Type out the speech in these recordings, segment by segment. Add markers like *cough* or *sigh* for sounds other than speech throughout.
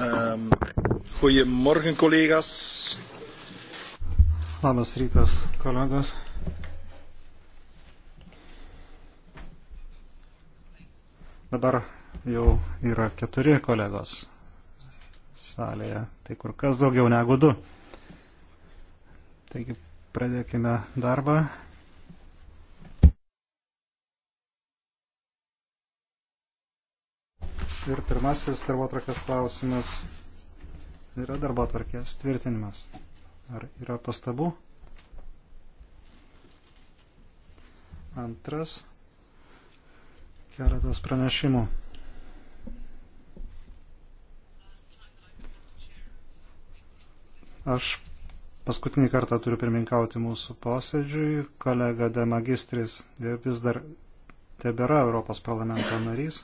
Um, ehm, goedemorgen, collega's. Labas rytas, kolegos. Dabar jau yra keturi kolegos salėje, tai kur kas daugiau negu du. Taigi pradėkime darbą. Ir pirmasis darbo tvarkės klausimas yra darbo tvarkės tvirtinimas. Ar yra pastabų? Antras. Keletas pranešimų. Aš paskutinį kartą turiu pirminkauti mūsų posėdžiui. Kolega De Magistris vis dar tebėra Europos parlamento narys.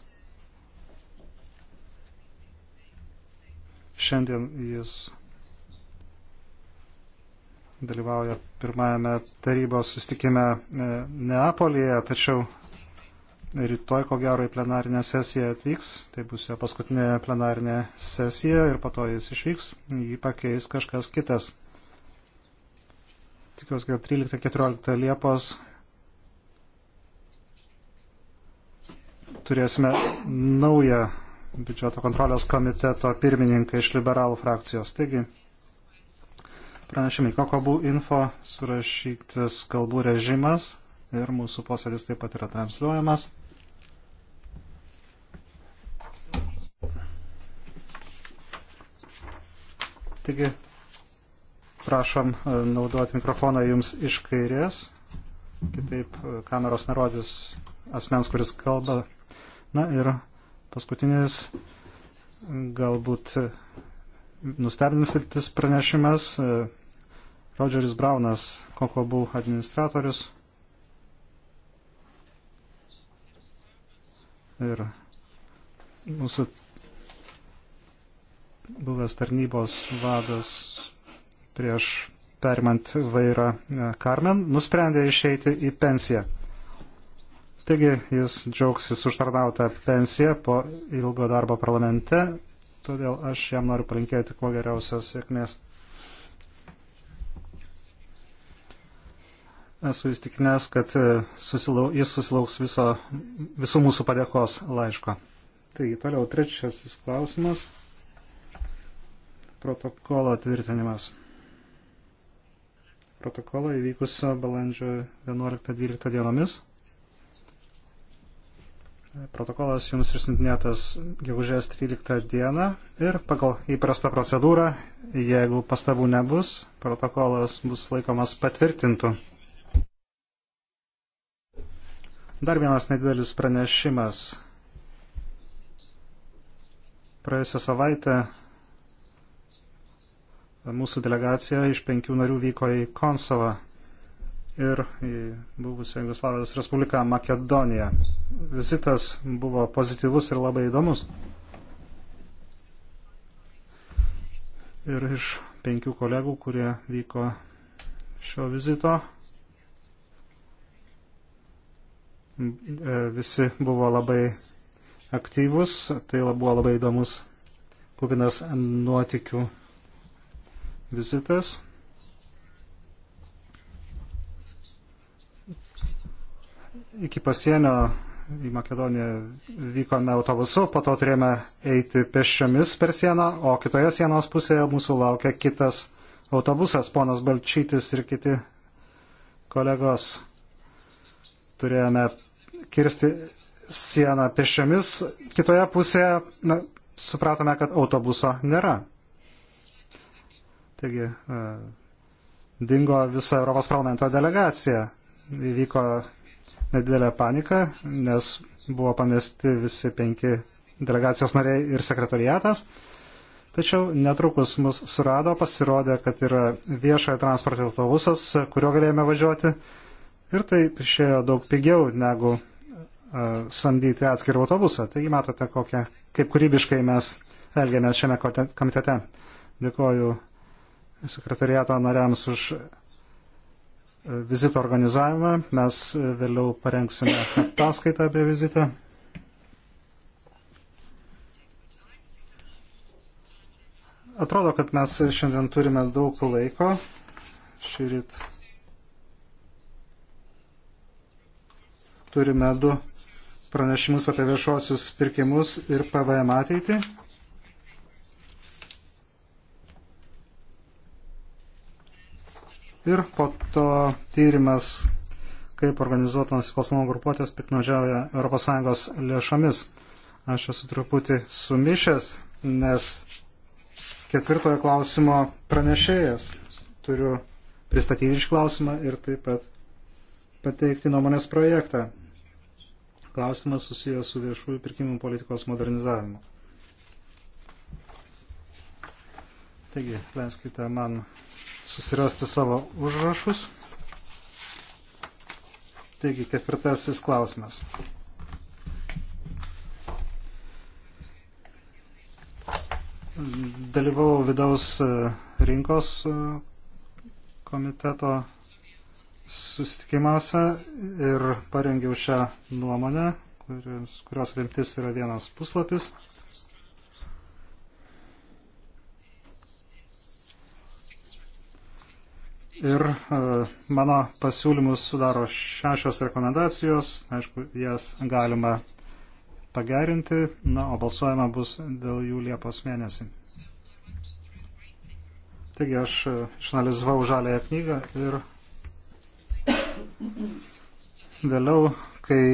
Šiandien jis dalyvauja pirmajame tarybos sustikime Neapolėje, tačiau rytoj ko gero į plenarinę sesiją atvyks, tai bus jo paskutinė plenarinė sesija ir po to jis išvyks, jį pakeis kažkas kitas. Tikiuosi, kad 13-14 Liepos turėsime naują biudžeto kontrolės komiteto pirmininką iš liberalų frakcijos. Taigi, pranešimai kokobų info surašytis kalbų režimas ir mūsų posėdis taip pat yra transliuojamas. Taigi, prašom e, naudoti mikrofoną jums iš kairės, kitaip e, kameros nerodys asmens, kuris kalba. Na ir Paskutinis galbūt nustebinsantis pranešimas. Rodžeris Braunas, Koklobų administratorius. Ir mūsų buvęs tarnybos vadas prieš perimant vairą Karmen, e, nusprendė išeiti į pensiją. Taigi jis džiaugsis užtarnautą pensiją po ilgo darbo parlamente, todėl aš jam noriu palinkėti kuo geriausios sėkmės. Esu įstikinęs, kad e, susilau, jis susilauks viso, visų mūsų padėkos laiško. Taigi, toliau trečiasis klausimas. Protokolo tvirtinimas protokolo įvykusio balandžio 11-12 dienomis. Protokolas jums išsintinėtas gegužės 13 dieną ir pagal įprastą procedūrą, jeigu pastabų nebus, protokolas bus laikomas patvirtintų. Dar vienas nedidelis pranešimas. Praėjusią savaitę mūsų delegacija iš penkių narių vyko į Konsovą ir į buvusią Jugoslavijos Respubliką Makedoniją. Vizitas buvo pozityvus ir labai įdomus. Ir iš penkių kolegų, kurie vyko šio vizito, e, visi buvo labai aktyvus, tai buvo labai įdomus kupinas nuotikių vizitas. iki pasienio į Makedoniją vykome autobusu, po to turėjome eiti pešiomis per sieną, o kitoje sienos pusėje mūsų laukia kitas autobusas, ponas Balčytis ir kiti kolegos. Turėjome kirsti sieną pešiomis, kitoje pusėje na, supratome, kad autobuso nėra. Taigi e, dingo visa Europos parlamento delegacija. Įvyko nedidelę paniką, nes buvo pamesti visi penki delegacijos nariai ir sekretariatas. Tačiau netrukus mus surado, pasirodė, kad yra viešojo transporto autobusas, kuriuo galėjome važiuoti. Ir tai išėjo daug pigiau negu uh, samdyti atskirą autobusą. Taigi matote, kokia, kaip kūrybiškai mes elgiamės šiame komitete. Dėkoju sekretariato nariams už vizito organizavimą. Mes e, vėliau parengsime ataskaitą apie vizitą. Atrodo, kad mes šiandien turime daug laiko. Šį ryt turime du pranešimus apie viešuosius pirkimus ir PVM ateitį. ir po to tyrimas, kaip organizuoto nusikalstamo grupuotės piknaudžiauja ES lėšomis. Aš esu truputį sumišęs, nes ketvirtojo klausimo pranešėjas turiu pristatyti iš klausimą ir taip pat pateikti nuomonės projektą. Klausimas susijęs su viešųjų pirkimų politikos modernizavimu. Taigi, leiskite man susirasti savo užrašus. Taigi, ketvirtasis klausimas. Dalyvau vidaus e, rinkos e, komiteto susitikimuose ir parengiau šią nuomonę, kurios, kurios rimtis yra vienas puslapis. Ir e, mano pasiūlymus sudaro šešios rekomendacijos, aišku, jas galima pagerinti, na, o balsuojama bus dėl jų Liepos mėnesį. Taigi aš e, išanalizavau žalėją knygą ir vėliau, kai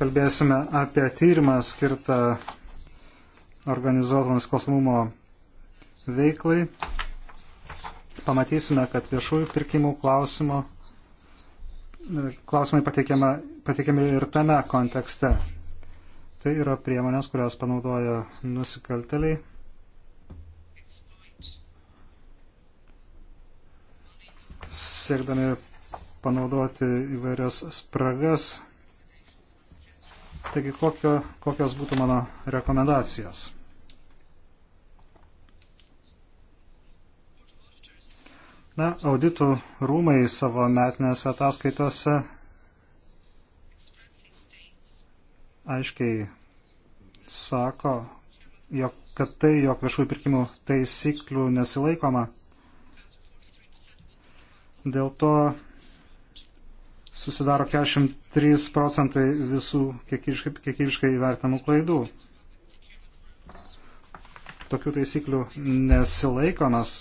kalbėsime apie tyrimą skirtą organizuotų nusikalstamumo veiklai, pamatysime, kad viešųjų pirkimų klausimo, e, klausimai pateikiami ir tame kontekste. Tai yra priemonės, kurias panaudoja nusikalteliai. siekdami panaudoti įvairias spragas. Taigi, kokio, kokios būtų mano rekomendacijos? Na, auditų rūmai savo metinėse ataskaitose aiškiai sako, jog, kad tai, jog viešųjų pirkimų taisyklių nesilaikoma, dėl to susidaro 43 procentai visų kiekybiškai, kiekybiškai įvertinamų klaidų. Tokių taisyklių nesilaikomas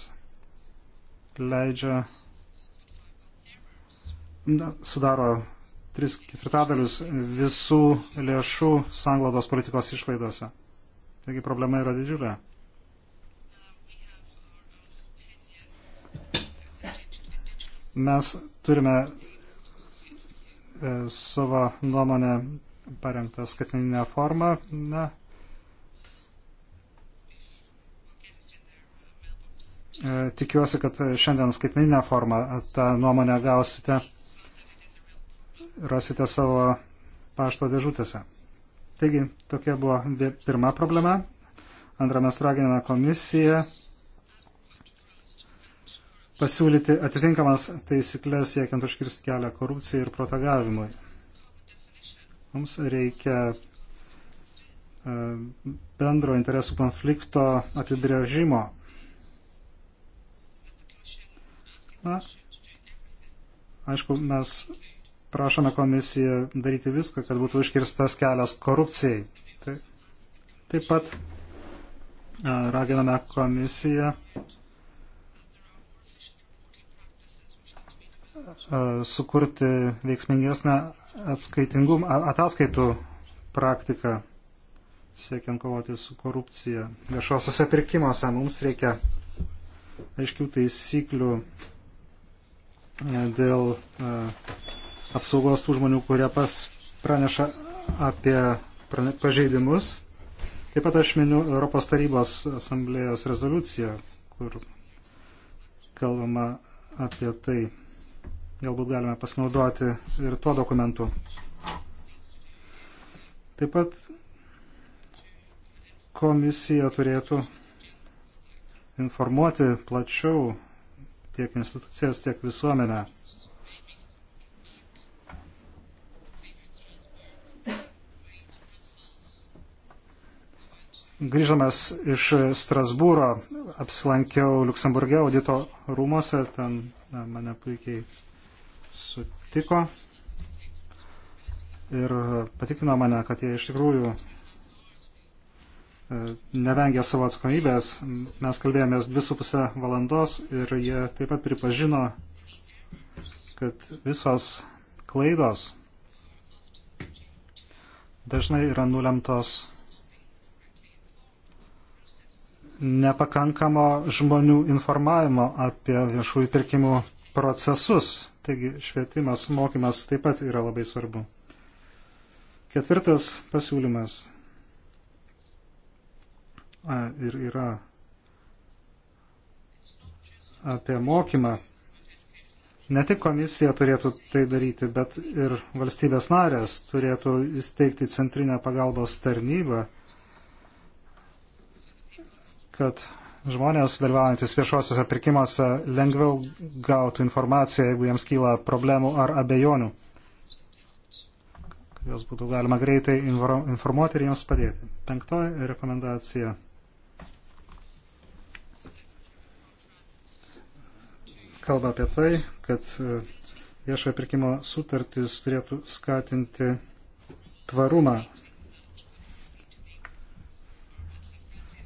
leidžia, na, sudaro 3 ketvirtadalius visų lėšų sanglaudos politikos išlaidose. Taigi problema yra didžiulė. Mes turime e, savo nuomonę parengtą skatininę formą. Na, E, tikiuosi, kad šiandien skaitmeninę formą tą nuomonę gausite, rasite savo pašto dėžutėse. Taigi, tokia buvo pirma problema. Antra, mes raginame komisiją pasiūlyti atitinkamas taisyklės siekiant užkirsti kelią korupcijai ir protagavimui. Mums reikia e, bendro interesų konflikto apibrėžimo Na, aišku, mes prašome komisiją daryti viską, kad būtų užkirstas kelias korupcijai. Tai, taip pat raginame komisiją sukurti veiksmingesnę ataskaitų praktiką siekiant kovoti su korupcija. Viešuosiuose pirkimuose mums reikia aiškių taisyklių dėl e, apsaugos tų žmonių, kurie pas praneša apie pažeidimus. Taip pat aš miniu Europos tarybos asamblėjos rezoliuciją, kur kalbama apie tai. Galbūt galime pasinaudoti ir tuo dokumentu. Taip pat komisija turėtų informuoti plačiau tiek institucijas, tiek visuomenę. Grįždamas iš Strasbūro, apsilankiau Luksemburgė audito rūmose, ten mane puikiai sutiko ir patikino mane, kad jie iš tikrųjų E, nevengia savo atsakomybės. Mes kalbėjomės 2,5 valandos ir jie taip pat pripažino, kad visos klaidos dažnai yra nulemtos nepakankamo žmonių informavimo apie viešųjų pirkimų procesus. Taigi švietimas, mokymas taip pat yra labai svarbu. Ketvirtas pasiūlymas ir yra apie mokymą. Ne tik komisija turėtų tai daryti, bet ir valstybės narės turėtų įsteigti centrinę pagalbos tarnybą, kad žmonės dalyvaujantis viešuosiuose pirkimuose lengviau gautų informaciją, jeigu jiems kyla problemų ar abejonių. Kad jos būtų galima greitai informuoti ir jiems padėti. Penktoji rekomendacija kalba apie tai, kad e, viešojo pirkimo sutartys turėtų skatinti tvarumą.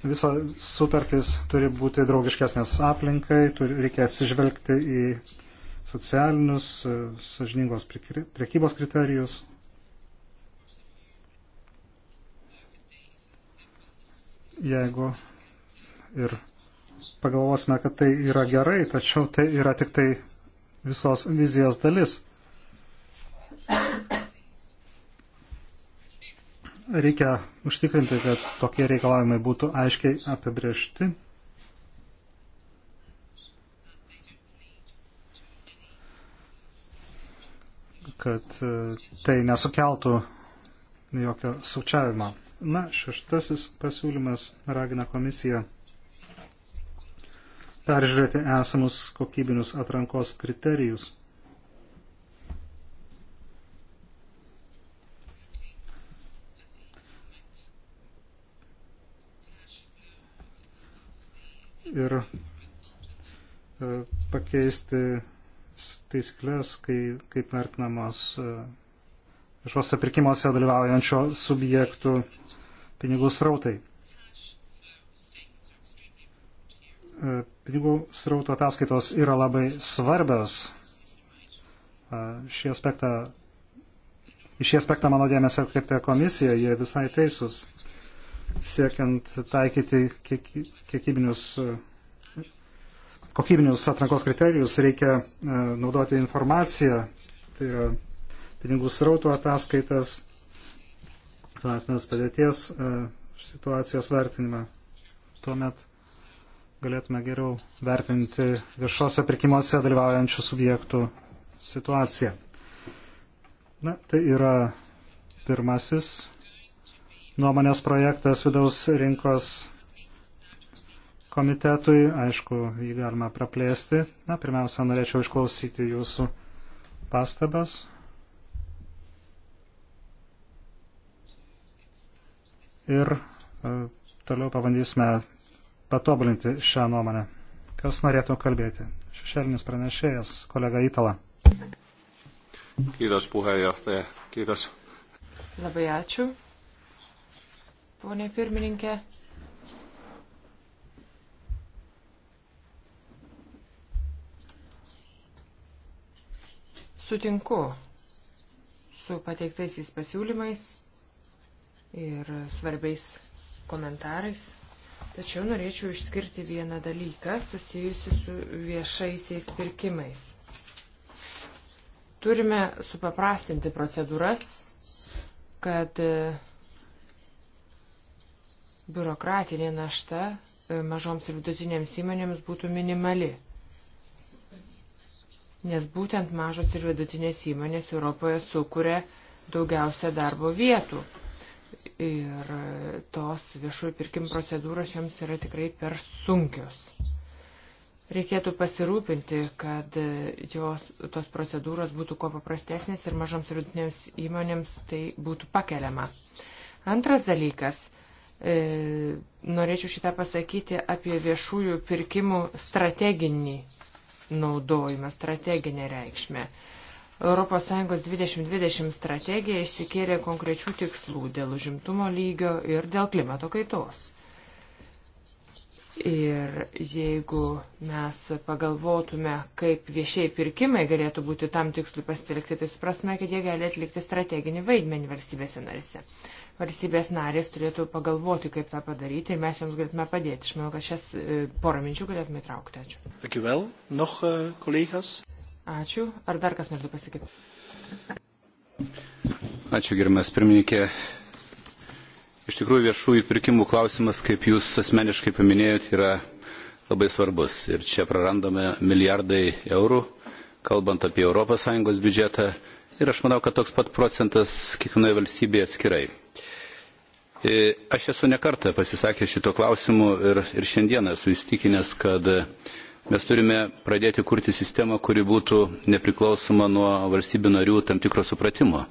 Visos sutartys turi būti draugiškesnės aplinkai, turi, reikia atsižvelgti į socialinius, e, sažiningos priekybos kriterijus. Jeigu ir pagalvosime, kad tai yra gerai, tačiau tai yra tik tai visos vizijos dalis. Reikia užtikrinti, kad tokie reikalavimai būtų aiškiai apibriešti. kad e, tai nesukeltų jokio sukčiavimo. Na, šeštasis pasiūlymas ragina komisiją peržiūrėti esamus kokybinius atrankos kriterijus. ir e, pakeisti taisyklės, kai, kaip vertinamos e, viešuose pirkimuose dalyvaujančio subjektų pinigų srautai. E, Pinigų srauto ataskaitos yra labai svarbios. Šį aspektą, iš šį aspektą mano dėmesio atkreipė komisija, jie visai teisūs, siekiant taikyti kiekybinius kokybinius atrankos kriterijus, reikia naudoti informaciją, tai yra pinigų srautų ataskaitas, finansinės padėties situacijos vertinimą. Tuomet galėtume geriau vertinti viešuose pirkimuose dalyvaujančių subjektų situaciją. Na, tai yra pirmasis nuomonės projektas vidaus rinkos komitetui. Aišku, jį galima praplėsti. Na, pirmiausia, norėčiau išklausyti jūsų pastabas. Ir e, toliau pabandysime patobulinti šią nuomonę. Kas norėtų kalbėti? Šešėlinis pranešėjas, kolega Itala. Kiitos puheenjohtaja, kiitos. Labai ačiū, ponė pirmininkė. Sutinku su pateiktaisiais pasiūlymais ir svarbiais komentarais. Tačiau norėčiau išskirti vieną dalyką susijusi su viešaisiais pirkimais. Turime supaprastinti procedūras, kad e, biurokratinė našta e, mažoms ir vidutinėms įmonėms būtų minimali. Nes būtent mažos ir vidutinės įmonės Europoje sukuria daugiausia darbo vietų ir tos viešųjų pirkimų procedūros joms yra tikrai per sunkios. Reikėtų pasirūpinti, kad jos, tos procedūros būtų kuo paprastesnės ir mažoms ir vidutinėms įmonėms tai būtų pakeliama. Antras dalykas. E, norėčiau šitą pasakyti apie viešųjų pirkimų strateginį naudojimą, strateginę reikšmę. E, ES 2020 strategija išsikėlė konkrečių tikslų dėl užimtumo lygio ir dėl klimato kaitos. Ir jeigu mes pagalvotume, kaip viešiai pirkimai galėtų būti tam tikslui pasitelkti, tai suprastume, kad jie gali atlikti strateginį vaidmenį valstybėse narise. Valstybės narės turėtų pagalvoti, kaip tą padaryti ir mes joms galėtume padėti. Aš manau, kad šias e, porą minčių galėtume įtraukti. Ačiū. Dankjewel. Noch, uh, e, kolegas? Ačiū. Ar dar kas norėtų pasakyti? Ačiū, gerimas pirmininkė. Iš tikrųjų, viešųjų pirkimų klausimas, kaip jūs asmeniškai paminėjot, yra labai svarbus. Ir čia prarandame milijardai eurų, kalbant apie ES biudžetą. Ir aš manau, kad toks pat procentas kiekvienoje valstybėje atskirai. E, aš esu nekartą pasisakęs šito klausimu ir, ir šiandieną esu įstikinęs, kad Mes turime pradėti kurti sistemą, kuri būtų nepriklausoma nuo valstybių narių tam tikro supratimo.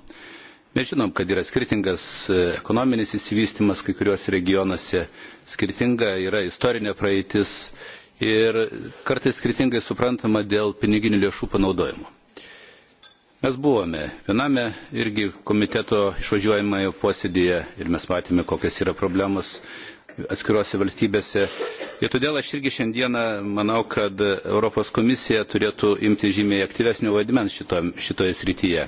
Mes žinom, kad yra skirtingas e, ekonominis įsivystimas kai kuriuos regionuose, skirtinga yra istorinė praeitis ir kartais skirtingai suprantama dėl piniginių lėšų panaudojimo. Mes buvome viename irgi komiteto išvažiuojamojo posėdėje ir mes matėme, kokios yra problemos atskiruose valstybėse. Ir todėl aš irgi šiandieną manau, kad Europos komisija turėtų imti žymiai aktyvesnio vaidmens šito, šitoje srityje.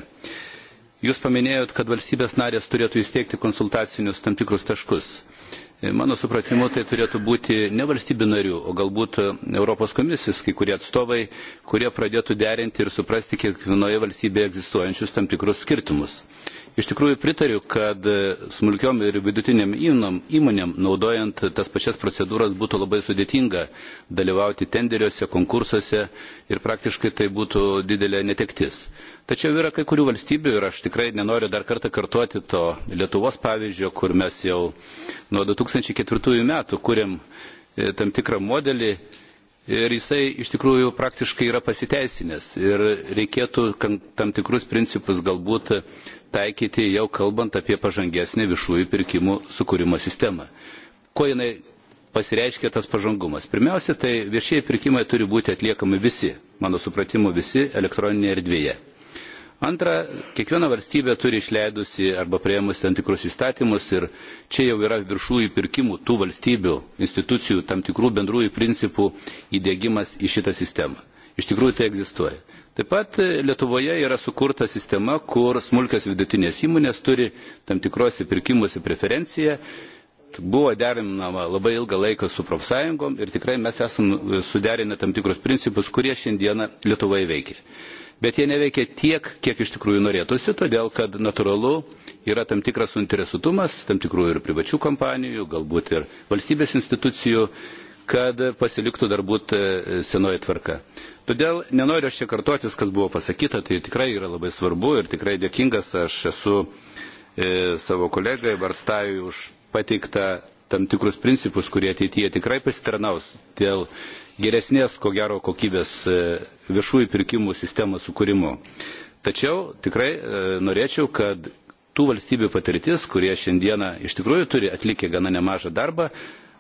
Jūs paminėjot, kad valstybės narės turėtų įsteigti konsultacinius tam tikrus taškus. E, mano supratimu, tai turėtų būti ne valstybių narių, o galbūt Europos komisijos kai kurie atstovai, kurie pradėtų derinti ir suprasti kiekvienoje valstybėje egzistuojančius tam tikrus skirtumus. Iš tikrųjų pritariu, kad smulkiom ir vidutiniam įmonėm, naudojant tas pačias procedūras, būtų labai sudėtinga dalyvauti tenderiuose, konkursuose ir praktiškai tai būtų didelė netektis. Tačiau yra kai kurių valstybių ir aš tikrai nenoriu dar kartą kartuoti to Lietuvos pavyzdžio, kur mes jau nuo 2004 metų kuriam e, tam tikrą modelį ir jisai iš tikrųjų praktiškai yra pasiteisinęs ir reikėtų tam tikrus principus galbūt taikyti jau kalbant apie pažangesnę viešųjų pirkimų sukūrimo sistemą. Kuo jinai pasireiškia tas pažangumas? Pirmiausia, tai viešieji pirkimai turi būti atliekami visi, mano supratimu, visi elektroninėje erdvėje. Antra, kiekviena valstybė turi išleidusi arba prieimus tam tikrus įstatymus ir čia jau yra viršųjų pirkimų tų valstybių, institucijų, tam tikrų bendrųjų principų įdėgymas į šitą sistemą. Iš tikrųjų tai egzistuoja. Taip pat e, Lietuvoje yra sukurta sistema, kur smulkios vidutinės įmonės turi tam tikrose pirkimuose preferenciją. Buvo derinama labai ilgą laiką su profsąjungom ir tikrai mes esam e, suderinę tam tikrus principus, kurie šiandieną Lietuvoje veikia bet jie neveikia tiek, kiek iš tikrųjų norėtųsi, todėl kad natūralu yra tam tikras suinteresuotumas, tam tikrų ir privačių kompanijų, galbūt ir valstybės institucijų, kad pasiliktų darbūt e, senoji tvarka. Todėl nenoriu aš čia kartotis, kas buvo pasakyta, tai tikrai yra labai svarbu ir tikrai dėkingas aš esu e, savo kolegai Varstavui už pateiktą tam tikrus principus, kurie ateityje tikrai pasitarnaus dėl geresnės, ko gero, kokybės e, viešųjų pirkimų sistemos sukūrimo. Tačiau tikrai e, norėčiau, kad tų valstybių patirtis, kurie šiandieną iš tikrųjų turi atlikę gana nemažą darbą,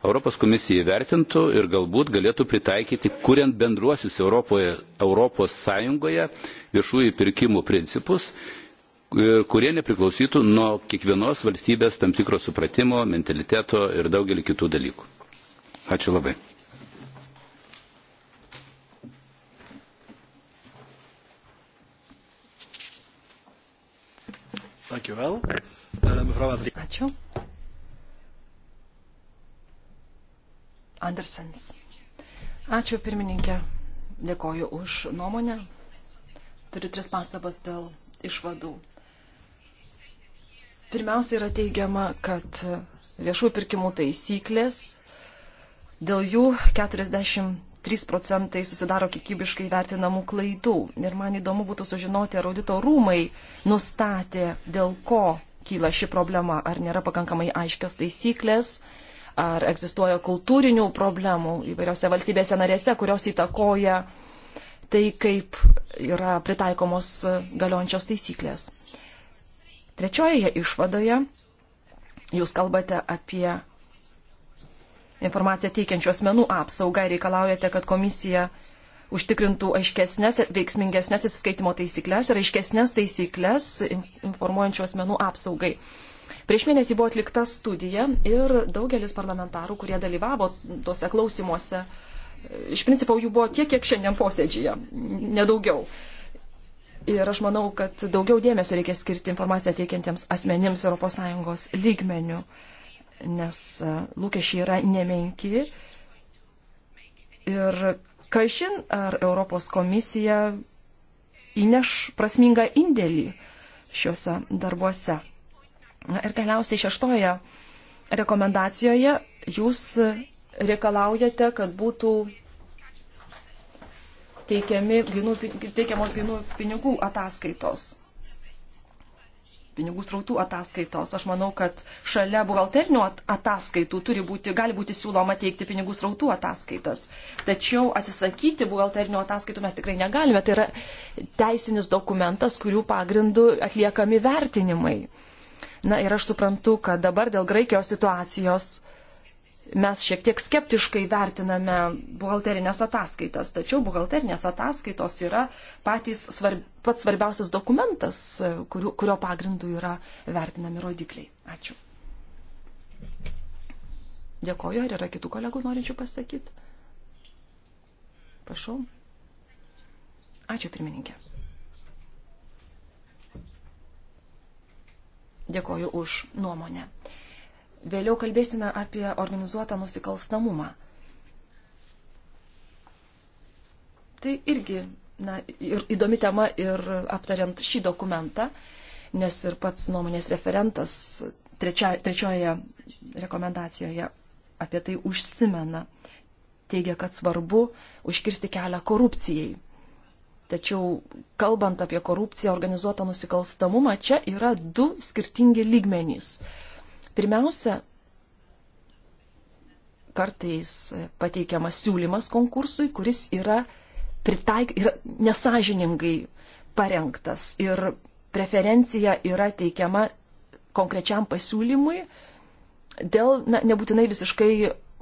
Europos komisija įvertintų ir galbūt galėtų pritaikyti, kuriant bendruosius Europoje, Europos Sąjungoje viešųjų pirkimų principus, kurie nepriklausytų nuo kiekvienos valstybės tam tikro supratimo, mentaliteto ir daugelį kitų dalykų. Ačiū labai. Dank u wel. Uh, mevrouw Adrie. Ačiū. Andersens. Ačiū pirmininkė. Dėkoju už nuomonę. Turiu tris pastabas dėl išvadų. Pirmiausia yra teigiama, kad viešųjų pirkimų taisyklės, dėl jų 40 3 procentai susidaro kikybiškai vertinamų klaidų. Ir man įdomu būtų sužinoti, ar audito rūmai nustatė, dėl ko kyla ši problema, ar nėra pakankamai aiškios taisyklės, ar egzistuoja kultūrinių problemų įvairiose valstybėse narėse, kurios įtakoja tai, kaip yra pritaikomos galiojančios taisyklės. Trečiojoje išvadoje jūs kalbate apie informaciją teikiančių asmenų apsaugą ir reikalaujate, kad komisija užtikrintų aiškesnės, veiksmingesnės atsiskaitimo taisyklės ir aiškesnės taisyklės informuojančių asmenų apsaugai. Prieš mėnesį buvo atlikta studija ir daugelis parlamentarų, kurie dalyvavo tuose klausimuose, iš principo jų buvo tiek, kiek šiandien posėdžyje, nedaugiau. Ir aš manau, kad daugiau dėmesio reikia skirti informaciją teikiantiems asmenims ES lygmenių nes e, lūkesčiai yra nemenki. Ir kažin, ar Europos komisija įneš prasmingą indėlį šiuose darbuose. Na, ir galiausiai šeštoje rekomendacijoje jūs reikalaujate, kad būtų teikiami, gynų, teikiamos grinų pinigų ataskaitos pinigų srautų ataskaitos. Aš manau, kad šalia buhalterinių ataskaitų turi būti, gali būti siūloma teikti pinigų srautų ataskaitas. Tačiau atsisakyti buhalterinių ataskaitų mes tikrai negalime. Tai yra teisinis dokumentas, kurių pagrindų atliekami vertinimai. Na ir aš suprantu, kad dabar dėl Graikijos situacijos mes šiek tiek skeptiškai vertiname buhalterinės ataskaitas, tačiau buhalterinės ataskaitos yra patys svarb, pats svarbiausias dokumentas, kuriu, kurio pagrindu yra vertinami rodikliai. Ačiū. Dėkoju, ar yra kitų kolegų norinčių pasakyti? Prašau. Ačiū, pirmininkė. Dėkoju už nuomonę. Vėliau kalbėsime apie organizuotą nusikalstamumą. Tai irgi na, ir įdomi tema ir aptariant šį dokumentą, nes ir pats nuomonės referentas trečia, trečioje rekomendacijoje apie tai užsimena. Teigia, kad svarbu užkirsti kelią korupcijai. Tačiau, kalbant apie korupciją, organizuotą nusikalstamumą, čia yra du skirtingi lygmenys. Pirmiausia, kartais pateikiamas siūlymas konkursui, kuris yra, pritaik, yra nesažiningai parengtas ir preferencija yra teikiama konkrečiam pasiūlymui dėl na, nebūtinai visiškai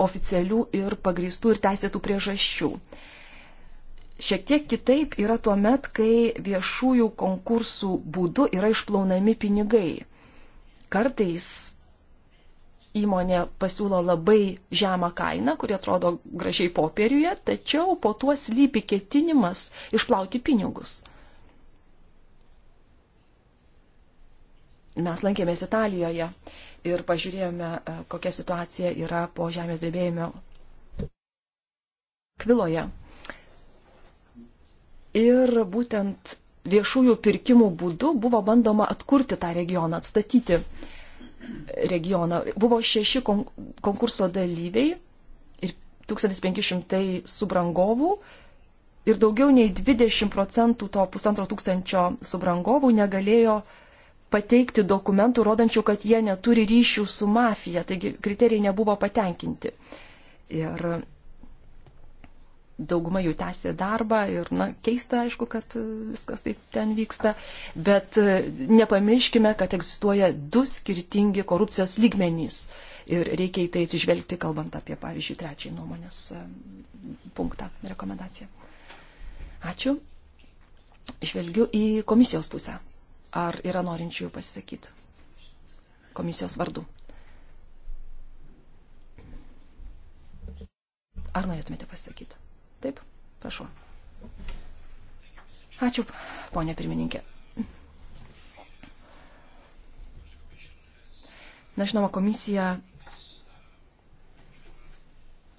oficialių ir pagrįstų ir teisėtų priežasčių. Šiek tiek kitaip yra tuo met, kai viešųjų konkursų būdu yra išplaunami pinigai. Kartais įmonė pasiūlo labai žemą kainą, kuri atrodo gražiai popieriuje, tačiau po tuo slypi ketinimas išplauti pinigus. Mes lankėmės Italijoje ir pažiūrėjome, e, kokia situacija yra po žemės drebėjimo Kviloje. Ir būtent viešųjų pirkimų būdu buvo bandoma atkurti tą regioną, atstatyti regioną. Buvo šeši konkurso dalyviai ir 1500 subrangovų ir daugiau nei 20 procentų to pusantro tūkstančio subrangovų negalėjo pateikti dokumentų, rodančių, kad jie neturi ryšių su mafija, taigi kriterijai nebuvo patenkinti. Ir dauguma jų tęsė darbą ir, na, keista, aišku, kad e, viskas taip ten vyksta, bet e, nepamirškime, kad egzistuoja du skirtingi korupcijos lygmenys ir reikia į tai atsižvelgti, kalbant apie, pavyzdžiui, trečiąjį nuomonės e, punktą, rekomendaciją. Ačiū. Žvelgiu į komisijos pusę. Ar yra norinčių pasisakyti komisijos vardu? Ar norėtumėte pasakyti? Taip, prašau. Ačiū, ponė pirmininkė. Na, žinoma, komisija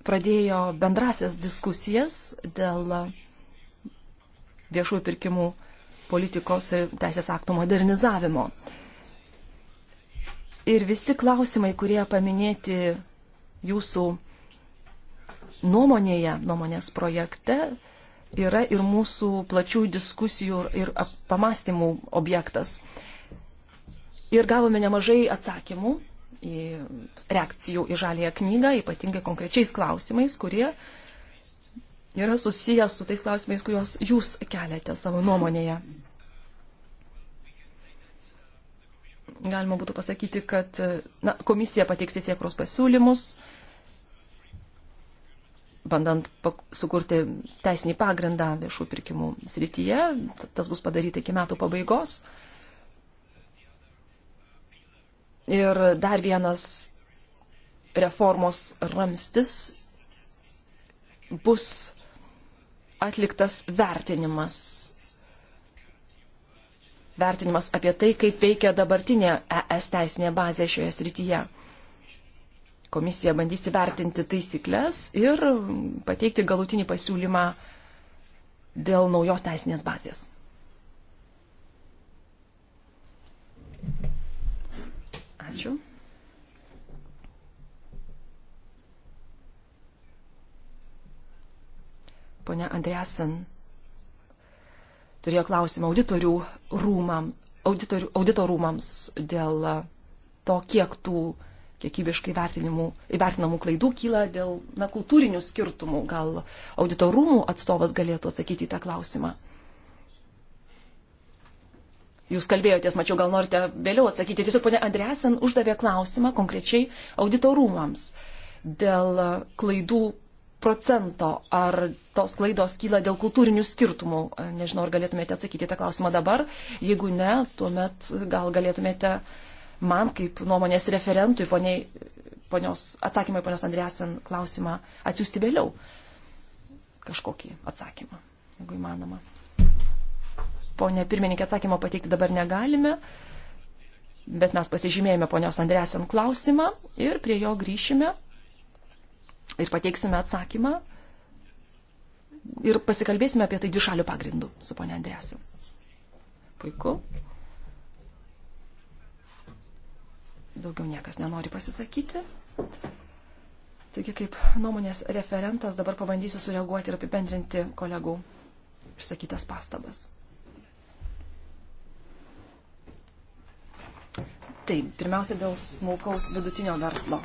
pradėjo bendrasias diskusijas dėl viešųjų pirkimų politikos ir teisės aktų modernizavimo. Ir visi klausimai, kurie paminėti jūsų nuomonėje, nuomonės projekte yra ir mūsų plačių diskusijų ir pamastymų objektas. Ir gavome nemažai atsakymų, į reakcijų į žalėją knygą, ypatingai konkrečiais klausimais, kurie yra susijęs su tais klausimais, kuriuos jūs keliate savo nuomonėje. Galima būtų pasakyti, kad na, komisija pateiks teisėkros pasiūlymus, bandant sukurti teisinį pagrindą viešų pirkimų srityje. Tas bus padaryta iki metų pabaigos. Ir dar vienas reformos ramstis bus atliktas vertinimas. Vertinimas apie tai, kaip veikia dabartinė ES teisinė bazė šioje srityje. Komisija bandys įvertinti taisyklės ir pateikti galutinį pasiūlymą dėl naujos teisinės bazės. Ačiū. Pone Andreasen turėjo klausimą auditorių rūmam, auditorių, audito rūmams dėl to, kiek tų kiekybiškai įvertinamų klaidų kyla dėl na, kultūrinių skirtumų. Gal auditorumų atstovas galėtų atsakyti į tą klausimą? Jūs kalbėjotės, mačiau, gal norite vėliau atsakyti. Tiesiog ponė Andresen uždavė klausimą konkrečiai auditorumams dėl klaidų procento. Ar tos klaidos kyla dėl kultūrinių skirtumų? Nežinau, ar galėtumėte atsakyti tą klausimą dabar. Jeigu ne, tuomet gal galėtumėte uh, man kaip nuomonės referentui poniai, ponios, atsakymai ponios Andresen klausimą atsiųsti vėliau. Kažkokį atsakymą, jeigu įmanoma. Pone pirmininkė, atsakymą pateikti dabar negalime, bet mes pasižymėjome ponios Andresen klausimą ir prie jo grįšime ir pateiksime atsakymą ir pasikalbėsime apie tai dvišalių pagrindų su ponia Andresen. Puiku. Daugiau niekas nenori pasisakyti. Taigi kaip nuomonės referentas dabar pabandysiu sureaguoti ir apibendrinti kolegų išsakytas pastabas. Taip, pirmiausia dėl smulkaus vidutinio verslo.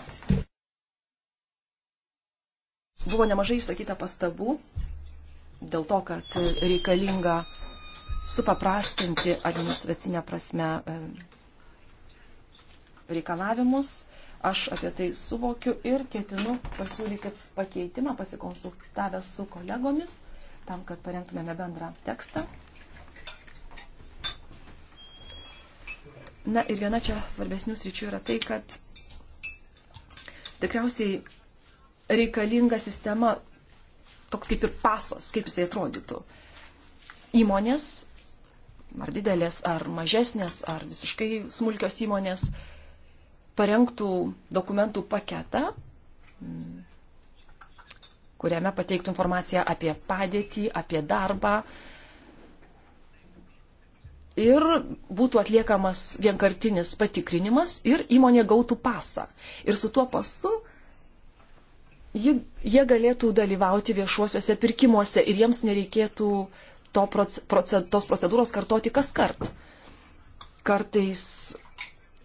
Buvo nemažai išsakyta pastabų dėl to, kad reikalinga supaprastinti administracinę prasme reikalavimus, aš apie tai suvokiu ir ketinu pasiūlyti pakeitimą, pasikonsultavę su kolegomis, tam, kad parengtumėme bendrą tekstą. Na ir viena čia svarbesnių sričių yra tai, kad tikriausiai reikalinga sistema toks kaip ir pasas, kaip jisai atrodytų. Įmonės, ar didelės, ar mažesnės, ar visiškai smulkios įmonės, uh, parengtų dokumentų paketą, kuriame pateiktų informaciją apie padėtį, apie darbą. Ir būtų atliekamas vienkartinis patikrinimas ir įmonė gautų pasą. Ir su tuo pasu jie galėtų dalyvauti viešuosiuose pirkimuose ir jiems nereikėtų to proce, proce, tos procedūros kartoti kas kart. Kartais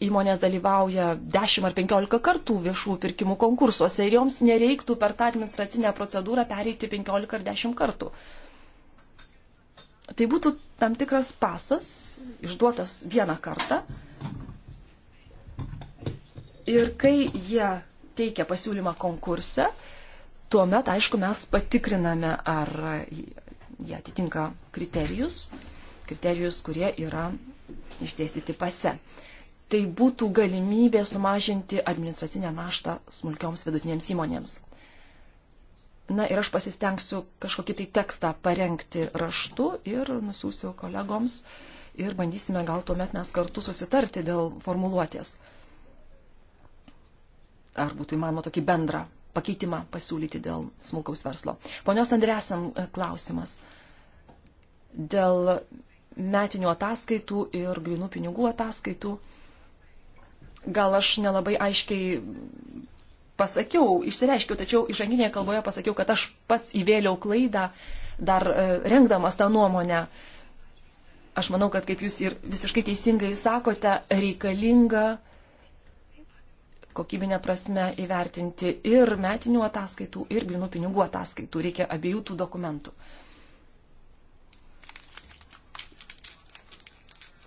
įmonės dalyvauja 10 ar 15 kartų viešų pirkimų konkursuose ir joms nereiktų per tą administracinę procedūrą pereiti 15 ar 10 kartų. Tai būtų tam tikras pasas, išduotas vieną kartą. Ir kai jie teikia pasiūlymą konkurse, tuomet, aišku, mes patikriname, ar jie atitinka kriterijus, kriterijus, kurie yra išdėstyti pase. Uh, tai būtų galimybė sumažinti administracinę naštą smulkioms vidutinėms įmonėms. Na ir aš pasistengsiu kažkokį tai tekstą parengti raštu ir nusiųsiu kolegoms ir bandysime gal tuomet mes kartu susitarti dėl formuluotės. Ar būtų įmanoma tokį bendrą pakeitimą pasiūlyti dėl smulkaus verslo. Ponios Andresen e, klausimas. Dėl metinių ataskaitų ir grinų pinigų ataskaitų gal aš nelabai aiškiai pasakiau, išsireiškiau, tačiau išanginėje kalboje pasakiau, kad aš pats įvėliau klaidą dar e, rengdamas tą nuomonę. Aš manau, kad kaip jūs ir visiškai teisingai sakote, reikalinga kokybinė prasme įvertinti ir metinių ataskaitų, ir grinų pinigų ataskaitų. Reikia abiejų tų dokumentų.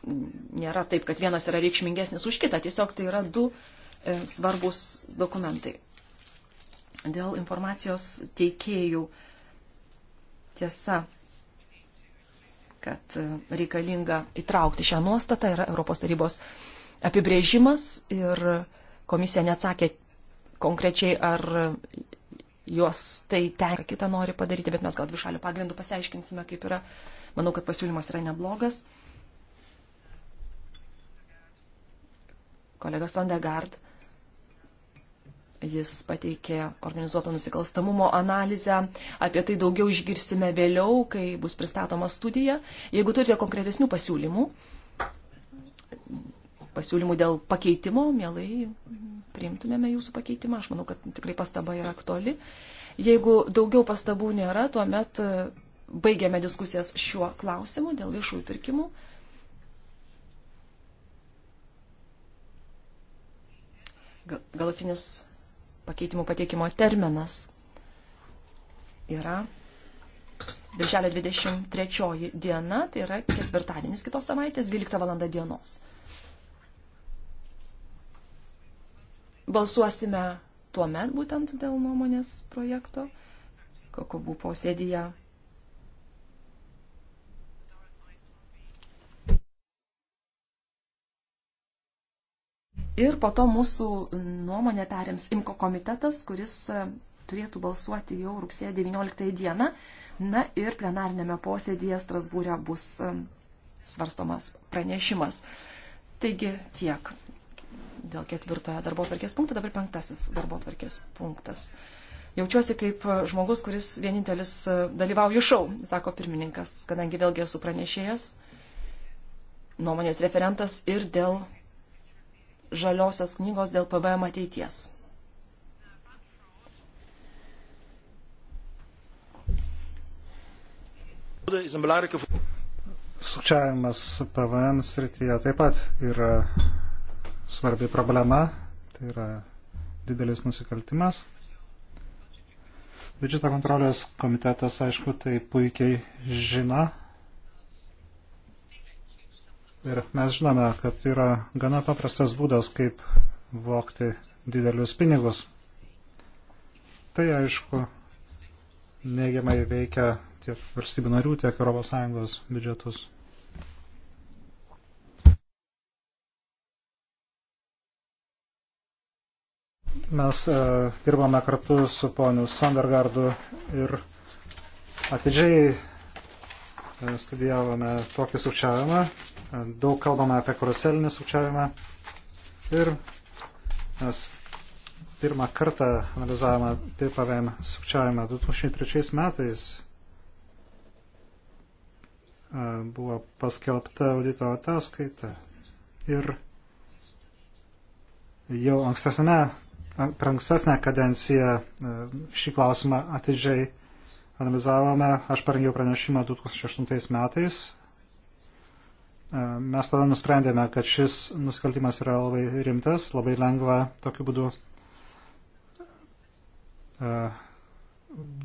nėra taip, kad vienas yra reikšmingesnis už kitą, tiesiog tai yra du e, svarbus dokumentai. Dėl informacijos teikėjų tiesa, kad e, reikalinga įtraukti šią nuostatą yra Europos tarybos apibrėžimas ir komisija neatsakė konkrečiai, ar juos tai ten kitą nori padaryti, bet mes gal dvišalių pagrindų pasiaiškinsime, kaip yra. Manau, kad pasiūlymas yra neblogas. kolega Sondegard. Jis pateikė organizuoto nusikalstamumo analizę. Apie tai daugiau išgirsime vėliau, kai bus pristatoma studija. Jeigu turite konkretesnių pasiūlymų, pasiūlymų dėl pakeitimo, mielai priimtumėme jūsų pakeitimą. Aš manau, kad tikrai pastaba yra aktuali. Jeigu daugiau pastabų nėra, tuomet baigiame diskusijas šiuo klausimu dėl viešųjų pirkimų. galutinis pakeitimų pateikimo terminas yra birželio 23 diena, tai yra ketvirtadienis kitos savaitės, 12 valanda dienos. Balsuosime tuo met būtent dėl nuomonės projekto, kokobų posėdėje Ir po to mūsų nuomonę perims IMKO komitetas, kuris e, turėtų balsuoti jau rugsėjo 19 dieną. Na ir plenarinėme posėdėje Strasbūrė bus e, svarstomas pranešimas. Taigi tiek dėl ketvirtojo darbo tvarkės punkto, dabar penktasis darbo tvarkės punktas. Jaučiuosi kaip žmogus, kuris vienintelis e, dalyvauju šau, sako pirmininkas, kadangi vėlgi esu pranešėjas, nuomonės referentas ir dėl žaliosios knygos dėl PVM ateities. Sukčiavimas PVM srityje taip pat yra svarbi problema, tai yra didelis nusikaltimas. Biudžeto kontrolės komitetas, aišku, tai puikiai žino, Ir mes žinome, kad yra gana paprastas būdas, kaip vokti didelius pinigus. Tai aišku, neigiamai veikia tiek valstybių narių, tiek ES biudžetus. mes e, dirbame kartu su poniu Sandergardu ir atidžiai E, studijavome tokį sukčiavimą, e, daug kalbame apie karuselinį sukčiavimą ir mes pirmą kartą analizavome taip pavėm sukčiavimą 2003 metais e, buvo paskelbta audito ataskaita ir jau ankstesnė, per ankstesnę kadenciją šį klausimą atidžiai analizavome, aš parengiau pranešimą 2008 metais. E, mes tada nusprendėme, kad šis nusikaltimas yra labai rimtas, labai lengva tokiu būdu e,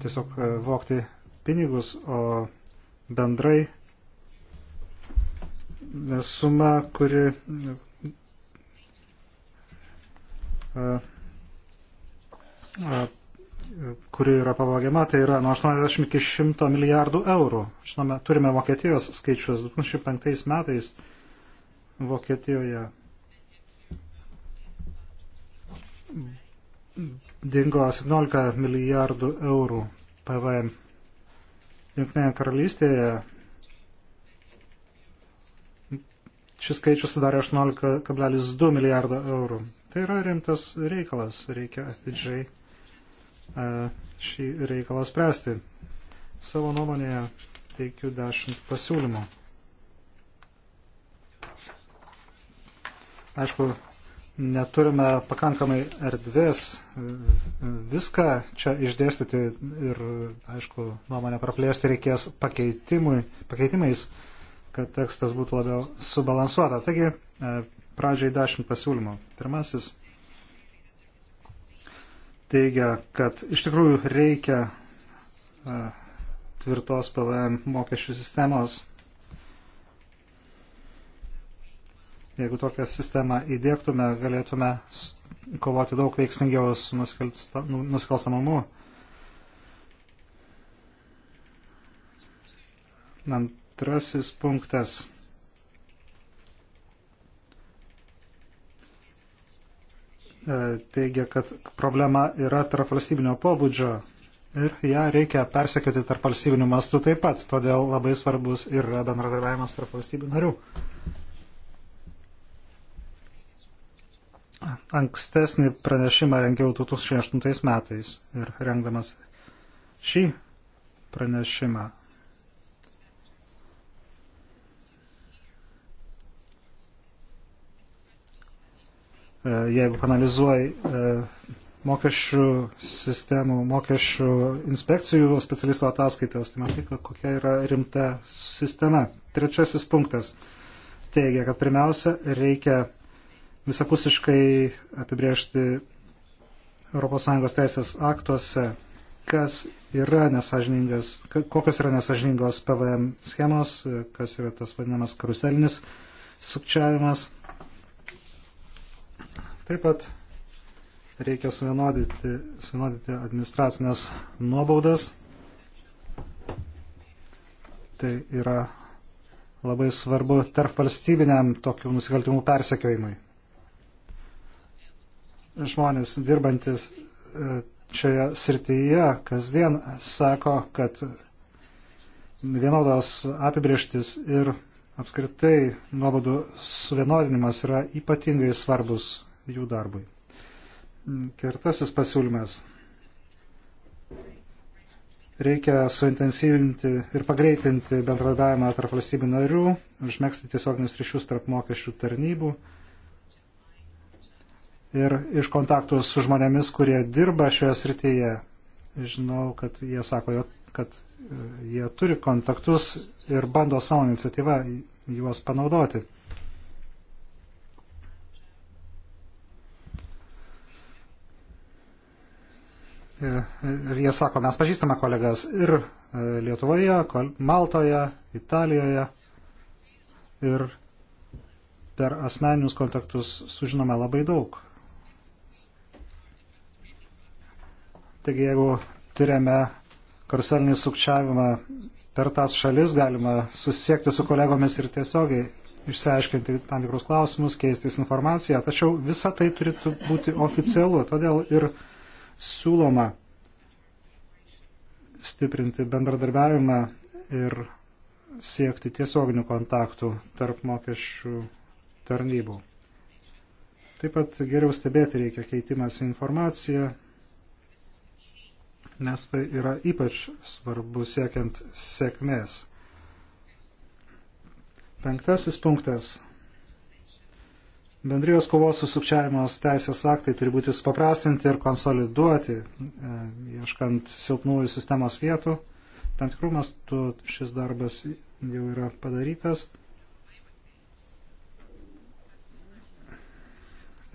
tiesiog e, vokti pinigus, o bendrai suma, kuri kuri yra pavogiama, tai yra nuo 80 iki 100 milijardų eurų. Žinome, turime Vokietijos skaičius 2005 metais Vokietijoje dingo 17 milijardų eurų PVM. Junktinėje karalystėje šis skaičius sudarė 18,2 milijardo eurų. Tai yra rimtas reikalas, reikia atidžiai E, šį reikalą spręsti. Savo nuomonėje teikiu dešimt pasiūlymų. Aišku, neturime pakankamai erdvės e, viską čia išdėstyti ir, aišku, nuomonę praplėsti reikės pakeitimais, kad tekstas būtų labiau subalansuota. Taigi, e, pradžiai dešimt pasiūlymų. Pirmasis teigia, kad iš tikrųjų reikia e, tvirtos PVM mokesčių sistemos. Jeigu tokią sistemą įdėktume, galėtume kovoti daug veiksmingiau su nu, nusikalstamumu. Antrasis punktas E, teigia, kad problema yra tarp valstybinio pobūdžio ir ją reikia persekioti tarp valstybinių mastų taip pat, todėl labai svarbus yra bendradarbiavimas tarp valstybių narių. Ankstesnį pranešimą rengiau 2008 metais ir rengdamas šį pranešimą E, jeigu panalizuoji e, mokesčių sistemų, mokesčių inspekcijų specialisto ataskaitos, tai matai, kokia yra rimta sistema. Trečiasis punktas teigia, kad pirmiausia reikia visapusiškai apibriežti ES teisės aktuose, kas yra nesažiningas, kokios yra nesažiningos PVM schemos, kas yra tas vadinamas karuselinis sukčiavimas Taip pat reikia suvienodyti, suvienodyti administracinės nuobaudas. Tai yra labai svarbu tarp valstybiniam tokių nusikaltimų persekiojimui. Žmonės dirbantis e, šioje srityje kasdien sako, kad vienodos apibrieštis ir apskritai nuobodų suvienodinimas yra ypatingai svarbus jų darbui. Mm, kertasis pasiūlymas. Reikia suintensyvinti ir pagreitinti bendradavimą tarp valstybių narių, užmėgsti tiesioginius ryšius tarp mokesčių tarnybų ir iš kontaktų su žmonėmis, kurie dirba šioje srityje. Žinau, kad jie sako, kad e, jie turi kontaktus ir bando savo iniciatyvą juos panaudoti. ir jie sako, mes pažįstame kolegas ir e, Lietuvoje, Maltoje, Italijoje ir per asmeninius kontaktus sužinome labai daug. Taigi jeigu tyriame karuselinį sukčiavimą per tas šalis, galima susisiekti su kolegomis ir tiesiogiai išsiaiškinti tam tikrus klausimus, keistis informaciją, tačiau visa tai turėtų būti oficialu, todėl ir siūloma stiprinti bendradarbiavimą ir siekti tiesioginių kontaktų tarp mokesčių tarnybų. Taip pat geriau stebėti reikia keitimas informaciją, nes tai yra ypač svarbu siekiant sėkmės. Penktasis punktas Bendrijos kovos su sukčiavimas teisės aktai turi būti supaprastinti ir konsoliduoti, e, ieškant silpnųjų sistemos vietų. Tam tikrų mastų šis darbas jau yra padarytas.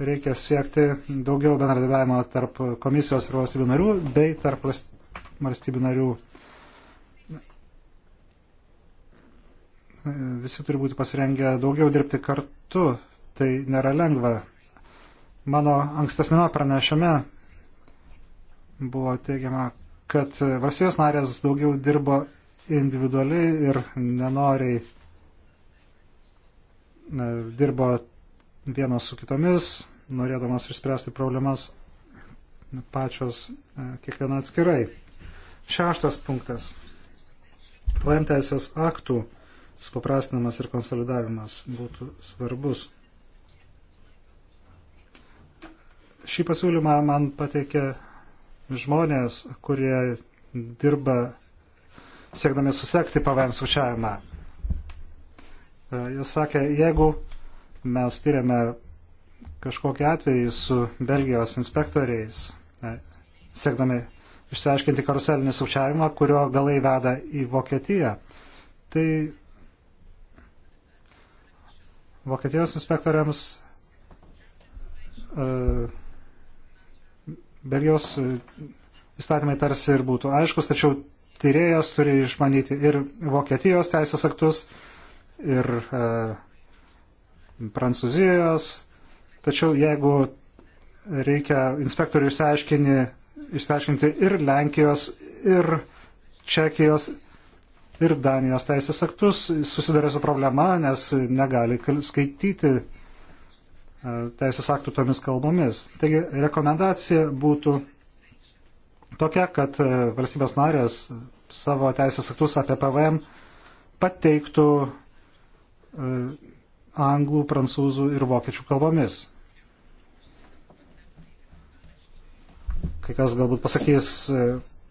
Reikia siekti daugiau bendradarbiavimo tarp komisijos ir valstybių narių bei tarp valstybių narių. E, visi turi būti pasirengę daugiau dirbti kartu tai nėra lengva. Mano ankstesnėme pranešime buvo teigiama, kad valstybės narės daugiau dirbo individualiai ir nenoriai e, dirbo vienos su kitomis, norėdamas išspręsti problemas pačios e, kiekviena atskirai. Šeštas punktas. PVM teisės aktų supaprastinimas ir konsolidavimas būtų svarbus. Šį pasiūlymą man pateikė žmonės, kurie dirba siekdami susekti PVM sučiavimą. E, jis sakė, jeigu mes tyriame kažkokį atvejį su Belgijos inspektoriais, e, siekdami išsiaiškinti karuselinį sukčiavimą, kurio galai veda į Vokietiją, tai Vokietijos inspektoriams uh, Belgijos e, įstatymai tarsi ir būtų aiškus, tačiau tyrėjas turi išmanyti ir Vokietijos teisės aktus, ir e, Prancūzijos. Tačiau jeigu reikia inspektorių išsiaiškinti ir Lenkijos, ir Čekijos, ir Danijos teisės aktus, susiduria su problema, nes negali skaityti E, teisės aktų tomis kalbomis. Taigi rekomendacija būtų tokia, kad e, valstybės narės savo teisės aktus apie PVM pateiktų e, anglų, prancūzų ir vokiečių kalbomis. Kai kas galbūt pasakys,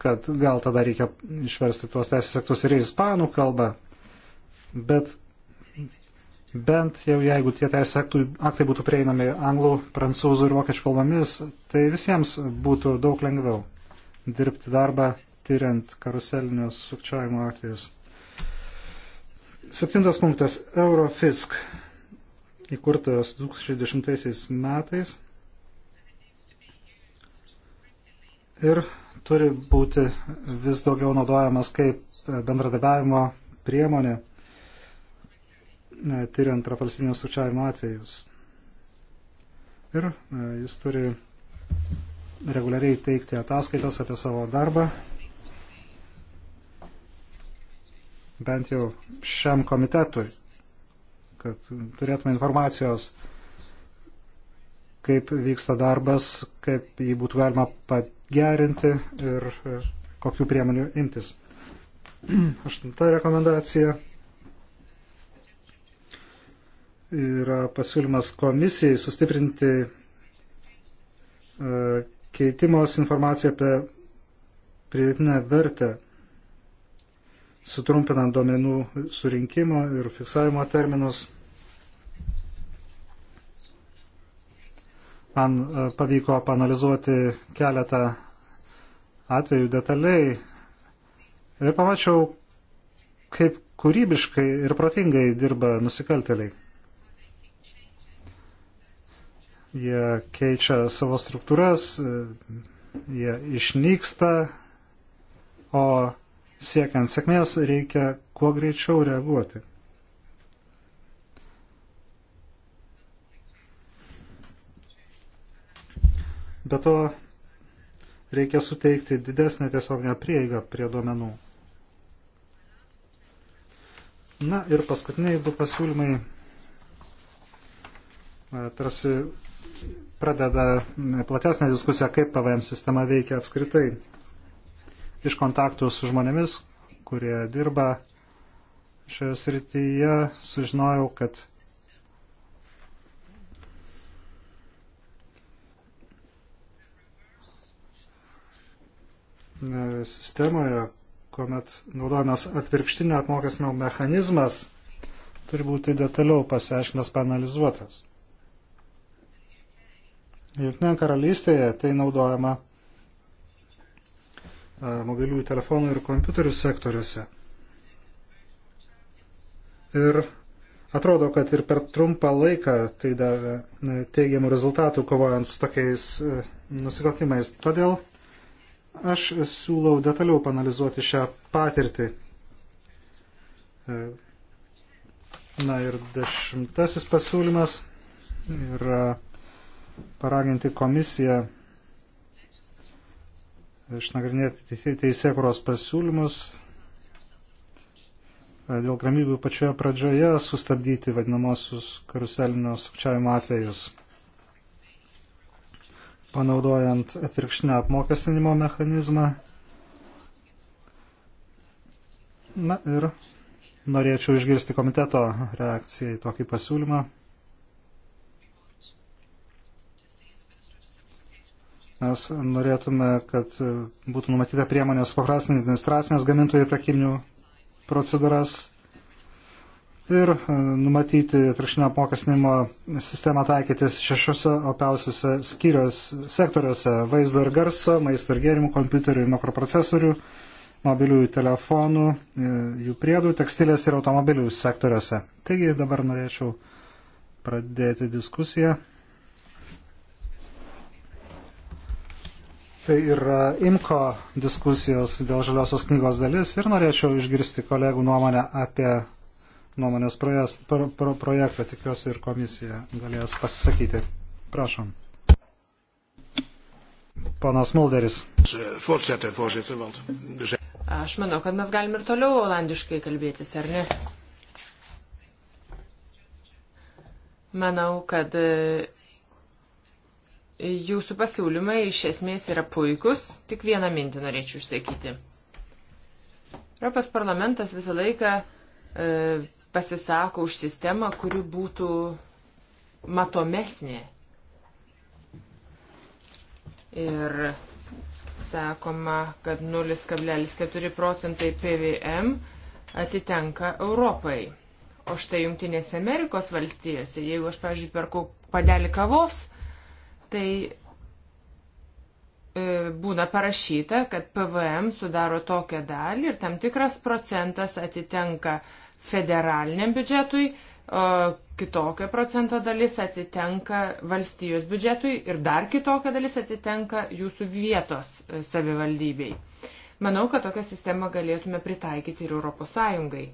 kad gal tada reikia išversti tuos teisės aktus ir į ispanų kalbą, bet bent jau jeigu tie teisės aktų, aktai būtų prieinami anglų, prancūzų ir vokiečių kalbomis, tai visiems būtų daug lengviau dirbti darbą, tyriant karuselinius sukčiavimo atvejus. Septintas punktas - Eurofisk, įkurtas 2010 metais ir turi būti vis daugiau naudojamas kaip bendradarbiavimo priemonė tyriant rafalstinio sučiavimo atvejus. Ir jis turi reguliariai teikti ataskaitas apie savo darbą. Bent jau šiam komitetui, kad turėtume informacijos, kaip vyksta darbas, kaip jį būtų galima pagerinti ir e, kokių priemonių imtis. *clears throat* Aštunta rekomendacija yra pasiūlymas komisijai sustiprinti e, keitimos informaciją apie pridėtinę vertę, sutrumpinant duomenų surinkimo ir fiksavimo terminus. Man e, pavyko panalizuoti keletą atvejų detaliai ir pamačiau, kaip kūrybiškai ir protingai dirba nusikalteliai. jie keičia savo struktūras, jie išnyksta, o siekiant sėkmės reikia kuo greičiau reaguoti. Be to, reikia suteikti didesnę tiesioginę prieigą prie duomenų. Na ir paskutiniai du pasiūlymai e, tarsi pradeda platesnę diskusiją, kaip PVM sistema veikia apskritai. Iš kontaktų su žmonėmis, kurie dirba šioje srityje, sužinojau, kad e, sistemoje, kuomet naudojamas atvirkštinio apmokestinio mechanizmas, turi būti detaliau pasiaiškintas, panalizuotas. Junktinėje karalystėje tai naudojama e, mobiliųjų telefonų ir kompiuterių sektoriuose. Ir atrodo, kad ir per trumpą laiką tai davė e, teigiamų rezultatų kovojant su tokiais e, nusikaltimais. Todėl aš siūlau detaliau panalizuoti šią patirtį. Na ir dešimtasis pasiūlymas yra. Ir paraginti komisiją išnagrinėti teisėkuros pasiūlymus e, dėl gramybių pačioje pradžioje sustabdyti vadinamosius karuselinio sukčiavimo atvejus, panaudojant atvirkštinę apmokestinimo mechanizmą. Na ir norėčiau išgirsti komiteto reakciją į tokį pasiūlymą. Mes norėtume, kad būtų numatyta priemonės paprastinti administracinės gamintojų ir prekybinių procedūras ir e, numatyti atrašinio apmokestinimo sistemą taikytis šešiuose opiausiuose skyrios sektoriuose - vaizdo ir garso, maisto ir gėrimų, kompiuterių ir mikroprocesorių, mobiliųjų telefonų, e, jų priedų, tekstilės ir automobilių sektoriuose. Taigi dabar norėčiau pradėti diskusiją. Tai yra IMCO diskusijos dėl žaliosios knygos dalis ir norėčiau išgirsti kolegų nuomonę apie nuomonės projes, pro, pro, projektą. Tikiuosi ir komisija galės pasisakyti. Prašom. Panas Mulderis. Er Aš manau, kad mes galim ir toliau olandiškai kalbėtis, ar ne? Manau, kad Jūsų pasiūlymai iš esmės yra puikus, tik vieną mintį norėčiau išsakyti. Europos parlamentas visą laiką e, pasisako už sistemą, kuri būtų matomesnė. Ir sakoma, kad 0,4 procentai PVM atitenka Europai. O štai Junktinėse Amerikos valstijose, jeigu aš, pavyzdžiui, perku padelį kavos, tai e, būna parašyta, kad PVM sudaro tokią dalį ir tam tikras procentas atitenka federaliniam biudžetui, o kitokia procento dalis atitenka valstijos biudžetui ir dar kitokia dalis atitenka jūsų vietos e, savivaldybei. Manau, kad tokią sistemą galėtume pritaikyti ir Europos Sąjungai.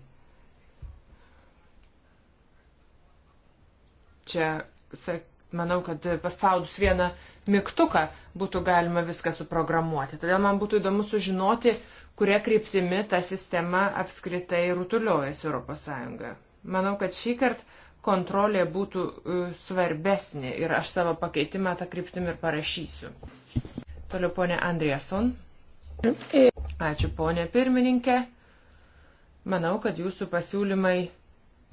Čia sak, manau, kad paspaudus vieną mygtuką būtų galima viską suprogramuoti. Todėl man būtų įdomu sužinoti, kuria kryptimi ta sistema apskritai rutuliojasi ES. Manau, kad šį kartą kontrolė būtų e, svarbesnė ir aš savo pakeitimą tą kryptimį ir parašysiu. Toliau ponė Andrieson. Ačiū ponė pirmininkė. Manau, kad jūsų pasiūlymai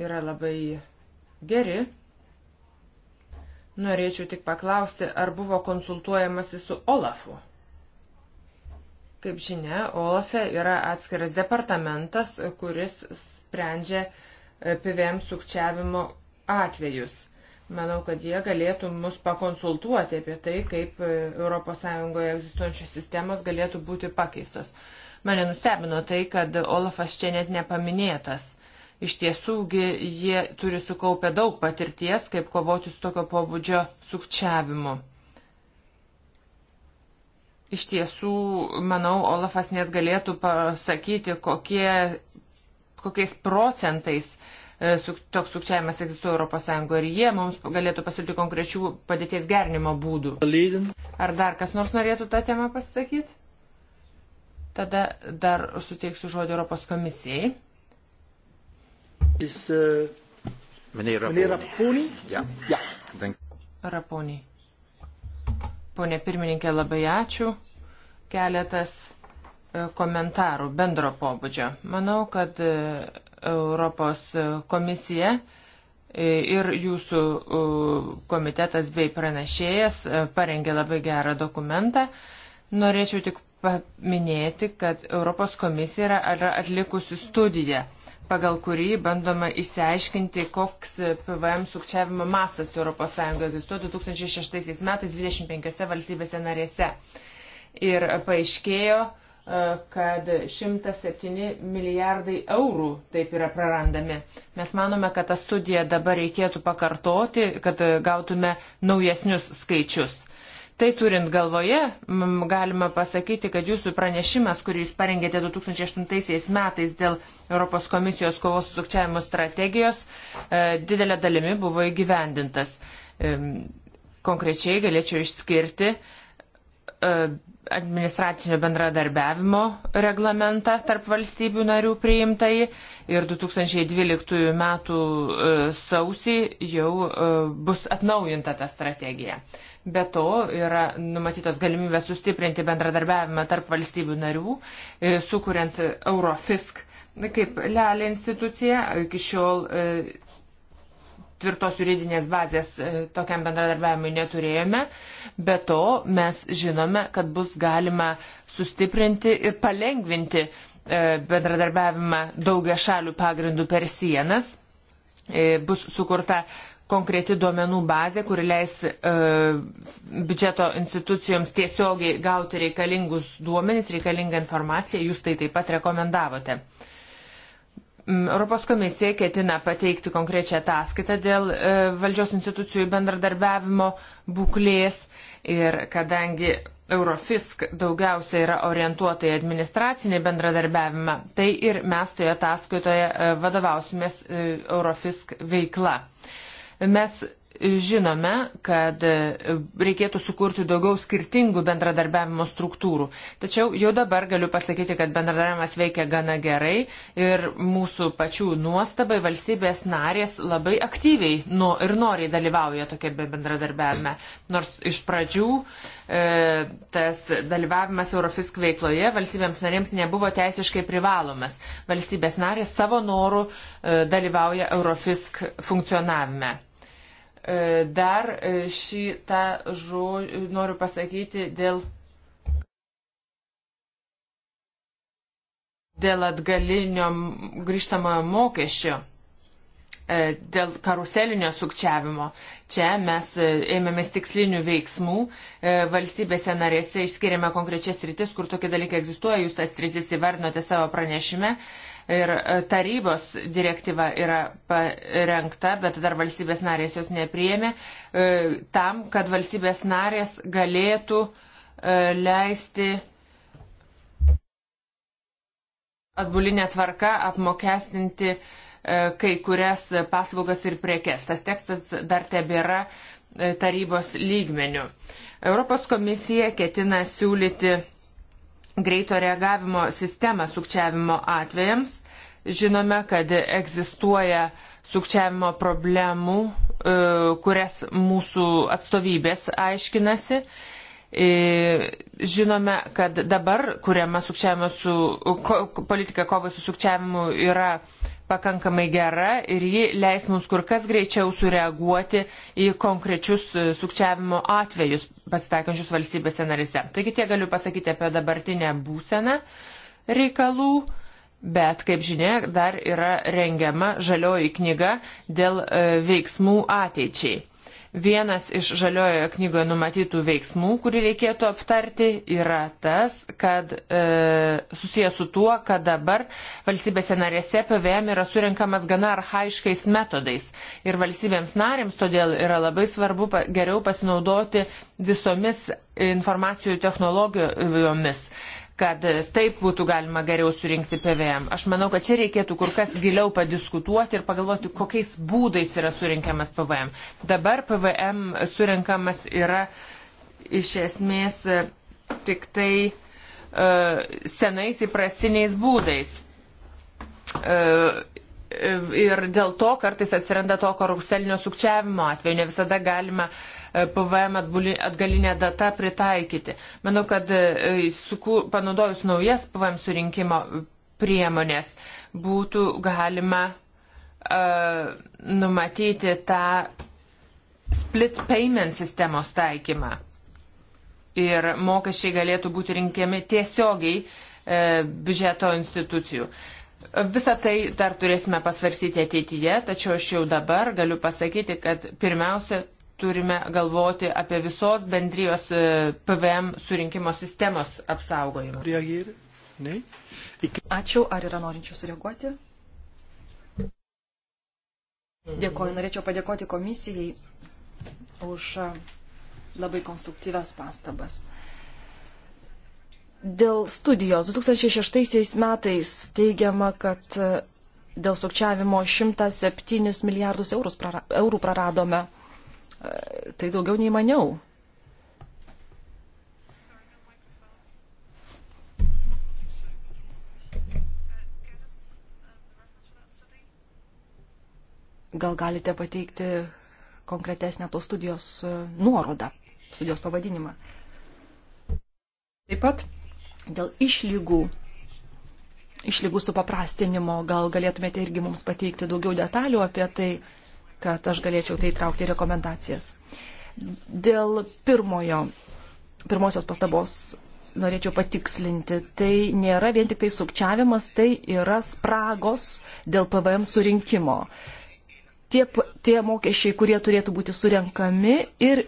yra labai geri Norėčiau tik paklausti, ar buvo konsultuojamasi su Olafu. Kaip žinia, Olafe yra atskiras departamentas, kuris sprendžia e, PVM sukčiavimo atvejus. Manau, kad jie galėtų mus pakonsultuoti apie tai, kaip ES egzistuojančios sistemos galėtų būti pakeistos. Mane nustebino tai, kad Olafas čia net nepaminėtas. Iš tiesųgi jie turi sukaupę daug patirties, kaip kovoti su tokio pobūdžio sukčiavimu. Iš tiesų, manau, Olafas net galėtų pasakyti, kokie, kokiais procentais e, toks sukčiavimas egzistuoja ES ir jie mums galėtų pasiūlyti konkrečių padėties gerinimo būdų. Ar dar kas nors norėtų tą temą pasakyti? Tada dar suteiksiu žodį Europos komisijai is uh, meneer Raponi. Meneer Raponi? Ja. ja. Dank. Raponi. Pone pirmininkė, labai ačiū. Keletas e, komentarų bendro pobūdžio. Manau, kad e, Europos e, komisija ir jūsų komitetas bei pranašėjas parengė labai gerą dokumentą. Norėčiau tik paminėti, kad Europos komisija yra atlikusi studiją pagal kurį bandoma išsiaiškinti, koks PVM sukčiavimo mastas ES egzistuoja 2006 metais 25 valstybėse narėse. Ir paaiškėjo, e, kad 107 milijardai eurų taip yra prarandami. Mes manome, kad tą studiją dabar reikėtų pakartoti, kad gautume naujesnius skaičius. Tai turint galvoje, galima pasakyti, kad jūsų pranešimas, kurį jūs parengėte 2008 metais dėl Europos komisijos kovos su sukčiavimu strategijos, e, didelė dalimi buvo įgyvendintas. Konkrečiai galėčiau išskirti E, administracinio bendradarbiavimo reglamentą tarp valstybių narių priimtai ir 2012 metų e, sausį jau e, bus atnaujinta ta strategija. Be to yra numatytos galimybės sustiprinti bendradarbiavimą tarp valstybių narių, sukuriant Eurofisk kaip lelė institucija. Iki šiol tvirtos juridinės bazės e, tokiam bendradarbiavimui neturėjome. Be to, mes žinome, kad bus galima sustiprinti ir palengvinti e, bendradarbiavimą daugia šalių pagrindų per sienas. E, bus sukurta konkreti duomenų bazė, kuri leis e, biudžeto institucijoms tiesiogiai gauti reikalingus duomenys, reikalingą informaciją, jūs tai taip pat rekomendavote. Mm, Europos komisija ketina pateikti konkrečią ataskaitą dėl e, valdžios institucijų bendradarbiavimo būklės ir kadangi Eurofisk daugiausia yra orientuota į administracinį bendradarbiavimą, tai ir mes toje ataskaitoje e, vadovausimės e, Eurofisk veikla. Mes žinome, kad e, reikėtų sukurti daugiau skirtingų bendradarbiavimo struktūrų. Tačiau jau dabar galiu pasakyti, kad bendradarbiavimas veikia gana gerai ir mūsų pačių nuostabai valstybės narės labai aktyviai nu, ir noriai dalyvauja tokia bendradarbiavime. Nors iš pradžių e, tas dalyvavimas Eurofisk veikloje valstybėms narėms nebuvo teisiškai privalomas. Valstybės narės savo norų e, dalyvauja Eurofisk funkcionavime. E, dar e, šitą žodį noriu pasakyti dėl, dėl atgalinio grįžtamojo mokesčio e, dėl karuselinio sukčiavimo. Čia mes ėmėmės tikslinių veiksmų, valstybėse narėse išskiriame konkrečias rytis, kur tokie dalykai egzistuoja, jūs tas rytis įvardinote savo pranešime. Ir e, tarybos direktyva yra parengta, bet dar valstybės narės jos nepriėmė, e, tam, kad valstybės narės galėtų e, leisti atbulinę tvarką apmokestinti kai kurias paslaugas ir prekes. Tas tekstas dar tebėra tarybos lygmenių. Europos komisija ketina siūlyti greito reagavimo sistemą sukčiavimo atvejams. Žinome, kad egzistuoja sukčiavimo problemų, e, kurias mūsų atstovybės aiškinasi. E, žinome, kad dabar kuriama sukčiavimo su ko, politika kovai su sukčiavimu yra pakankamai gera ir ji leis mums kur kas greičiau sureaguoti į konkrečius e, sukčiavimo atvejus pasitaikančius valstybėse narise. Taigi tie galiu pasakyti apie dabartinę būseną reikalų. Bet, kaip žinia, dar yra rengiama žalioji knyga dėl e, veiksmų ateičiai. Vienas iš žaliojoje knygoje numatytų veiksmų, kurį reikėtų aptarti, yra tas, kad e, susijęs su tuo, kad dabar valstybėse narėse PVM yra surinkamas gana arhaiškais metodais. Ir valstybėms narėms todėl yra labai svarbu pa, geriau pasinaudoti visomis informacijų technologijomis. E, kad taip būtų galima geriau surinkti PVM. Aš manau, kad čia reikėtų kur kas giliau padiskutuoti ir pagalvoti, kokiais būdais yra surinkiamas PVM. Dabar PVM surinkamas yra iš esmės e, tik tai uh, senais įprastiniais būdais. Uh, ir dėl to kartais atsiranda to korupcelinio sukčiavimo atveju. Ne visada galima uh, E, PVM atgalinę datą pritaikyti. Manau, kad e, panaudojus naujas PVM surinkimo priemonės būtų galima e, numatyti tą split payment sistemos taikymą. Ir mokesčiai galėtų būti rinkiami tiesiogiai e, biudžeto institucijų. Visą tai dar turėsime pasvarsyti ateityje, tačiau aš jau dabar galiu pasakyti, kad pirmiausia turime galvoti apie visos bendrijos e, PVM surinkimo sistemos apsaugojimą. Ačiū, ar yra norinčių sureaguoti? Dėkoju, norėčiau padėkoti komisijai už e, labai konstruktyves pastabas. Dėl studijos 2006 metais teigiama, kad e, dėl sukčiavimo 107 milijardus eurų praradome tai daugiau nei maniau. Gal galite pateikti konkretesnę tos studijos e, nuorodą, studijos pavadinimą. Taip pat dėl išlygų, išlygų supaprastinimo, gal galėtumėte irgi mums pateikti daugiau detalių apie tai, kad aš galėčiau tai traukti į rekomendacijas. Dėl pirmojo, pirmosios pastabos norėčiau patikslinti, tai nėra vien tik tai sukčiavimas, tai yra spragos dėl PVM surinkimo. Tie, tie mokesčiai, kurie turėtų būti surenkami ir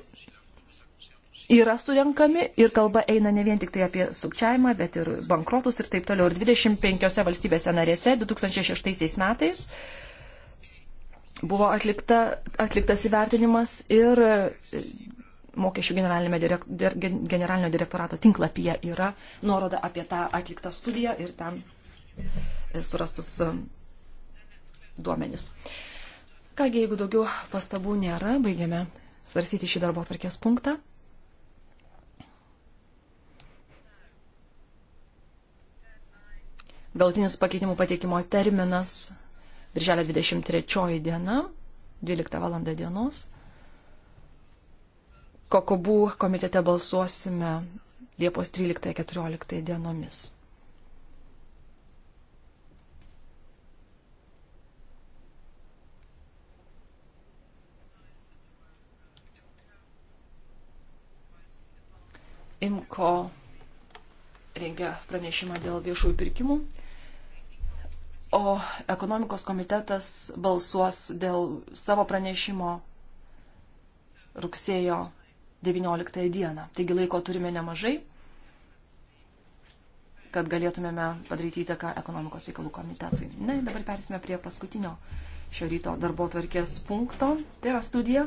yra surenkami ir kalba eina ne vien tik tai apie sukčiavimą, bet ir bankrotus ir taip toliau. Ir 25 valstybėse narėse 2006 metais buvo atlikta, atliktas įvertinimas ir e, mokesčių generalinio, direkt, generalinio direktorato tinklapyje yra nuoroda apie tą atliktą studiją ir ten e, surastus e, duomenis. Kągi, jeigu daugiau pastabų nėra, baigiame svarsyti šį darbo atvarkės punktą. Galtinis pakeitimų pateikimo terminas birželio 23 diena, 12 val. dienos. Kokobų komitete balsuosime Liepos 13-14 dienomis. IMCO rengia pranešimą dėl viešųjų pirkimų o ekonomikos komitetas balsuos dėl savo pranešimo rugsėjo 19 dieną. Taigi laiko turime nemažai, kad galėtumėme padaryti įtaką ekonomikos reikalų komitetui. Na ir dabar persime prie paskutinio šio ryto darbo tvarkės punkto. Tai yra studija,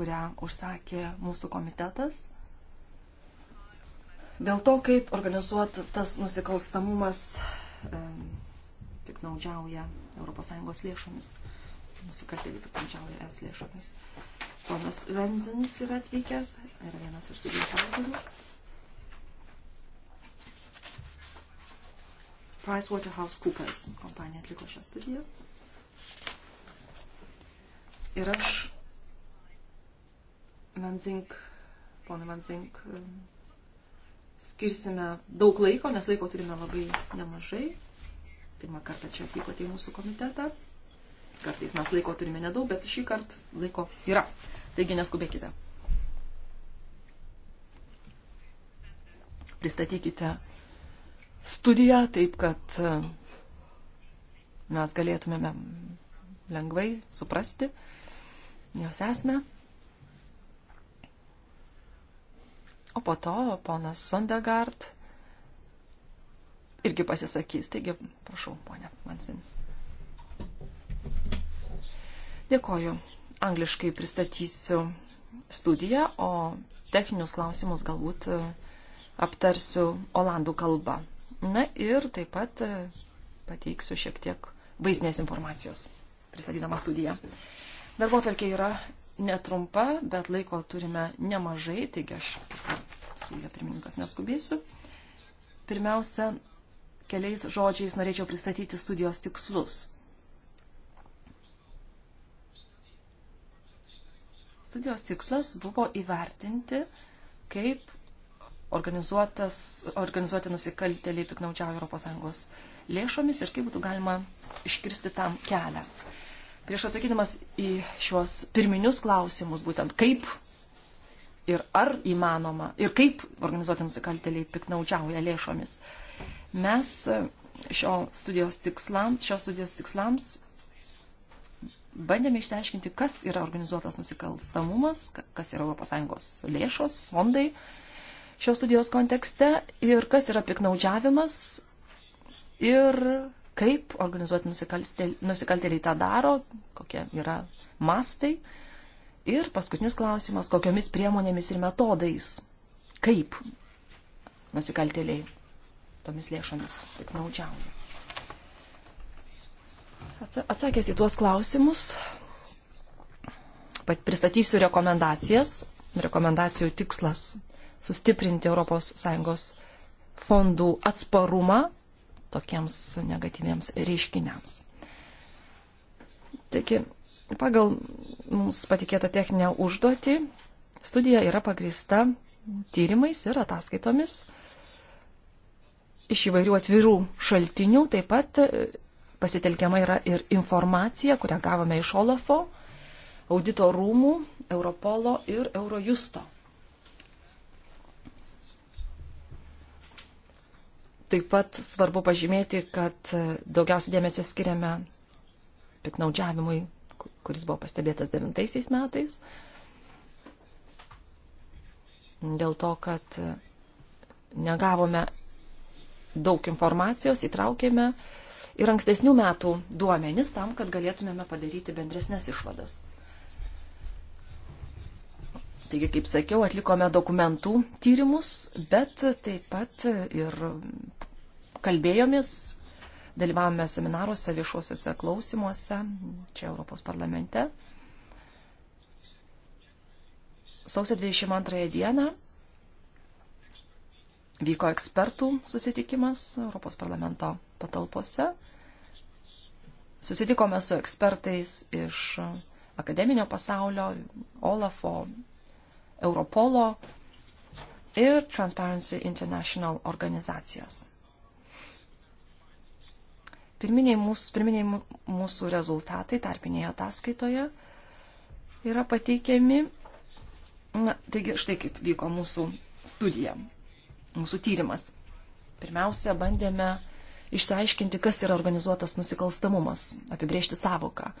kurią užsakė mūsų komitetas dėl to, kaip organizuotas nusikalstamumas e, piknaudžiauja ES lėšomis. Nusikaltėliai piknaudžiauja ES lėšomis. Ponas Venzinis yra atvykęs, yra vienas iš studijos autorių. PricewaterhouseCoopers kompanija atliko šią studiją. Ir aš Manzink, ponui Manzink, skirsime daug laiko, nes laiko turime labai nemažai. Pirmą kartą čia atvykote į mūsų komitetą. Kartais mes laiko turime nedaug, bet šį kartą laiko yra. Taigi neskubėkite. Pristatykite studiją taip, kad e, mes galėtumėme lengvai suprasti jos esmę. O po to ponas Sondegard irgi pasisakys. Taigi, prašau, ponia Mansin. Dėkoju. Angliškai pristatysiu studiją, o techninius klausimus galbūt e, aptarsiu olandų kalbą. Na ir taip pat e, pateiksiu šiek tiek vaizdinės informacijos pristatydama studiją. Darbo tvarkė yra netrumpa, bet laiko turime nemažai, taigi aš siūlė pirmininkas neskubėsiu. Pirmiausia, keliais žodžiais norėčiau pristatyti studijos tikslus. Studijos tikslas buvo įvertinti, kaip organizuoti nusikaltėliai piknaudžiavo ES lėšomis ir kaip būtų galima iškirsti tam kelią. Prieš atsakydamas į šiuos pirminius klausimus, būtent kaip ir ar įmanoma, ir kaip organizuoti nusikaltėliai piknaudžiauja lėšomis, mes e, šio studijos tikslam, šios studijos tikslams bandėme išsiaiškinti, kas yra organizuotas nusikalstamumas, kas yra ES lėšos, fondai šios studijos kontekste ir kas yra piknaudžiavimas ir kaip organizuoti nusikaltėliai tą daro, kokie yra mastai. Ir paskutinis klausimas, kokiomis priemonėmis ir metodais, kaip nusikaltėliai tomis lėšomis piknaudžiauja. Atsakęs į tuos klausimus, pristatysiu rekomendacijas. Rekomendacijų tikslas - sustiprinti ES fondų atsparumą tokiems negatyviems reiškiniams. Taigi, pagal mums patikėtą techninę užduotį, studija yra pagrįsta tyrimais ir ataskaitomis iš įvairių atvirų šaltinių, taip pat e, pasitelkiama yra ir informacija, kurią gavome iš Olafo, audito rūmų, Europolo ir Eurojusto. Taip pat svarbu pažymėti, kad e, daugiausia dėmesio skiriame piknaudžiavimui, kuris buvo pastebėtas devintaisiais metais. Dėl to, kad e, negavome daug informacijos, įtraukėme ir ankstesnių metų duomenis tam, kad galėtumėme padaryti bendresnės išvadas. Taigi, kaip sakiau, atlikome dokumentų tyrimus, bet taip pat ir kalbėjomis, dalyvavome seminaruose, viešuosiuose klausimuose čia Europos parlamente. Sausio 22 dieną vyko ekspertų susitikimas Europos parlamento patalpose. Susitikome su ekspertais iš akademinio pasaulio, Olafo, Europolo ir Transparency International organizacijos. Pirminiai mūsų, pirminiai mūsų rezultatai tarpinėje ataskaitoje yra pateikiami. Na, taigi štai kaip vyko mūsų studija, mūsų tyrimas. Pirmiausia, bandėme išsiaiškinti, kas yra organizuotas nusikalstamumas, apibriežti savoką.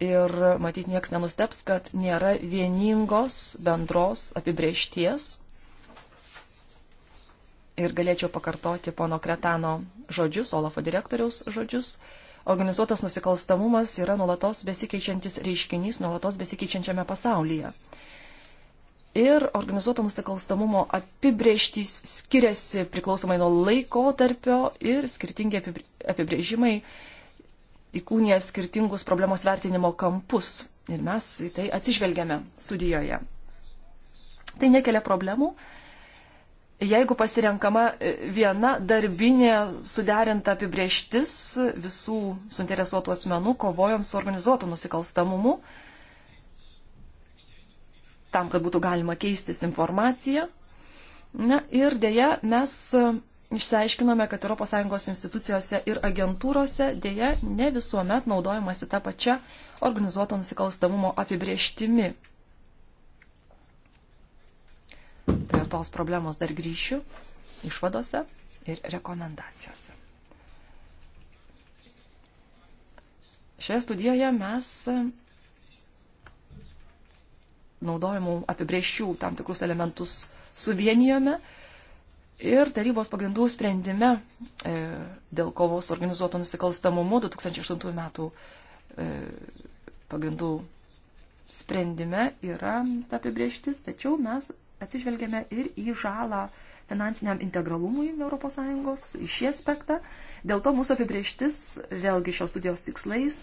Ir matyt, nieks nenusteps, kad nėra vieningos bendros apibriešties. Ir galėčiau pakartoti pono Kretano žodžius, Olafo direktoriaus žodžius. Organizuotas nusikalstamumas yra nuolatos besikeičiantis reiškinys, nuolatos besikeičiančiame pasaulyje. Ir organizuoto nusikalstamumo apibrieštys skiriasi priklausomai nuo laiko tarpio ir skirtingi apibrėžimai. Apibrė įkūnė skirtingus problemos vertinimo kampus ir mes į tai atsižvelgiame studijoje. Tai nekelia problemų, jeigu pasirenkama e, viena darbinė suderinta apibrieštis visų suinteresuotų asmenų kovojant su organizuotu nusikalstamumu, tam, kad būtų galima keistis informaciją. Na ir dėja, mes išsiaiškinome, kad ES institucijose ir agentūrose dėja ne visuomet naudojamasi tą pačią organizuoto nusikalstamumo apibrieštimi. Prie tos problemos dar grįšiu išvadose ir rekomendacijose. Šioje studijoje mes naudojimų apibrėžčių tam tikrus elementus suvienijome Ir tarybos pagrindų sprendime e, dėl kovos organizuoto nusikalstamumu 2008 metų e, pagrindų sprendime yra ta apibrieštis, tačiau mes atsižvelgiame ir į žalą finansiniam integralumui ES, į šį aspektą. Dėl to mūsų apibrieštis, vėlgi šios studijos tikslais,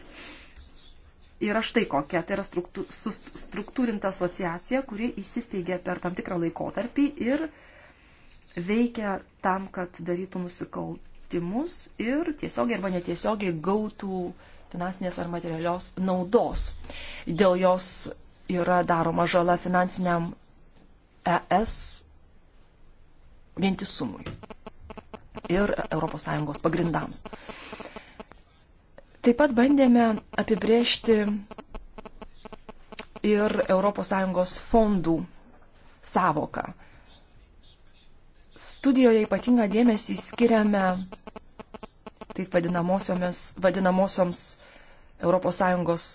yra štai kokia. Tai yra struktūrinta asociacija, kuri įsisteigė per tam tikrą laikotarpį ir veikia tam, kad darytų nusikaltimus ir tiesiogiai arba netiesiogiai gautų finansinės ar materialios naudos. Dėl jos yra daroma žala finansiniam ES vientisumui ir ES pagrindams. Taip pat bandėme apibrėžti ir ES fondų savoką. Studijoje ypatingą dėmesį skiriame taip vadinamosioms ES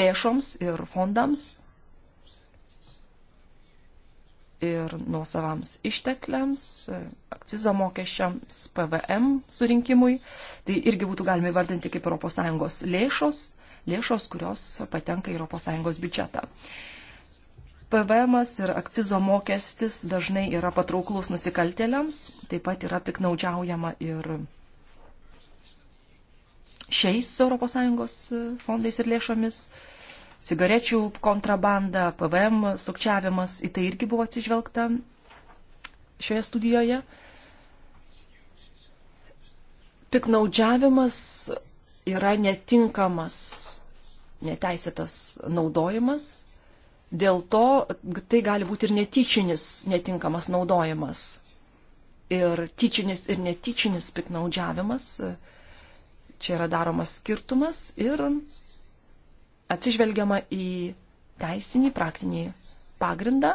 lėšoms ir fondams ir nuosavams ištekliams, akcizo mokesčiams, PVM surinkimui. Tai irgi būtų galima įvardinti kaip ES lėšos, lėšos, kurios patenka į ES biudžetą. PVM ir akcizo mokestis dažnai yra patrauklus nusikaltėliams, taip pat yra piknaudžiaujama ir šiais ES fondais ir lėšomis. Cigarečių kontrabanda, PVM sukčiavimas, į tai irgi buvo atsižvelgta šioje studijoje. Piknaudžiavimas yra netinkamas, neteisėtas naudojimas Dėl to tai gali būti ir netyčinis netinkamas naudojimas. Ir tyčinis ir netyčinis piknaudžiavimas. Čia yra daromas skirtumas ir atsižvelgiama į teisinį, praktinį pagrindą.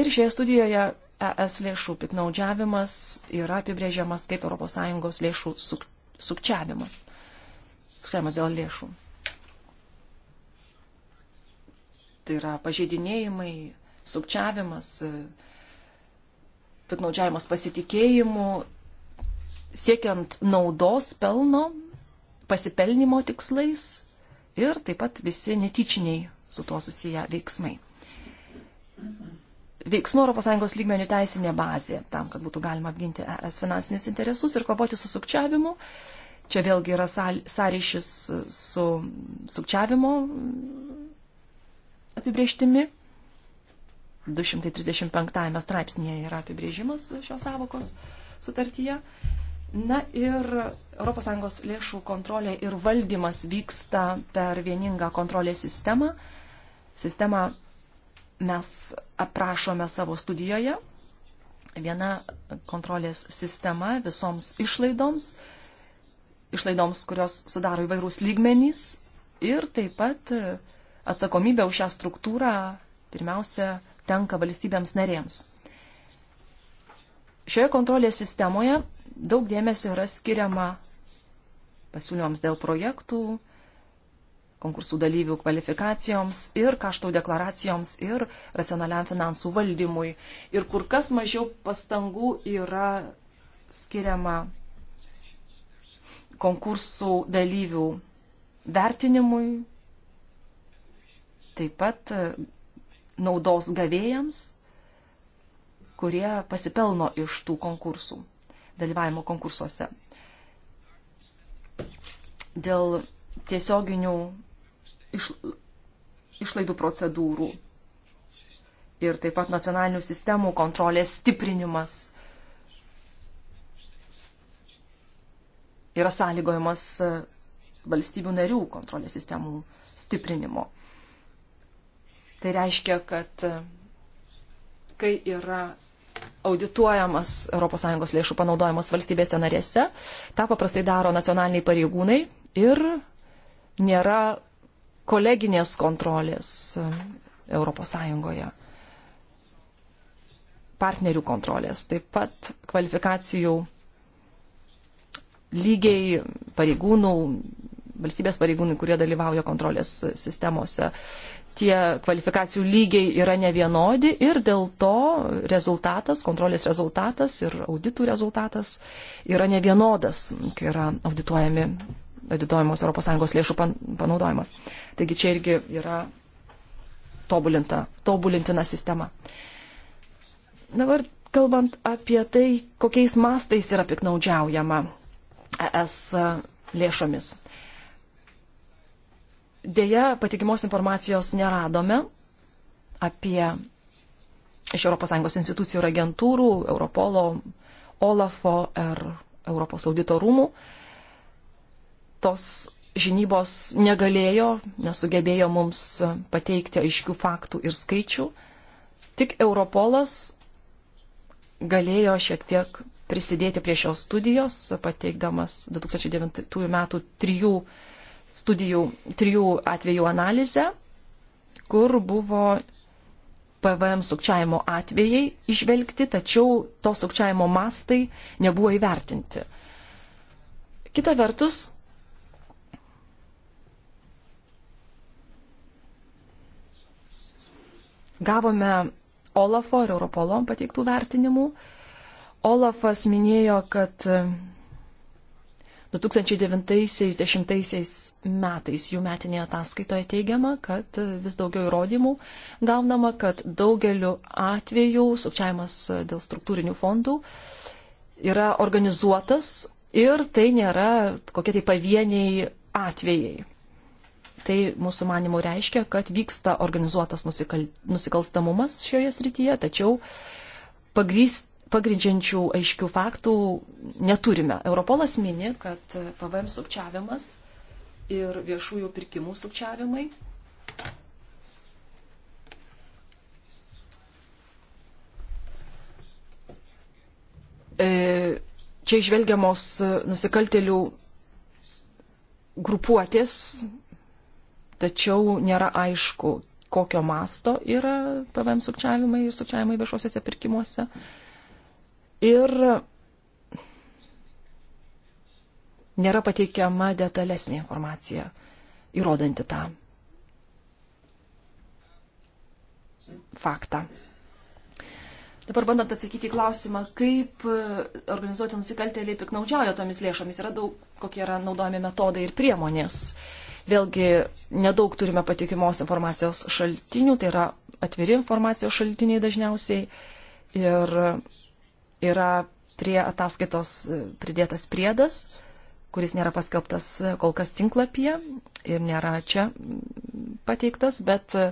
Ir šioje studijoje ES lėšų piknaudžiavimas yra apibrėžiamas kaip ES lėšų suk sukčiavimas. Sukčiavimas dėl lėšų. tai yra pažeidinėjimai, sukčiavimas, piknaudžiavimas pasitikėjimu, siekiant naudos pelno, pasipelnimo tikslais ir taip pat visi netyčiniai su tuo susiję veiksmai. Veiksmų ES lygmenių teisinė bazė tam, kad būtų galima apginti ES finansinius interesus ir kovoti su sukčiavimu. Čia vėlgi yra sąryšis su sukčiavimo apibrieštimi. 235 straipsnėje yra apibrėžimas šios savokos sutartyje. Na ir ES lėšų kontrolė ir valdymas vyksta per vieningą kontrolės sistemą. Sistemą mes aprašome savo studijoje. Viena kontrolės sistema visoms išlaidoms, išlaidoms, kurios sudaro įvairūs lygmenys ir taip pat uh, atsakomybė už šią struktūrą pirmiausia tenka valstybėms narėms. Šioje kontrolės sistemoje daug dėmesio yra skiriama pasiūlymams dėl projektų, konkursų dalyvių kvalifikacijoms ir kaštų deklaracijoms ir racionaliam finansų valdymui. Ir kur kas mažiau pastangų yra skiriama konkursų dalyvių vertinimui, taip pat e, naudos gavėjams, kurie pasipelno iš tų konkursų, dalyvavimo konkursuose. Dėl tiesioginių iš, išlaidų procedūrų ir taip pat nacionalinių sistemų kontrolės stiprinimas yra sąlygojamas e, valstybių narių kontrolės sistemų stiprinimo. Tai reiškia, kad e, kai yra audituojamas ES lėšų panaudojimas valstybėse narėse, tą paprastai daro nacionaliniai pareigūnai ir nėra koleginės kontrolės e, ES partnerių kontrolės, taip pat kvalifikacijų lygiai pareigūnų, valstybės pareigūnų, kurie dalyvauja kontrolės sistemose tie kvalifikacijų lygiai yra nevienodi ir dėl to rezultatas, kontrolės rezultatas ir auditų rezultatas yra nevienodas, kai yra audituojami, audituojamos ES lėšų pan, panaudojimas. Taigi čia irgi yra tobulinta, tobulintina sistema. Dabar kalbant apie tai, kokiais mastais yra piknaudžiaujama ES lėšomis. Deja, patikimos informacijos neradome apie iš ES institucijų ir agentūrų, Europolo, Olafo ir Europos audito rūmų. Tos žinybos negalėjo, nesugebėjo mums pateikti aiškių faktų ir skaičių. Tik Europolas galėjo šiek tiek prisidėti prie šios studijos, pateikdamas 2009 metų trijų studijų, trijų atvejų analizę, kur buvo PVM sukčiavimo atvejai išvelgti, tačiau to sukčiavimo mastai nebuvo įvertinti. Kita vertus, gavome Olafo ir Europolom pateiktų vertinimų. Olafas minėjo, kad 2009-2010 metais jų metinėje ataskaitoje teigiama, kad vis daugiau įrodymų gaunama, kad daugeliu atveju sukčiavimas dėl struktūrinių fondų yra organizuotas ir tai nėra kokie tai pavieniai atvejai. Tai mūsų manimų reiškia, kad vyksta organizuotas nusikal... nusikalstamumas šioje srityje, tačiau pagryst pagrindžiančių aiškių faktų neturime. Europolas mini, kad PVM sukčiavimas ir viešųjų pirkimų sukčiavimai e, čia išvelgiamos nusikaltelių grupuotės, tačiau nėra aišku, kokio masto yra PVM sukčiavimai ir sukčiavimai viešuosiuose pirkimuose. Uh, ir nėra pateikiama detalesnė informacija įrodanti tą faktą. Dabar bandant atsakyti į klausimą, kaip organizuoti nusikaltėliai piknaudžiauja tomis lėšomis, yra daug, kokie yra naudojami metodai ir priemonės. Vėlgi, nedaug turime patikimos informacijos šaltinių, tai yra atviri informacijos šaltiniai dažniausiai. Ir yra prie ataskaitos e, pridėtas priedas, kuris nėra paskelbtas e, kol kas tinklapyje ir nėra čia pateiktas, bet e,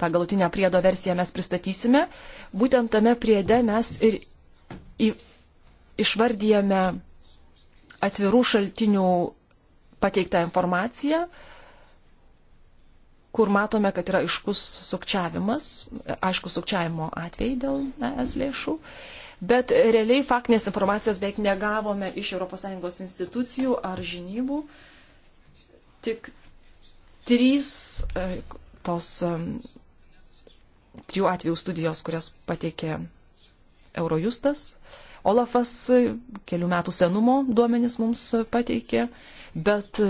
tą galutinę priedo versiją mes pristatysime. Būtent tame priede mes ir į, išvardyjame atvirų šaltinių pateiktą informaciją, kur matome, kad yra aiškus sukčiavimas, aiškus sukčiavimo atvejai dėl ES lėšų. Uh, bet realiai faktinės informacijos beveik negavome iš ES institucijų ar žinybų. Tik trys e, tos e, trijų atvejų studijos, kurias pateikė Eurojustas. Olafas kelių metų senumo duomenys mums pateikė, bet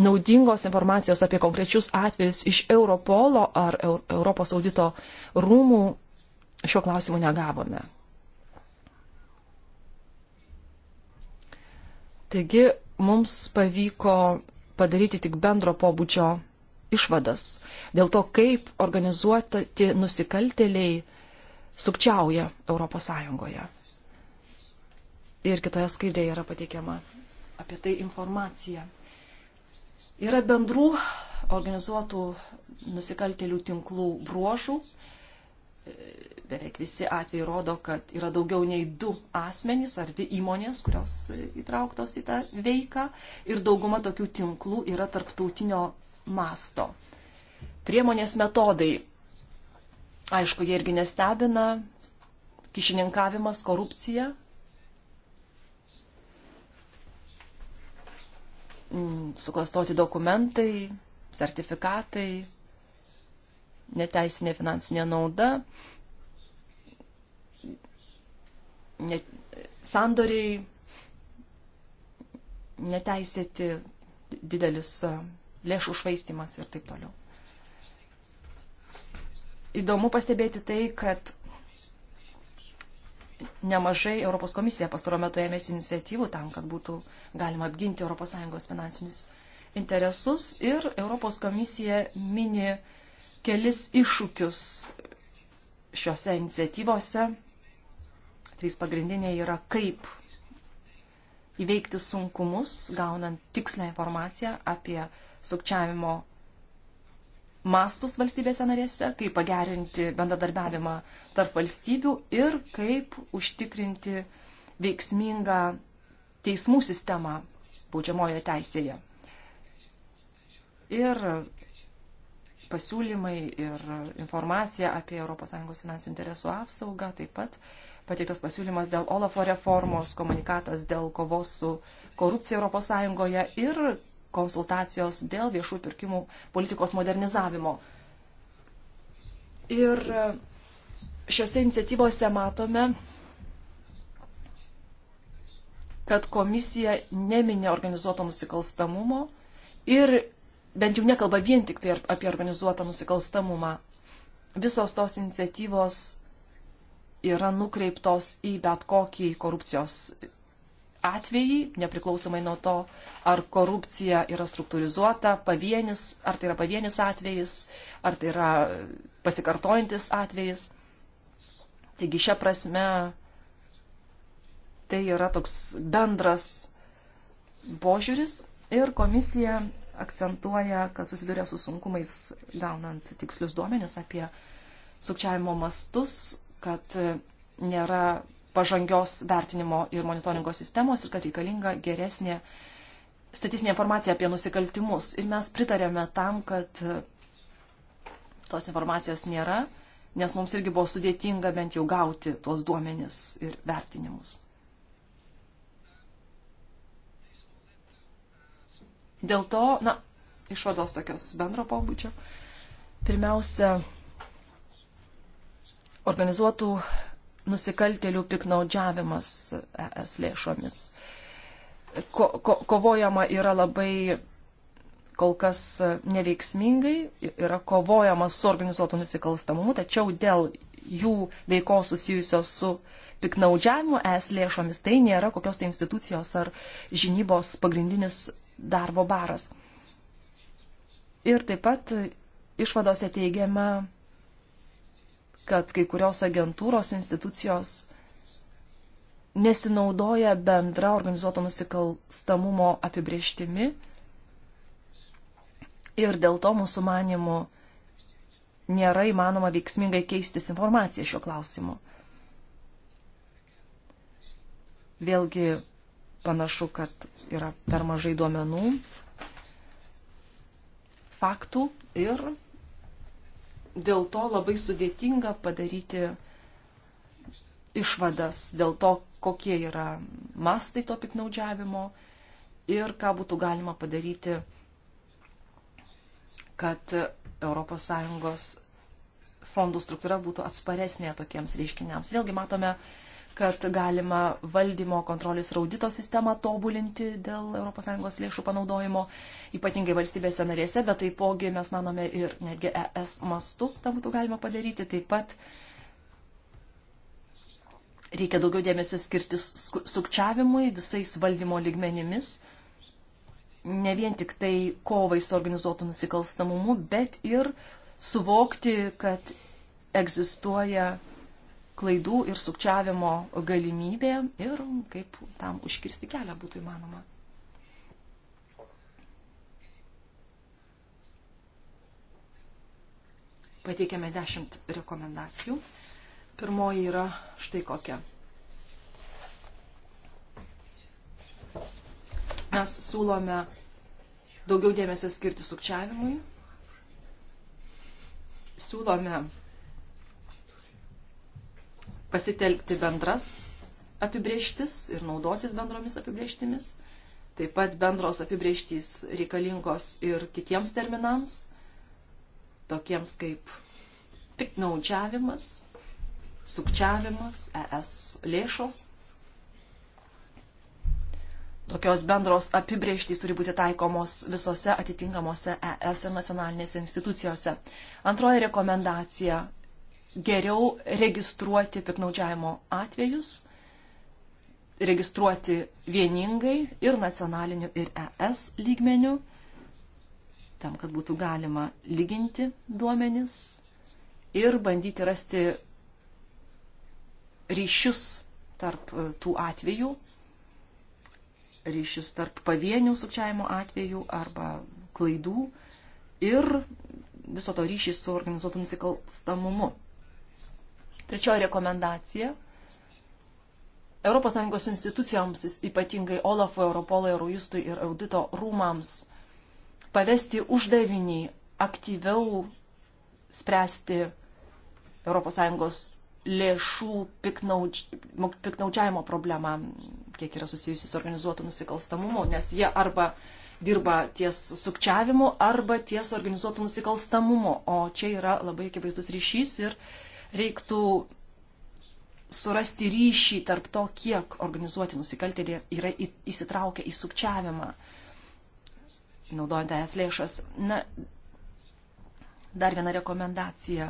naudingos informacijos apie konkrečius atvejus iš Europolo ar Europos audito rūmų šiuo klausimu negavome. Taigi mums pavyko padaryti tik bendro pobūdžio išvadas dėl to, kaip organizuoti nusikaltėliai sukčiauja ES. Ir kitoje skaidrėje yra pateikiama apie tai informacija. Yra bendrų organizuotų nusikaltėlių tinklų bruožų, beveik visi atvejai rodo, kad yra daugiau nei du asmenys ar dvi įmonės, kurios įtrauktos į tą veiką ir dauguma tokių tinklų yra tarptautinio masto. Priemonės metodai. Aišku, jie irgi nestebina. Kišininkavimas, korupcija. Mm, suklastoti dokumentai, sertifikatai, neteisinė finansinė nauda, net, sandoriai neteisėti, didelis lėšų švaistimas ir taip toliau. Įdomu pastebėti tai, kad nemažai Europos komisija pastaro metu ėmėsi iniciatyvų tam, kad būtų galima apginti ES finansinius interesus ir Europos komisija mini kelis iššūkius šiuose iniciatyvose Trys pagrindiniai yra kaip įveikti sunkumus, gaunant tikslę informaciją apie sukčiavimo mastus valstybėse narėse, kaip pagerinti bendradarbiavimą tarp valstybių ir kaip užtikrinti veiksmingą teismų sistemą baudžiamojoje teisėje. Ir pasiūlymai ir informacija apie ES finansų interesų apsaugą taip pat pateiktas pasiūlymas dėl Olafo reformos, komunikatas dėl kovos su korupcija ES ir konsultacijos dėl viešų pirkimų politikos modernizavimo. Ir e, šiuose iniciatyvose matome, kad komisija neminė organizuoto nusikalstamumo ir bent jau nekalba vien tik tai apie organizuotą nusikalstamumą. Visos tos iniciatyvos yra nukreiptos į bet kokį korupcijos atvejį, nepriklausomai nuo to, ar korupcija yra struktūrizuota, pavienis, ar tai yra pavienis atvejis, ar tai yra pasikartojantis atvejis. Taigi šią prasme tai yra toks bendras požiūris ir komisija akcentuoja, kad susiduria su sunkumais gaunant tikslius duomenis apie sukčiavimo mastus kad e, nėra pažangios vertinimo ir monitoringo sistemos ir kad reikalinga geresnė statistinė informacija apie nusikaltimus. Ir mes pritarėme tam, kad e, tos informacijos nėra, nes mums irgi buvo sudėtinga bent jau gauti tuos duomenis ir vertinimus. Dėl to, na, išvados tokios bendro pobūdžio. Pirmiausia, organizuotų nusikaltelių piknaudžiavimas ES lėšomis. Ko, ko, kovojama yra labai kol kas neveiksmingai, yra kovojama su organizuotų nusikalstamumu, tačiau dėl jų veikos susijusios su piknaudžiavimu es lėšomis tai nėra kokios tai institucijos ar žinybos pagrindinis darbo baras. Ir taip pat išvadose teigiama kad kai kurios agentūros institucijos nesinaudoja bendra organizuoto nusikalstamumo apibrieštimi ir dėl to mūsų manimų nėra įmanoma veiksmingai keistis informaciją šiuo klausimu. Vėlgi panašu, kad yra per mažai duomenų, faktų ir dėl to labai sudėtinga padaryti išvadas dėl to, kokie yra mastai to piknaudžiavimo ir ką būtų galima padaryti, kad ES fondų struktūra būtų atsparesnė tokiems reiškiniams. Vėlgi matome kad galima valdymo kontrolės ir audito sistemą tobulinti dėl ES lėšų panaudojimo, ypatingai valstybėse narėse, bet taipogi mes manome ir netgi ES mastu tam būtų galima padaryti. Taip pat reikia daugiau dėmesio skirti sukčiavimui visais valdymo ligmenimis, ne vien tik tai kovai su organizuotu nusikalstamumu, bet ir suvokti, kad egzistuoja klaidų ir sukčiavimo galimybė ir kaip tam užkirsti kelią būtų įmanoma. Pateikėme dešimt rekomendacijų. Pirmoji yra štai kokia. Mes siūlome daugiau dėmesio skirti sukčiavimui. Siūlome pasitelkti bendras apibrieštis ir naudotis bendromis apibrieštimis. Taip pat bendros apibrieštys reikalingos ir kitiems terminams, tokiems kaip piknaudžiavimas, sukčiavimas, ES lėšos. Tokios bendros apibrieštys turi būti taikomos visose atitinkamose ES ir nacionalinėse institucijose. Antroji rekomendacija geriau registruoti piknaudžiavimo atvejus, registruoti vieningai ir nacionaliniu, ir ES lygmeniu, tam, kad būtų galima lyginti duomenis ir bandyti rasti ryšius tarp e, tų atvejų, ryšius tarp pavienių sukčiavimo atvejų arba klaidų ir viso to ryšį su organizuotu nusikalstamumu. Trečioji rekomendacija. ES institucijoms, ypatingai Olafui, Europolui, Eurojustui ir audito rūmams, pavesti uždavinį aktyviau spręsti ES lėšų piknaudžiavimo problemą, kiek yra susijusi su organizuotu nusikalstamumu, nes jie arba dirba ties sukčiavimu arba ties organizuotų nusikalstamumu. O čia yra labai akivaizdus ryšys ir reiktų surasti ryšį tarp to, kiek organizuoti nusikaltėliai yra įsitraukę į sukčiavimą, naudojant es lėšas. Na, dar viena rekomendacija.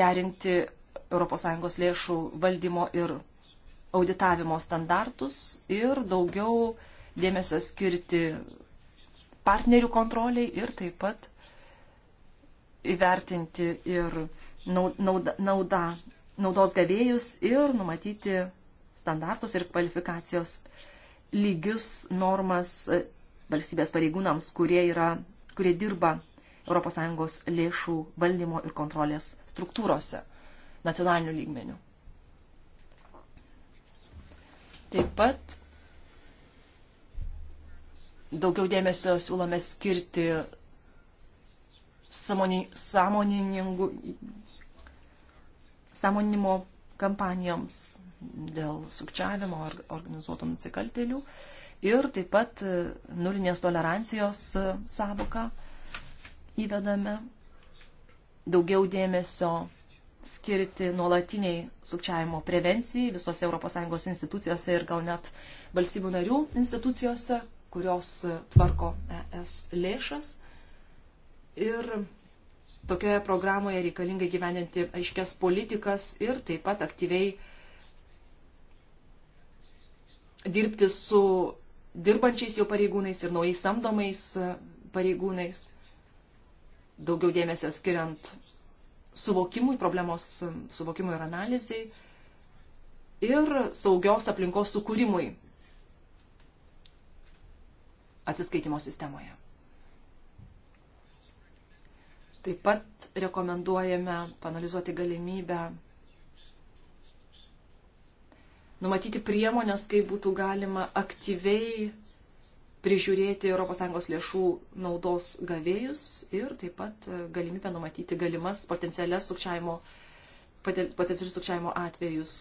Gerinti ES lėšų valdymo ir auditavimo standartus ir daugiau dėmesio skirti partnerių kontroliai ir taip pat įvertinti ir nauda, nauda, naudos gavėjus ir numatyti standartus ir kvalifikacijos lygius normas e, valstybės pareigūnams, kurie, yra, kurie dirba ES lėšų valdymo ir kontrolės struktūrose nacionalinių lygmenių. Taip pat daugiau dėmesio siūlome skirti sąmoningų sąmoninimo kampanijoms dėl sukčiavimo ar organizuotų nusikaltėlių ir taip pat e, nulinės tolerancijos e, savoką įvedame daugiau dėmesio skirti nuolatiniai sukčiavimo prevencijai visose ES institucijose ir gal net valstybių narių institucijose, kurios e, tvarko ES lėšas ir tokioje programoje reikalinga gyveninti aiškias politikas ir taip pat aktyviai dirbti su dirbančiais jau pareigūnais ir naujais samdomais e, pareigūnais, daugiau dėmesio skiriant suvokimui, problemos e, suvokimui ir analizai ir saugios aplinkos sukūrimui atsiskaitimo sistemoje. Taip pat rekomenduojame panalizuoti galimybę numatyti priemonės, kaip būtų galima aktyviai prižiūrėti ES lėšų naudos gavėjus ir taip pat galimybę numatyti galimas potencialias sukčiavimo, potencialius sukčiavimo atvejus,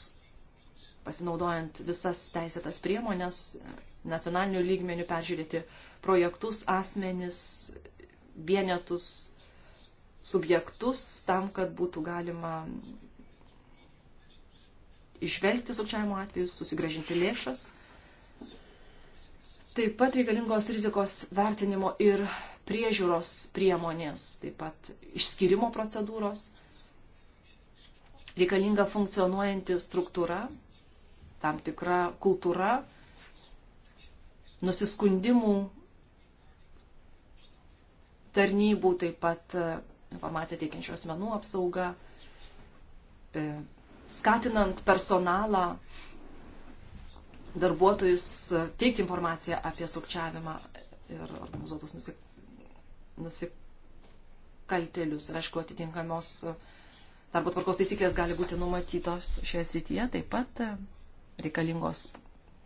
pasinaudojant visas teisėtas priemonės, nacionalinių lygmenių peržiūrėti projektus, asmenis, vienetus, subjektus tam, kad būtų galima išvelgti sukčiavimo atvejus, susigražinti lėšas. Taip pat reikalingos rizikos vertinimo ir priežiūros priemonės, taip pat išskirimo procedūros, reikalinga funkcionuojanti struktūra, tam tikra kultūra, nusiskundimų tarnybų, taip pat informaciją teikiančių asmenų apsauga, e, skatinant personalą, darbuotojus teikti informaciją apie sukčiavimą ir organizuotus nusik... nusikaltelius. Ir aišku, atitinkamos darbo tvarkos taisyklės gali būti numatytos šioje srityje, taip pat e, reikalingos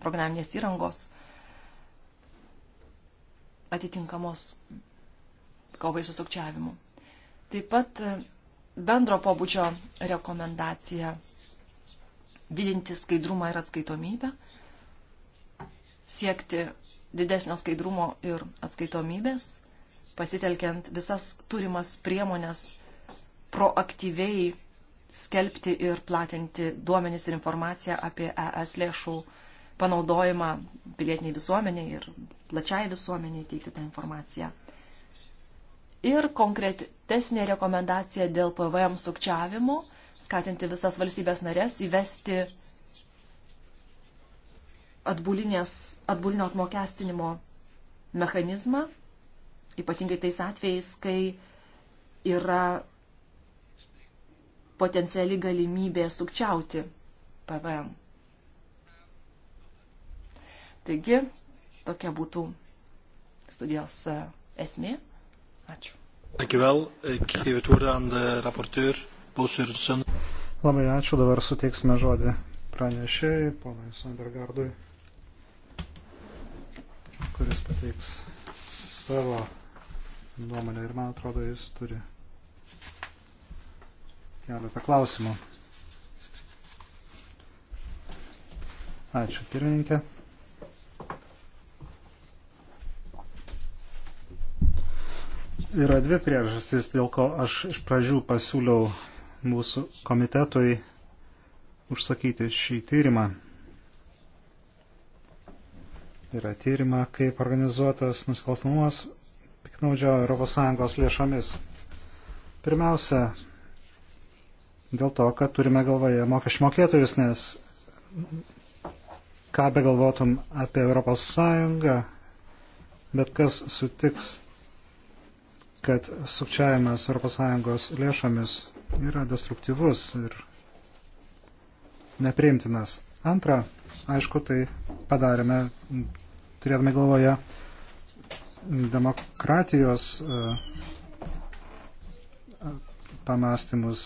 programinės įrangos atitinkamos kovai su sukčiavimu. Taip pat bendro pobūdžio rekomendacija didinti skaidrumą ir atskaitomybę, siekti didesnio skaidrumo ir atskaitomybės, pasitelkiant visas turimas priemonės proaktyviai skelbti ir platinti duomenis ir informaciją apie ES lėšų panaudojimą pilietiniai visuomeniai ir plačiai visuomeniai teikti tą informaciją ir konkretesnė rekomendacija dėl PVM sukčiavimo, skatinti visas valstybės narės įvesti atbulinio apmokestinimo mechanizmą, ypatingai tais atvejais, kai yra potenciali galimybė sukčiauti PVM. Taigi, tokia būtų studijos e, esmė. Ačiū. Labai ačiū, dabar suteiksime žodį pranešėjai, ponai Sandergardui, kuris pateiks savo nuomonę ir man atrodo, jis turi keletą klausimų. Ačiū, pirmininkė. Yra dvi priežastys, dėl ko aš iš pradžių pasiūliau mūsų komitetui užsakyti šį tyrimą. Yra tyrima, kaip organizuotas nusikalstamumas piknaudžio ES lėšomis. Pirmiausia, dėl to, kad turime galvoje mokesčių mokėtojus, nes ką begalvotum apie ES, bet kas sutiks kad sukčiavimas ES lėšomis yra destruktyvus ir nepriimtinas. Antra, aišku, tai padarėme, turėdami galvoje demokratijos e, pamastymus.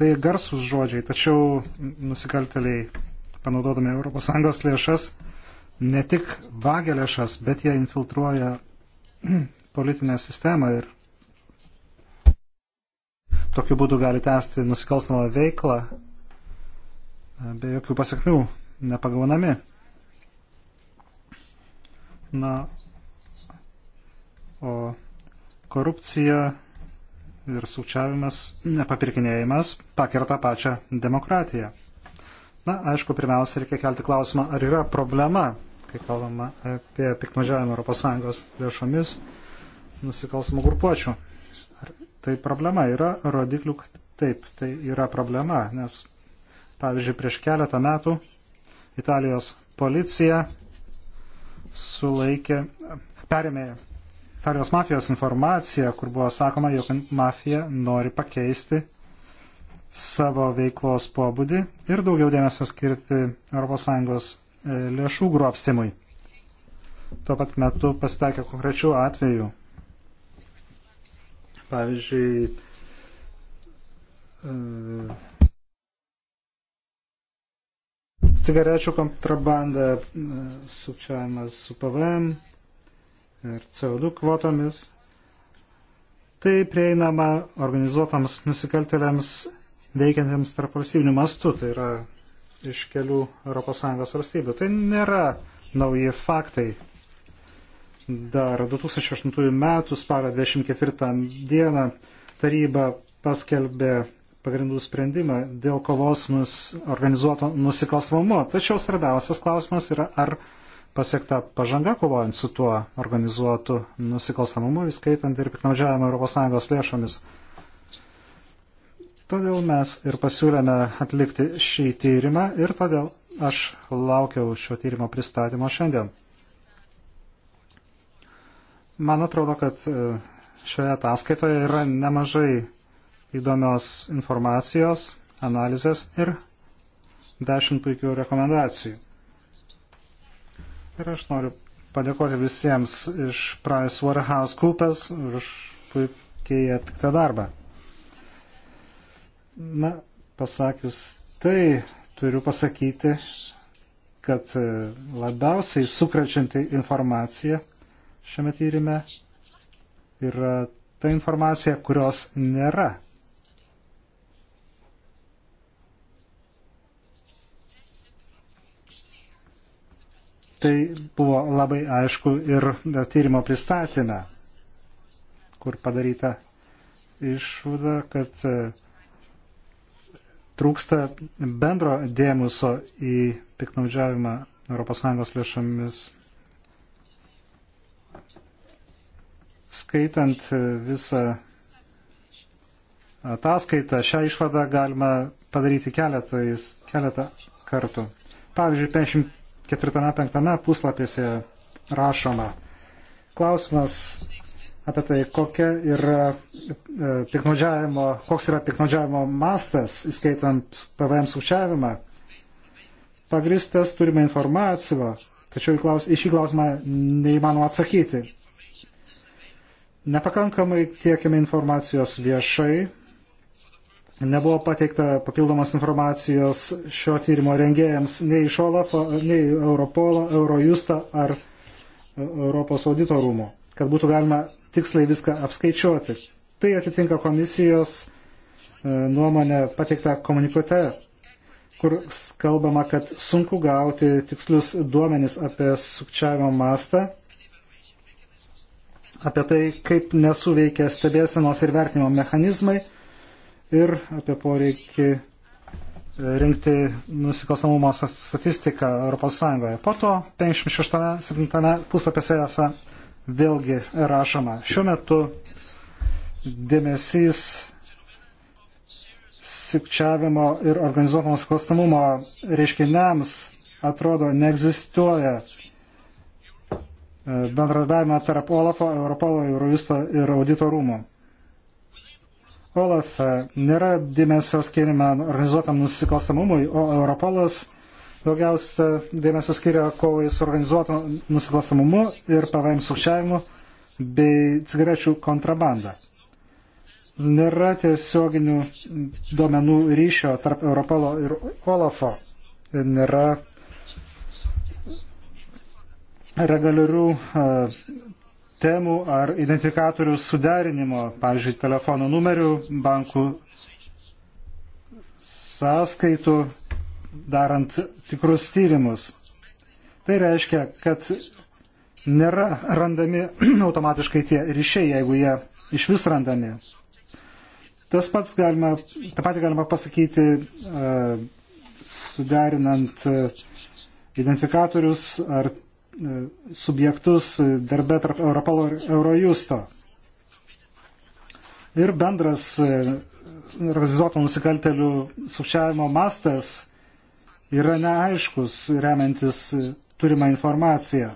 Tai garsus žodžiai, tačiau nusikalteliai panaudodami ES lėšas ne tik vagia lėšas, bet jie infiltruoja politinę sistemą ir tokiu būdu gali tęsti nusikalstamą veiklą e, be jokių pasiekmių, nepagaunami. Na, o korupcija ir sukčiavimas, nepapirkinėjimas pakerta pačią demokratiją. Na, aišku, pirmiausia, reikia kelti klausimą, ar yra problema, kai kalbama apie piknaudžiavimą ES lėšomis nusikalstamų grupuočių. Tai problema yra rodiklių, taip, tai yra problema, nes, pavyzdžiui, prieš keletą metų Italijos policija sulaikė, perėmė Italijos mafijos informaciją, kur buvo sakoma, jog mafija nori pakeisti savo veiklos pobūdį ir daugiau dėmesio skirti ES e, lėšų grobstimui. Tuo pat metu pasitekė konkrečių atvejų, Pavyzdžiui, e, cigarečių kontrabanda e, sukčiavimas su PVM ir CO2 kvotomis. Tai prieinama organizuotams nusikaltėliams veikiantiems tarp valstybinių mastų, tai yra iš kelių ES valstybių. Tai nėra nauji faktai dar 2008 metų spalio 24 dieną taryba paskelbė pagrindų sprendimą dėl kovos mus organizuoto nusikalstamumo. Tačiau svarbiausias klausimas yra, ar pasiekta pažanga kovojant su tuo organizuotu nusikalstamumu, įskaitant ir piknaudžiavimą ES lėšomis. Todėl mes ir pasiūlėme atlikti šį tyrimą ir todėl aš laukiau šio tyrimo pristatymo šiandien. Man atrodo, kad e, šioje ataskaitoje yra nemažai įdomios informacijos, analizės ir dešimt puikių rekomendacijų. Ir aš noriu padėkoti visiems iš PricewaterhouseCoopers už puikiai atliktą darbą. Na, pasakius tai, turiu pasakyti, kad e, labiausiai sukrečianti informacija šiame tyrime yra ta informacija, kurios nėra. Tai buvo labai aišku ir tyrimo pristatymę, kur padaryta išvada, kad e, trūksta bendro dėmesio į piknaudžiavimą ES lėšomis Skaitant e, visą ataskaitą, šią išvadą galima padaryti keletais, keletą kartų. Pavyzdžiui, 54-5 puslapėse rašoma klausimas apie tai, kokia yra e, piknaudžiavimo, koks yra piknaudžiavimo mastas, įskaitant PVM sukčiavimą. Pagristas turime informaciją, tačiau į šį klausimą neįmanoma atsakyti. Nepakankamai tiekime informacijos viešai. Nebuvo pateikta papildomas informacijos šio tyrimo rengėjams nei iš Olafo, nei Europolo, Eurojusta ar Europos audito rūmų, kad būtų galima tiksliai viską apskaičiuoti. Tai atitinka komisijos e, nuomonę pateiktą komunikate, kur kalbama, kad sunku gauti tikslius duomenis apie sukčiavimo mastą apie tai, kaip nesuveikia stebėsenos ir vertinimo mechanizmai ir apie poreikį e, rinkti nusikalstamumo statistiką ES. Po to 56-7 puslapėse vėlgi rašoma. Šiuo metu dėmesys sukčiavimo ir organizuoto nusikalstamumo reiškiniams atrodo neegzistuoja bendradarbiavimą tarp Olafo, Europolo, Eurovisto ir audito rūmų. Olaf e, nėra dėmesio skirima organizuotam nusikalstamumui, o Europolas daugiausia dėmesio skiria kovai su organizuotu nusikalstamumu ir pavaim sukčiavimu bei cigarečių kontrabanda. Nėra tiesioginių duomenų ryšio tarp Europolo ir Olafo. Nėra reguliarių temų ar identifikatorių suderinimo, pavyzdžiui, telefonų numerių, bankų sąskaitų, darant tikrus tyrimus. Tai reiškia, kad nėra randami *clears throat* automatiškai tie ryšiai, jeigu jie iš vis randami. Tas pats galima, tą patį galima pasakyti, suderinant identifikatorius ar subjektus darbe tarp Europolo ir Eurojusto. Ir bendras e, organizuotų nusikaltelių sukčiavimo mastas yra neaiškus, remiantis e, turimą informaciją.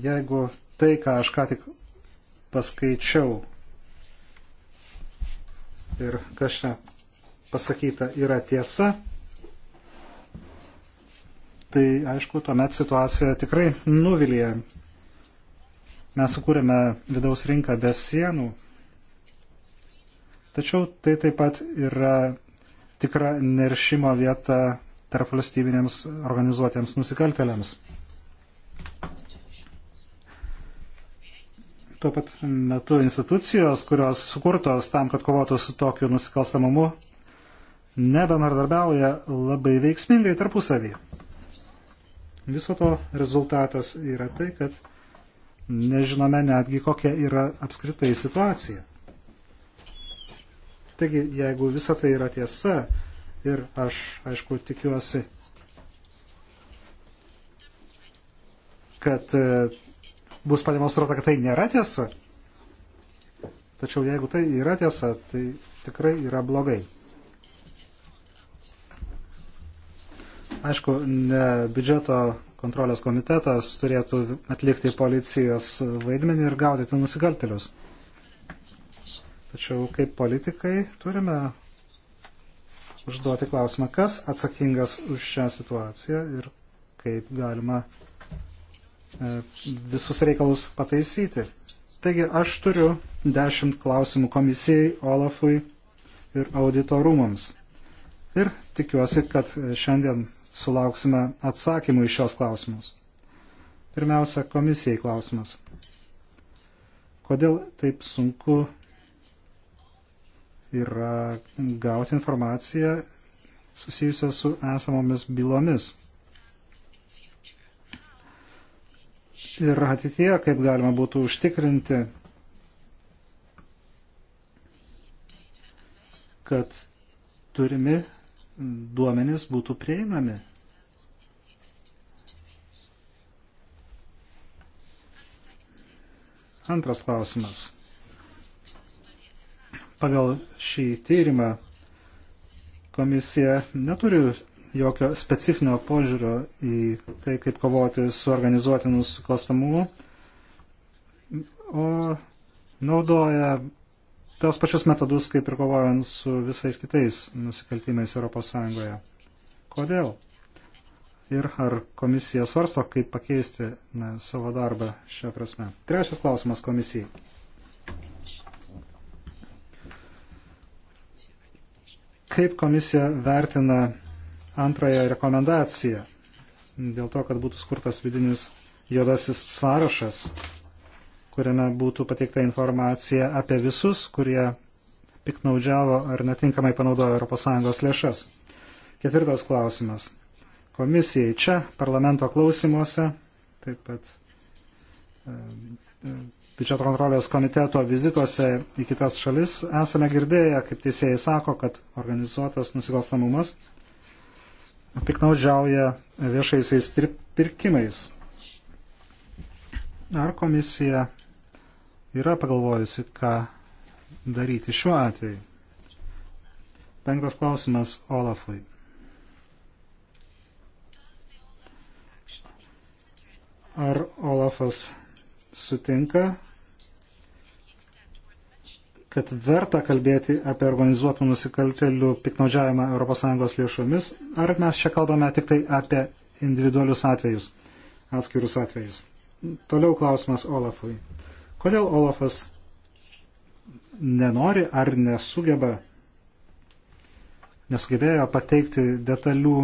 Jeigu tai, ką aš ką tik paskaičiau, ir kas čia pasakyta yra tiesa, tai aišku, tuomet situacija tikrai nuvilyje. Mes sukūrėme vidaus rinką be sienų, tačiau tai taip pat yra tikra neršimo vieta tarp valstybinėms organizuotėms nusikaltelėms tuo pat metu institucijos, kurios sukurtos tam, kad kovotų su tokiu nusikalstamumu, nebenardarbiauja labai veiksmingai tarpusavį. Viso to rezultatas yra tai, kad nežinome netgi, kokia yra apskritai situacija. Taigi, jeigu visa tai yra tiesa, ir aš, aišku, tikiuosi, kad bus pademonstruota, kad tai nėra tiesa. Tačiau jeigu tai yra tiesa, tai tikrai yra blogai. Aišku, ne biudžeto kontrolės komitetas turėtų atlikti policijos vaidmenį ir gaudyti nusikaltelius. Tačiau kaip politikai turime užduoti klausimą, kas atsakingas už šią situaciją ir kaip galima E, visus reikalus pataisyti. Taigi aš turiu dešimt klausimų komisijai, Olafui ir auditorumams. Ir tikiuosi, kad šiandien sulauksime atsakymų iš šios klausimus. Pirmiausia, komisijai klausimas. Kodėl taip sunku yra gauti informaciją susijusią su esamomis bylomis? ir ateityje, kaip galima būtų užtikrinti, kad turimi duomenys būtų prieinami. Antras klausimas. Pagal šį tyrimą komisija neturi jokio specifinio požiūrio į tai, kaip kovoti su organizuotinu nusikalstamumu, o naudoja tos pačius metodus, kaip ir kovojant su visais kitais nusikaltimais ES. Kodėl? Ir ar komisija svarsto, kaip pakeisti na, savo darbą šią prasme? Trečias klausimas komisijai. Kaip komisija vertina antrąją rekomendaciją dėl to, kad būtų skurtas vidinis juodasis sąrašas, kuriame būtų pateikta informacija apie visus, kurie piknaudžiavo ar netinkamai panaudojo ES lėšas. Ketvirtas klausimas. Komisijai čia, parlamento klausimuose, taip pat e, e, biudžeto kontrolės komiteto vizituose į kitas šalis esame girdėję, kaip teisėjai sako, kad organizuotas nusikalstamumas piknaudžiauja viešaisiais pir pirkimais. Ar komisija yra pagalvojusi, ką daryti šiuo atveju? Penktas klausimas Olafui. Ar Olafas sutinka kad verta kalbėti apie organizuotų nusikaltelių piknaudžiavimą ES lėšomis, ar mes čia kalbame tik tai apie individualius atvejus, atskirus atvejus. Toliau klausimas Olafui. Kodėl Olafas nenori ar nesugeba, nesugebėjo pateikti detalių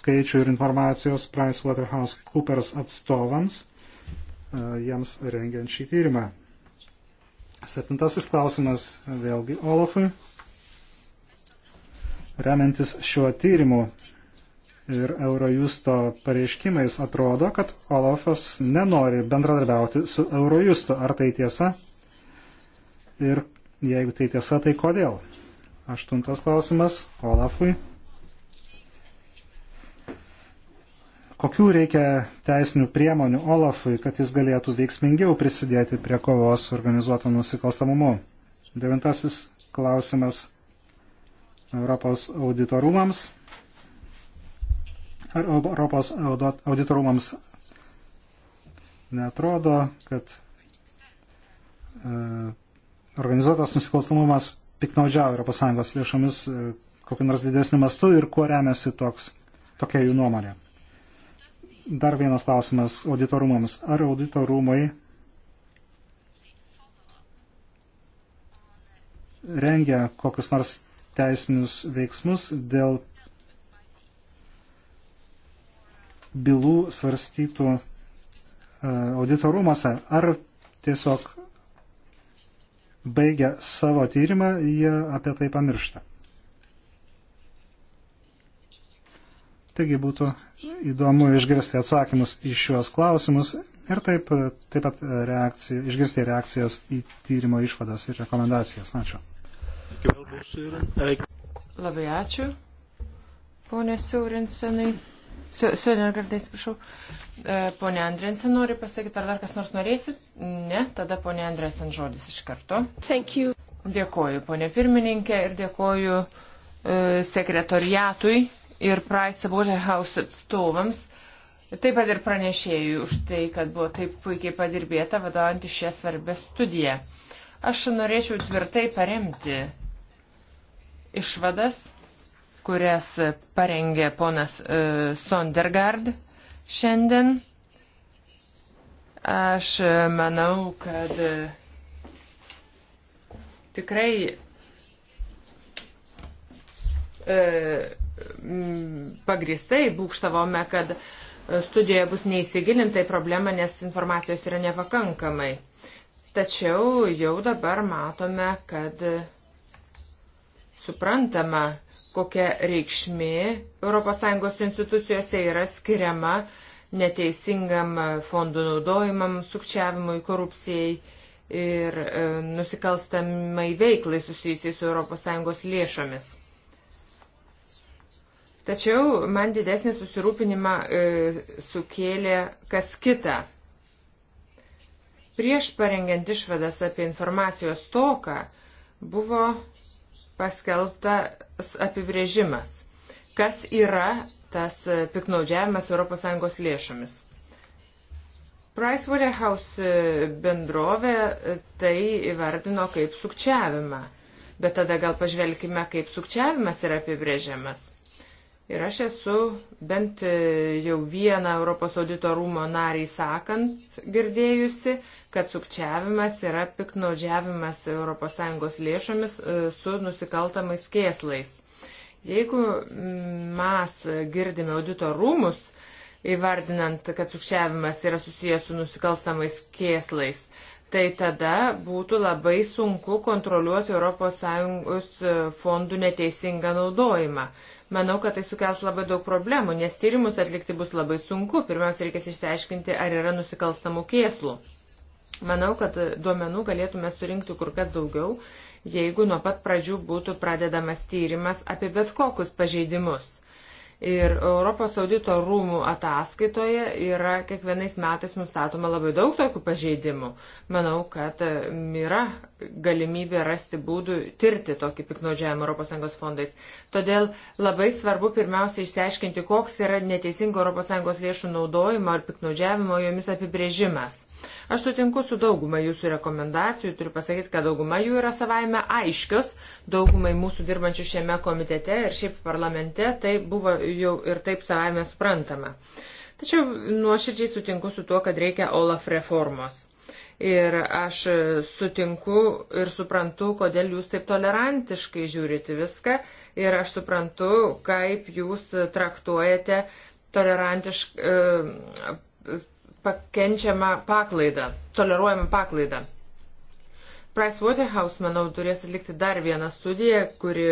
skaičių ir informacijos PricewaterhouseCoopers atstovams, e, jiems rengiant šį tyrimą? Septintasis klausimas vėlgi Olafui. Remiantis šiuo tyrimu ir Eurojusto pareiškimais atrodo, kad Olafas nenori bendradarbiauti su Eurojustu. Ar tai tiesa? Ir jeigu tai tiesa, tai kodėl? Aštuntas klausimas Olafui. kokių reikia teisinių priemonių Olafui, kad jis galėtų veiksmingiau prisidėti prie kovos su organizuotu nusikalstamumu. Devintasis klausimas Europos auditorumams. Ar Europos auditorumams netrodo, kad e, organizuotas nusikalstamumas piknaudžiavo ES lėšomis e, kokiu nors didesniu mastu ir kuo remiasi toks, tokia jų nuomonė? Dar vienas klausimas auditorumams. Ar auditorumai rengia kokius nors teisinius veiksmus dėl bylų svarstytų e, auditorumuose, ar tiesiog baigia savo tyrimą, jie apie tai pamiršta. Taigi būtų įdomu išgirsti atsakymus į šiuos klausimus ir taip, taip pat reakcija, išgirsti reakcijas į tyrimo išvadas ir rekomendacijas. Ačiū. Labai ačiū, ponė Siaurinsenai. Siaurinsenai, prašau. E, Pone Andrensen nori pasakyti, ar dar kas nors norėsi? Ne, tada ponė Andrensen žodis iš karto. Dėkoju, ponė pirmininkė, ir dėkoju e, sekretoriatui ir Price Waterhouse atstovams, taip pat ir pranešėjui už tai, kad buvo taip puikiai padirbėta vadovaujant į šią svarbę studiją. Aš norėčiau tvirtai paremti išvadas, kurias parengė ponas uh, e, Sondergard šiandien. Aš e, manau, kad e, tikrai uh, pagristai būkštavome, kad studijoje bus neįsigilinta į problemą, nes informacijos yra nepakankamai. Tačiau jau dabar matome, kad suprantama, kokia reikšmė ES institucijose yra skiriama neteisingam fondų naudojimam, sukčiavimui, korupcijai ir e, nusikalstamai veiklai susijusiai su ES lėšomis. Tačiau man didesnį susirūpinimą e, sukėlė kas kita. Prieš parengiant išvadas apie informacijos toką buvo paskelbtas apibrėžimas, kas yra tas piknaudžiavimas ES lėšomis. Pricewaterhouse bendrovė tai įvardino kaip sukčiavimą, bet tada gal pažvelkime, kaip sukčiavimas yra apibrėžiamas Ir aš esu bent e, jau vieną Europos audito rūmo narį sakant girdėjusi, kad sukčiavimas yra piknaudžiavimas ES lėšomis e, su nusikaltamais kėslais. Jeigu mm, mes girdime audito rūmus, įvardinant, kad sukčiavimas yra susijęs su nusikaltamais kėslais, tai tada būtų labai sunku kontroliuoti ES fondų neteisingą naudojimą Manau, kad tai sukels labai daug problemų, nes tyrimus atlikti bus labai sunku. Pirmiausia, reikės išsiaiškinti, ar yra nusikalstamų kėslų. Manau, kad duomenų galėtume surinkti kur kas daugiau, jeigu nuo pat pradžių būtų pradedamas tyrimas apie bet kokius pažeidimus. Ir Europos audito rūmų ataskaitoje yra kiekvienais metais nustatoma labai daug tokių pažeidimų. Manau, kad mm, yra galimybė rasti būdų tirti tokį piknaudžiavimą ES fondais. Todėl labai svarbu pirmiausia išsiaiškinti, koks yra neteisingo ES lėšų naudojimo ar piknaudžiavimo jomis apibrėžimas. Aš sutinku su dauguma jūsų rekomendacijų, turiu pasakyti, kad dauguma jų yra savaime aiškios, daugumai mūsų dirbančių šiame komitete ir šiaip parlamente tai buvo jau ir taip savaime suprantama. Tačiau nuoširdžiai sutinku su tuo, kad reikia OLAF reformos. Ir aš sutinku ir suprantu, kodėl jūs taip tolerantiškai žiūrite viską. Ir aš suprantu, kaip jūs traktuojate tolerantiškai e, pakenčiamą paklaidą, toleruojamą paklaidą. Price Waterhouse, manau, turės atlikti dar vieną studiją, kuri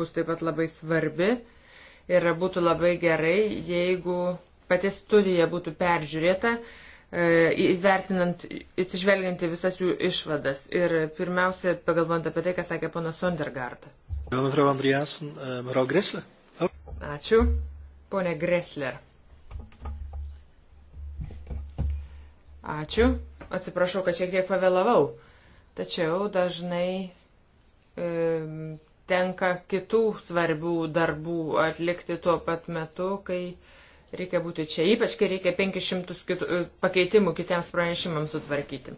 bus taip pat labai svarbi ir būtų labai gerai, jeigu pati studija būtų peržiūrėta, e, įvertinant, atsižvelgiant į visas jų išvadas. Ir pirmiausia, pagalvojant apie tai, ką sakė ponas Sondergaard. E, Ačiū, ponė Gressler. Ačiū. Atsiprašau, kad šiek tiek pavėlavau. Tačiau dažnai e, tenka kitų svarbių darbų atlikti tuo pat metu, kai reikia būti čia, ypač kai reikia 500 kitų, e, pakeitimų kitiems pranešimams sutvarkyti.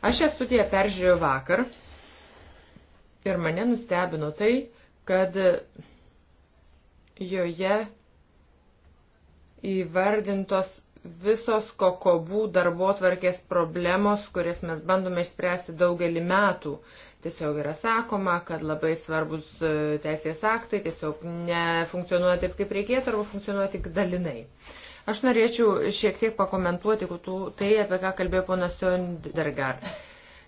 Aš šią studiją peržiūrėjau vakar ir mane nustebino tai, kad joje įvardintos visos kokobų darbo tvarkės problemos, kurias mes bandome išspręsti daugelį metų. Tiesiog yra sakoma, kad labai svarbus e, teisės aktai tiesiog nefunkcionuoja taip, kaip reikėtų, arba funkcionuoja tik dalinai. Aš norėčiau šiek tiek pakomentuoti tai, apie ką kalbėjo ponas Söndergaard.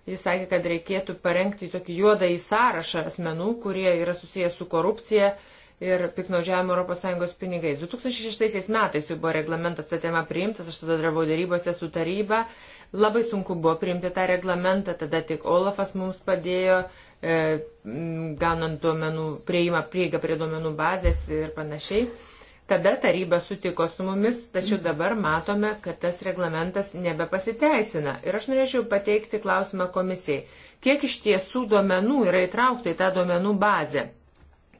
Jis sakė, kad reikėtų parengti tokį juodą į sąrašą asmenų, kurie yra susijęs su korupcija, uh, ir piknaudžiavimo ES pinigais. 2006 metais jau buvo reglamentas tą temą priimtas, aš tada dravau darybose su taryba. Labai sunku buvo priimti tą reglamentą, tada tik Olafas mums padėjo, e, gaunant duomenų prieimą prieigą prie duomenų bazės ir panašiai. Tada taryba sutiko su mumis, tačiau dabar matome, kad tas reglamentas nebepasiteisina. Ir aš norėčiau pateikti klausimą komisijai. Kiek iš tiesų duomenų yra įtraukta į tą duomenų bazę?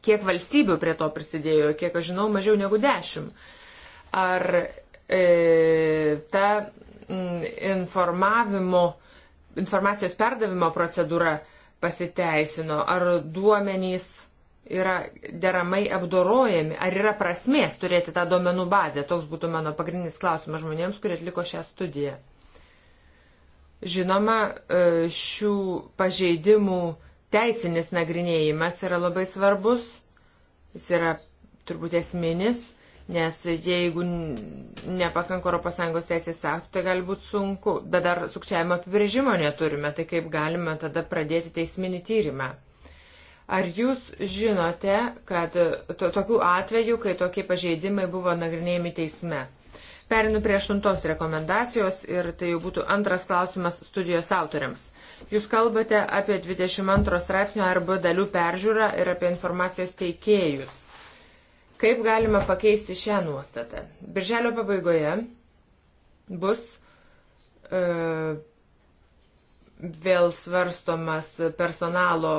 kiek valstybių prie to prisidėjo, kiek aš žinau, mažiau negu dešimt. Ar e, ta m, informavimo, informacijos perdavimo procedūra pasiteisino, ar duomenys yra deramai apdorojami, ar yra prasmės turėti tą duomenų bazę. Toks būtų mano pagrindinis klausimas žmonėms, kurie atliko šią studiją. Žinoma, e, šių pažeidimų teisinis nagrinėjimas yra labai svarbus, jis yra turbūt esminis, nes jeigu nepakanka ES teisės aktų, tai gali būti sunku, bet dar sukčiavimo apibrėžimo neturime, tai kaip galime tada pradėti teisminį tyrimą. Ar jūs žinote, kad to, tokių atvejų, kai tokie pažeidimai buvo nagrinėjami teisme? Perinu prie aštuntos rekomendacijos ir tai jau būtų antras klausimas studijos autoriams. Jūs kalbate apie 22 straipsnio arba dalių peržiūrą ir apie informacijos teikėjus. Kaip galima pakeisti šią nuostatą? Birželio pabaigoje bus e, vėl svarstomas personalo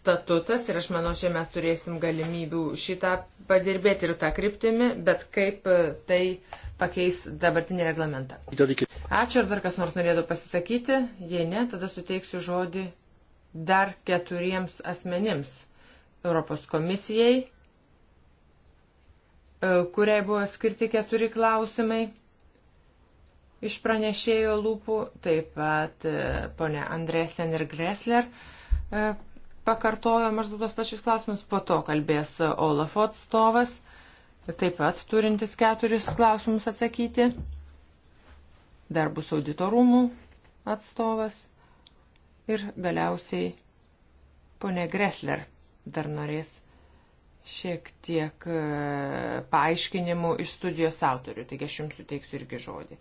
statutas ir aš manau, šiandien mes turėsim galimybių šitą padirbėti ir tą kryptimį, bet kaip e, tai e, pakeis dabartinį reglamentą. Ačiū, ar dar kas nors norėtų pasisakyti? Jei ne, tada suteiksiu žodį dar keturiems asmenims Europos komisijai, e, kuriai buvo skirti keturi klausimai iš pranešėjo lūpų, taip pat e, ponia Andresen ir Gressler e, pakartojo maždaug tos pačius klausimus, po to kalbės Olafo atstovas taip pat turintis keturis klausimus atsakyti. Dar bus auditorumų atstovas. Ir galiausiai ponė Gressler dar norės šiek tiek e, paaiškinimų iš studijos autorių. Taigi aš jums suteiksiu irgi žodį.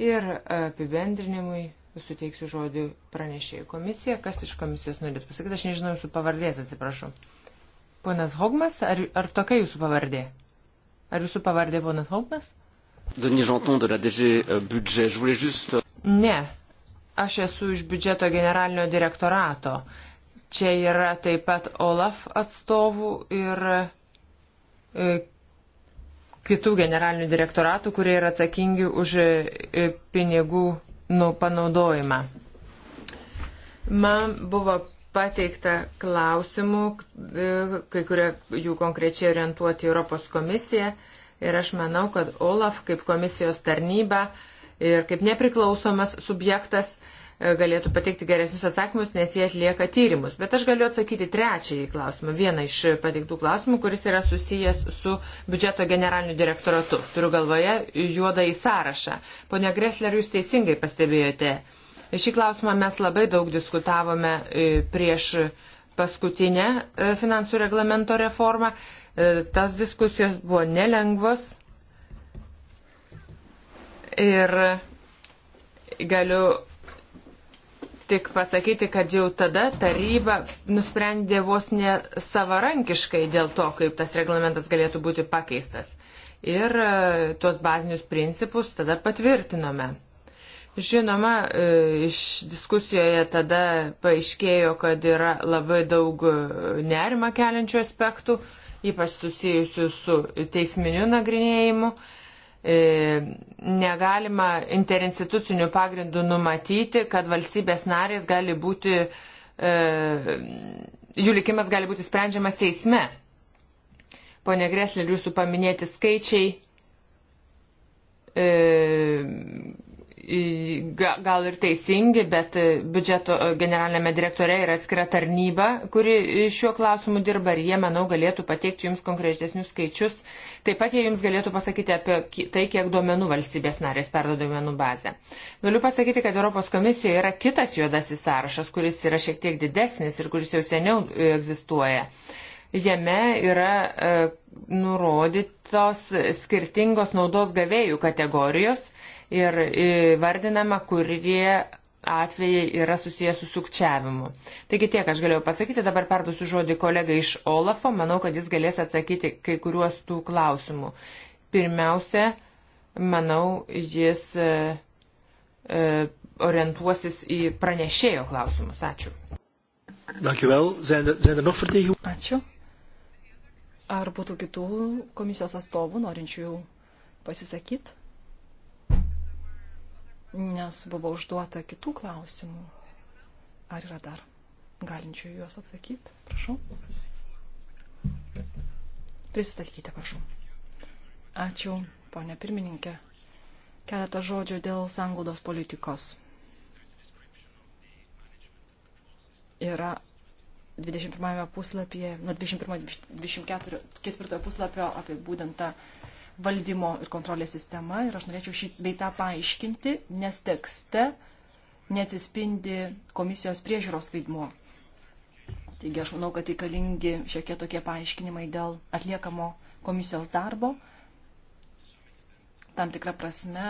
Ir apibendrinimui suteiksiu žodį pranešėjų komisija. Kas iš komisijos norėtų pasakyti? Aš nežinau jūsų pavardės, atsiprašau. Ponas Hogmas, ar, ar tokia jūsų pavardė? Ar jūsų pavardė ponas Haugnas? Denis Žanton de la DG euh, Budget. Je voulais juste... Euh, ne, aš esu iš biudžeto generalinio direktorato. Čia yra taip pat OLAF atstovų ir e, kitų generalinių direktoratų, kurie yra atsakingi už e, e pinigų nu, panaudojimą. Man buvo pateikta klausimų, e, kai kurie jų konkrečiai orientuoti Europos komisiją. Ir aš manau, kad OLAF kaip komisijos tarnyba ir kaip nepriklausomas subjektas e, galėtų pateikti geresnius atsakymus, nes jie atlieka tyrimus. Bet aš galiu atsakyti trečiąjį klausimą, vieną iš pateiktų klausimų, kuris yra susijęs su biudžeto generaliniu direktoratu. Turiu galvoje juodąjį sąrašą. Pone Gresler, jūs teisingai pastebėjote Šį klausimą mes labai daug diskutavome e, prieš paskutinę e, finansų reglamento reformą. E, tas diskusijos buvo nelengvos. Ir galiu tik pasakyti, kad jau tada taryba nusprendė vos ne savarankiškai dėl to, kaip tas reglamentas galėtų būti pakeistas. Ir tuos bazinius principus tada patvirtinome. Žinoma, e, iš diskusijoje tada paaiškėjo, kad yra labai daug e, nerima keliančių aspektų, ypač susijusių su teisminiu nagrinėjimu. E, negalima interinstitucinių pagrindų numatyti, kad valstybės narės gali būti, jų likimas gali būti sprendžiamas teisme. Pone Greslė, jūsų paminėti skaičiai gal ir teisingi, bet e, biudžeto e, generalinėme direktore yra atskira tarnyba, kuri e, šiuo klausimu dirba ir jie, manau, galėtų pateikti jums konkreštesnius skaičius. Taip pat jie jums galėtų pasakyti apie tai, kiek duomenų valstybės narės perdo duomenų bazę. Galiu pasakyti, kad Europos komisijoje yra kitas juodasis sąrašas, kuris yra šiek tiek didesnis ir kuris jau seniau egzistuoja jame yra e, nurodytos skirtingos naudos gavėjų kategorijos ir vardinama, kurie atvejai yra susijęs su sukčiavimu. Taigi tiek aš galėjau pasakyti, dabar perduosiu žodį kolegai iš Olafo, manau, kad jis galės atsakyti kai kuriuos tų klausimų. Pirmiausia, manau, jis e, e orientuosis į pranešėjo klausimus. Ačiū. Er- er Ačiū. Ar būtų kitų komisijos atstovų norinčių pasisakyti? nes buvo užduota kitų klausimų. Ar yra dar galinčių juos atsakyti? Prašau. Prisistatykite, prašau. Ačiū, ponė pirmininkė. Keletą žodžių dėl sanglaudos politikos. Yra 21 puslapyje, nuo 21-24 puslapio apibūdinta valdymo ir kontrolės sistema ir aš norėčiau šį beitą paaiškinti, nes tekste neatsispindi komisijos priežiūros vaidmuo. Taigi aš manau, kad reikalingi šiokie tokie paaiškinimai dėl atliekamo komisijos darbo. Tam tikrą prasme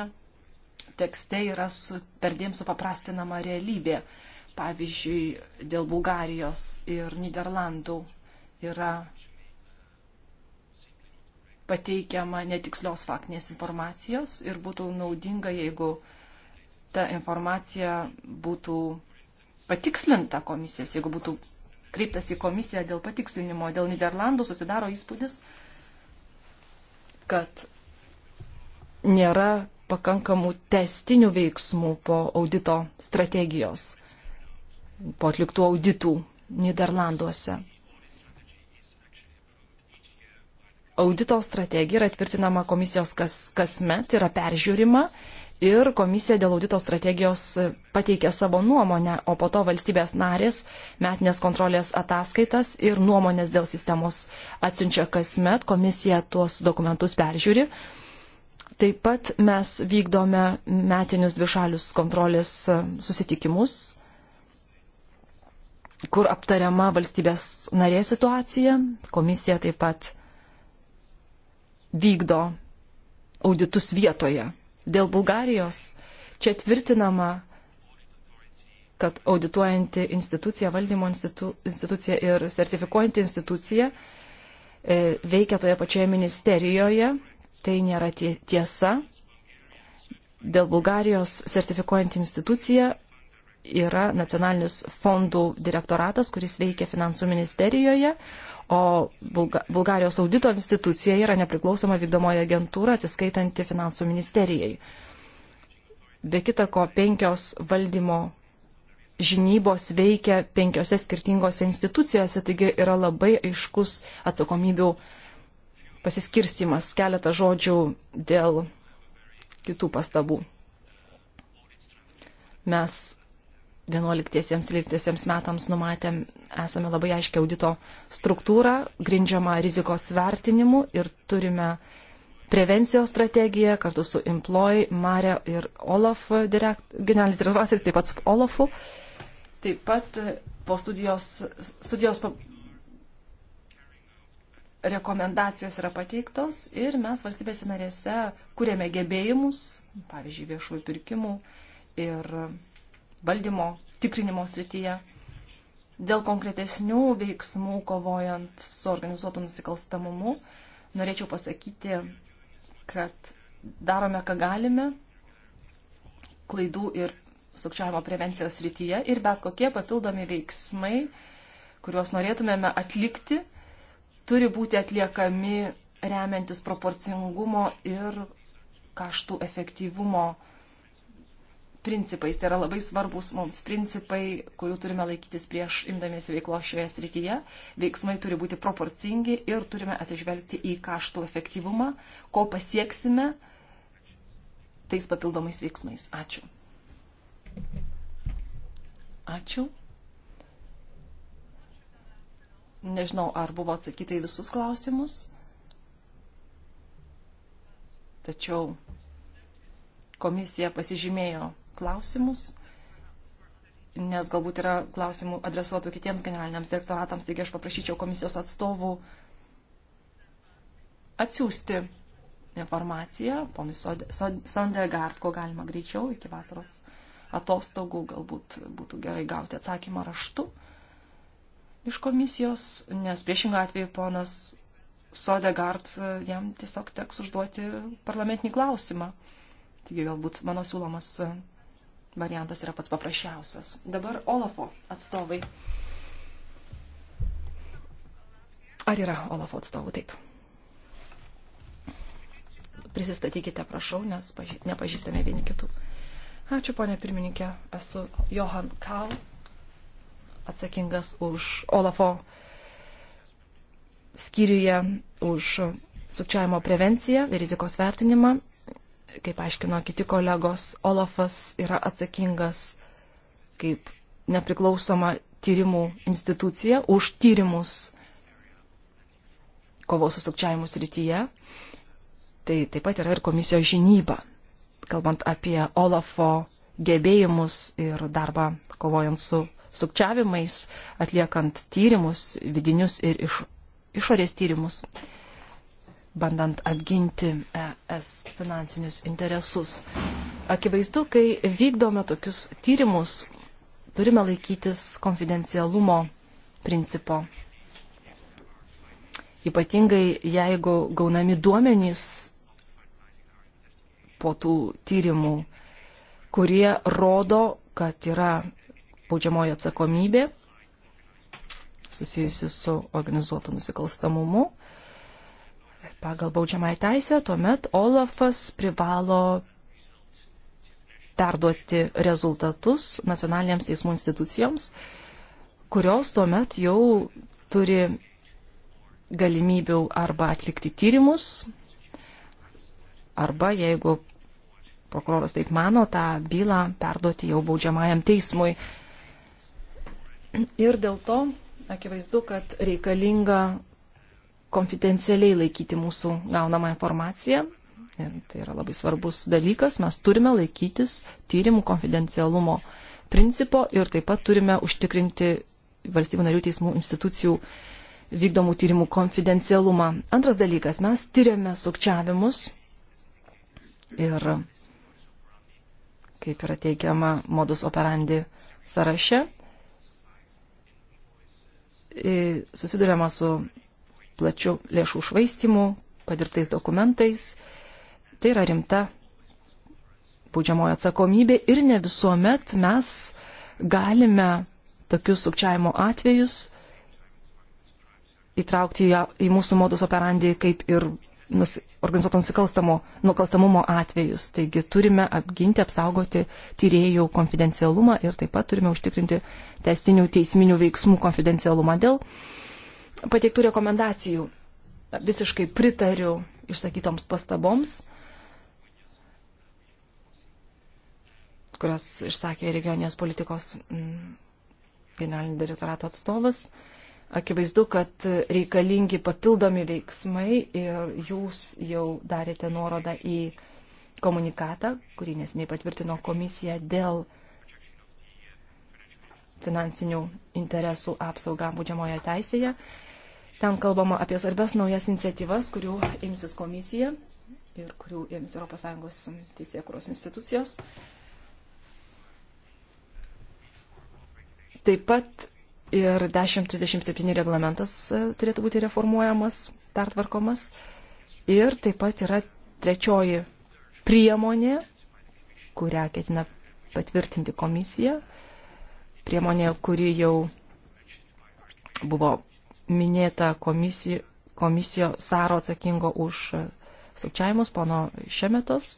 tekste yra su, perdėm supaprastinama realybė. Pavyzdžiui, dėl Bulgarijos ir Niderlandų yra pateikiama netikslios faktinės informacijos ir būtų naudinga, jeigu ta informacija būtų patikslinta komisijos, jeigu būtų kreiptas į komisiją dėl patikslinimo, dėl Niderlandų susidaro įspūdis, kad nėra pakankamų testinių veiksmų po audito strategijos, po atliktų auditų Niderlanduose. audito strategija yra tvirtinama komisijos kas, kasmet, yra peržiūrima ir komisija dėl audito strategijos pateikia savo nuomonę, o po to valstybės narės metinės kontrolės ataskaitas ir nuomonės dėl sistemos atsiunčia kasmet, komisija tuos dokumentus peržiūri. Taip pat mes vykdome metinius dvišalius kontrolės e, susitikimus, kur aptariama valstybės narės situacija. Komisija taip pat vykdo auditus vietoje. Dėl Bulgarijos čia tvirtinama, kad audituojanti institucija, valdymo institu, institucija ir sertifikuojanti institucija e, veikia toje pačioje ministerijoje. Tai nėra tie, tiesa. Dėl Bulgarijos sertifikuojanti institucija yra nacionalinis fondų direktoratas, kuris veikia finansų ministerijoje, o Bulga Bulgarijos audito institucija yra nepriklausoma vykdomoji agentūra atsiskaitanti finansų ministerijai. Be kita ko, penkios valdymo žinybos veikia penkiose skirtingose institucijose, taigi yra labai aiškus atsakomybių pasiskirstimas. Keletą žodžių dėl kitų pastabų. Mes 11-13 metams numatėm, esame labai aiškia audito struktūrą, grindžiamą rizikos vertinimu ir turime prevencijos strategiją kartu su Imploy, Mare ir Olaf generalinis direktoratais, taip pat su Olafu. Taip pat e, po studijos, studijos pa... rekomendacijos yra pateiktos ir mes valstybėse narėse kūrėme gebėjimus, pavyzdžiui, viešųjų pirkimų ir valdymo, tikrinimo srityje, dėl konkretesnių veiksmų kovojant su organizuotu nusikalstamumu, norėčiau pasakyti, kad darome, ką galime klaidų ir sukčiavimo prevencijos srityje ir bet kokie papildomi veiksmai, kuriuos norėtumėme atlikti, turi būti atliekami remiantis proporcingumo ir kaštų efektyvumo uh, principais. Tai yra labai svarbus mums principai, kurių turime laikytis prieš imdamiesi veiklos šioje srityje. Veiksmai turi būti proporcingi ir turime atsižvelgti į kaštų efektyvumą, ko pasieksime tais papildomais veiksmais. Ačiū. Ačiū. Nežinau, ar buvo atsakyta į visus klausimus, tačiau komisija pasižymėjo klausimus, nes galbūt yra klausimų adresuotų kitiems generaliniams direktoratams, taigi aš paprašyčiau komisijos atstovų atsiųsti informaciją ponui Sondegard, ko galima greičiau iki vasaros atostogų, galbūt būtų gerai gauti atsakymą raštu iš komisijos, nes priešingą atveju ponas Sodegard e, jam tiesiog teks užduoti parlamentinį klausimą. Taigi galbūt mano siūlomas e, variantas yra pats paprasčiausias. Dabar Olafo atstovai. Ar yra Olafo atstovų? Taip. Prisistatykite, prašau, nes paži... nepažįstame vieni kitų. Ačiū, ponė pirmininkė. Esu Johan Kau, atsakingas už Olafo skyriuje, už sukčiavimo prevenciją ir rizikos vertinimą kaip aiškino kiti kolegos, Olafas yra atsakingas kaip nepriklausoma tyrimų institucija už tyrimus kovos su sukčiavimu srityje. Tai taip pat yra ir komisijos žinyba, kalbant apie Olafo gebėjimus ir darbą kovojant su sukčiavimais, atliekant tyrimus, vidinius ir iš, išorės tyrimus bandant apginti ES finansinius interesus. Akivaizdu, kai vykdome tokius tyrimus, turime laikytis konfidencialumo principo. Ypatingai jeigu gaunami duomenys po tų tyrimų, kurie rodo, kad yra baudžiamoji atsakomybė susijusi su organizuotu nusikalstamumu pagal baudžiamąją teisę, tuomet Olafas privalo perduoti rezultatus nacionalinėms teismų institucijoms, kurios tuomet jau turi galimybių arba atlikti tyrimus, arba jeigu prokuroras taip mano, tą bylą perduoti jau baudžiamajam teismui. Ir dėl to akivaizdu, kad reikalinga konfidencialiai laikyti mūsų gaunamą informaciją. Ir tai yra labai svarbus dalykas. Mes turime laikytis tyrimų konfidencialumo principo ir taip pat turime užtikrinti valstybių narių teismų institucijų vykdomų tyrimų konfidencialumą. Antras dalykas, mes tyriame sukčiavimus ir, kaip yra teikiama modus operandi sąraše, susidurėma su plačiu lėšų švaistimu, padirbtais dokumentais. Tai yra rimta baudžiamoji atsakomybė ir ne visuomet mes galime tokius sukčiavimo atvejus įtraukti ją į mūsų modus operandi kaip ir nus, organizuoto nusikalstamumo atvejus. Taigi turime apginti, apsaugoti tyriejų konfidencialumą ir taip pat turime užtikrinti testinių teisminių veiksmų konfidencialumą dėl uh, pateiktų rekomendacijų. Visiškai pritariu išsakytoms pastaboms, kurias išsakė regioninės politikos mm, generalinio direktorato atstovas. Akivaizdu, kad reikalingi papildomi veiksmai ir jūs jau darėte nuorodą į komunikatą, kurį nesiniai patvirtino komisija dėl finansinių interesų apsaugą būdžiamoje teisėje. Ten kalbama apie svarbės naujas iniciatyvas, kurių imsis komisija ir kurių imsis ES teisėkuros institucijos. Taip pat ir 1037 reglamentas e, turėtų būti reformuojamas, pertvarkomas. Ir taip pat yra trečioji priemonė, kurią ketina patvirtinti komisija. Priemonė, kuri jau buvo minėta komisijų, komisijo saro atsakingo už sukčiavimus, pono Šemetos.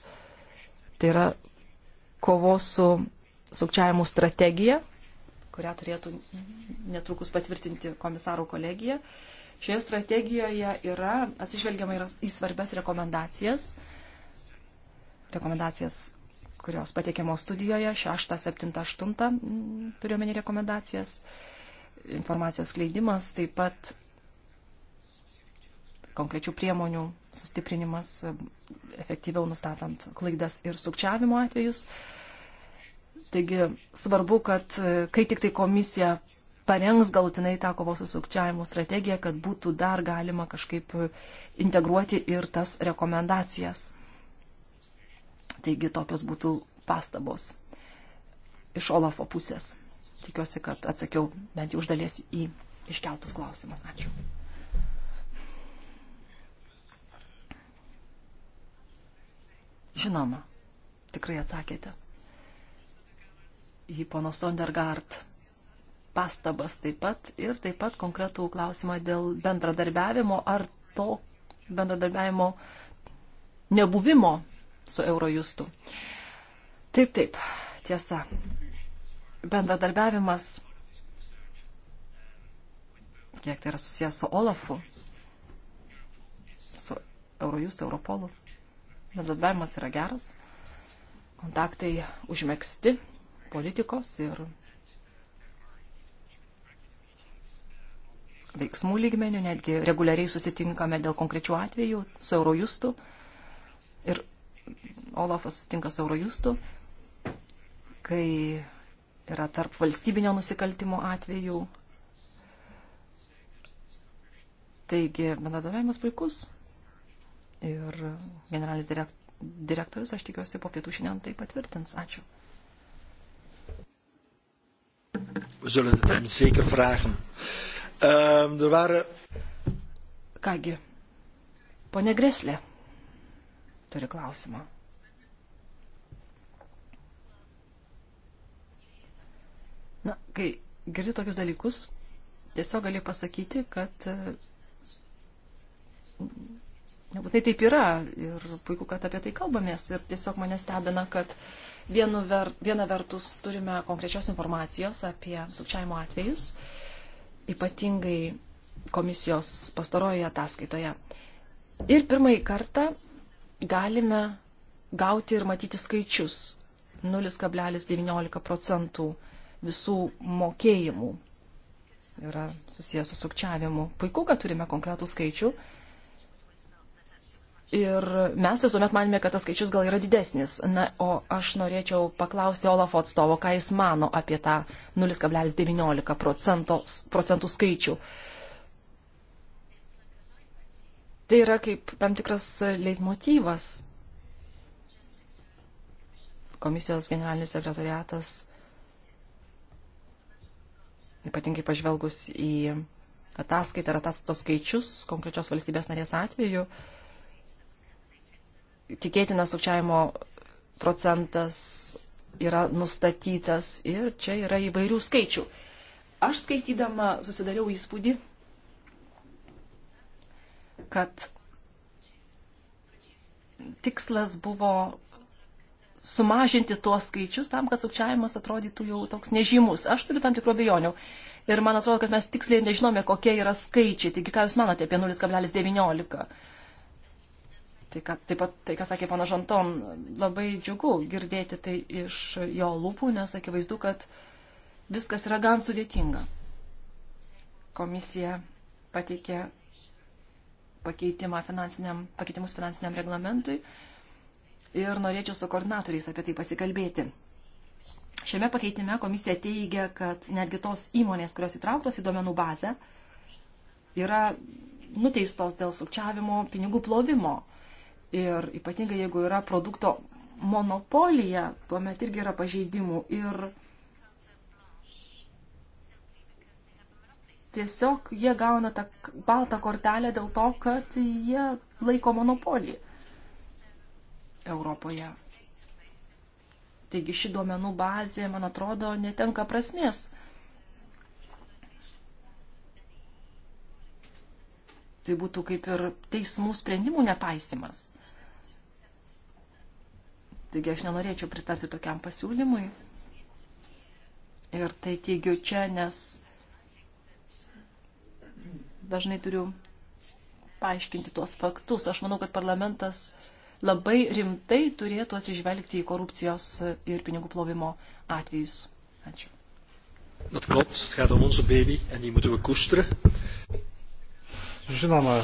Tai yra kovos su sukčiavimu strategija, kurią turėtų netrukus patvirtinti komisarų kolegija. Šioje strategijoje yra atsižvelgiama yra į svarbias rekomendacijas, rekomendacijas, kurios pateikiamos studijoje, 6, 7, 8 turiuomenį rekomendacijas informacijos skleidimas, taip pat konkrečių priemonių sustiprinimas, efektyviau nustatant klaidas ir sukčiavimo atvejus. Taigi svarbu, kad e, kai tik tai komisija parengs galutinai tą kovos su sukčiavimu strategiją, kad būtų dar galima kažkaip integruoti ir tas rekomendacijas. Taigi tokios būtų pastabos iš Olafo pusės. Tikiuosi, kad atsakiau bent jau uždalies į iškeltus klausimus. Ačiū. Žinoma, tikrai atsakėte į pono Sondergaard pastabas taip pat ir taip pat konkretų klausimą dėl bendradarbiavimo ar to bendradarbiavimo nebuvimo su Eurojustu. Taip, taip, tiesa, bendradarbiavimas, kiek tai yra susijęs su Olafu, su Eurojustu, Europolu, bendradarbiavimas yra geras, kontaktai užmėgsti politikos ir veiksmų lygmenių, netgi reguliariai susitinkame dėl konkrečių atvejų su Eurojustu ir Olafas susitinka su Eurojustu, kai yra tarp valstybinio nusikaltimo atvejų. Taigi, bendradavimas puikus. Ir generalinis direktorius, aš tikiuosi, po pietų šiandien tai patvirtins. Ačiū. We zullen het hem zeker vragen. Um, er waren... Kągi, ponė Greslė turi klausimą. Na, kai girdi tokius dalykus, tiesiog gali pasakyti, kad e, nebūtinai taip yra ir puiku, kad apie tai kalbamės ir tiesiog mane stebina, kad vienu ver, viena vertus turime konkrečios informacijos apie sukčiavimo atvejus, ypatingai komisijos pastarojoje ataskaitoje. Ir pirmąjį kartą galime gauti ir matyti skaičius 0,19 procentų visų mokėjimų yra susijęs su sukčiavimu. Puiku, kad turime konkretų skaičių. Ir mes visuomet manėme, kad tas skaičius gal yra didesnis. Na, o aš norėčiau paklausti Olafo atstovo, ką jis mano apie tą 0,19 procentų skaičių. Tai yra kaip tam tikras leitmotyvas. Komisijos generalinis sekretariatas ypatingai pažvelgus į ataskaitą ir ataskaitos skaičius konkrečios valstybės narės atveju, tikėtina sukčiavimo procentas yra nustatytas ir čia yra įvairių skaičių. Aš skaitydama susidariau įspūdį, kad tikslas buvo sumažinti tuos skaičius tam, kad sukčiavimas atrodytų jau toks nežymus. Aš turiu tam tikrų abejonių. Ir man atrodo, kad mes tiksliai nežinome, kokie yra skaičiai. Taigi, ką Jūs manote apie 0,19? Tai, ką, taip pat tai, ką sakė pana Žanton, labai džiugu girdėti tai iš jo lūpų, nes akivaizdu, kad viskas yra gan sudėtinga. Komisija pateikė pakeitimą finansiniam, pakeitimus finansiniam reglamentui ir norėčiau su koordinatoriais apie tai pasikalbėti. Šiame pakeitime komisija teigia, kad netgi tos įmonės, kurios įtrauktos į duomenų bazę, yra nuteistos dėl sukčiavimo pinigų plovimo. Ir ypatingai jeigu yra produkto monopolija, tuomet irgi yra pažeidimų. Ir tiesiog jie gauna tą baltą kortelę dėl to, kad jie laiko monopoliją. Europoje. Taigi ši duomenų bazė, man atrodo, netenka prasmės. Tai būtų kaip ir teismų sprendimų nepaisimas. Taigi aš nenorėčiau pritarti tokiam pasiūlymui. Ir tai teigiu čia, nes dažnai turiu paaiškinti tuos faktus. Aš manau, kad parlamentas labai rimtai turėtų atsižvelgti į korupcijos ir pinigų plovimo atvejus. Ačiū. Dat klopt, het gaat om onze baby en die moeten we koesteren. Žinoma,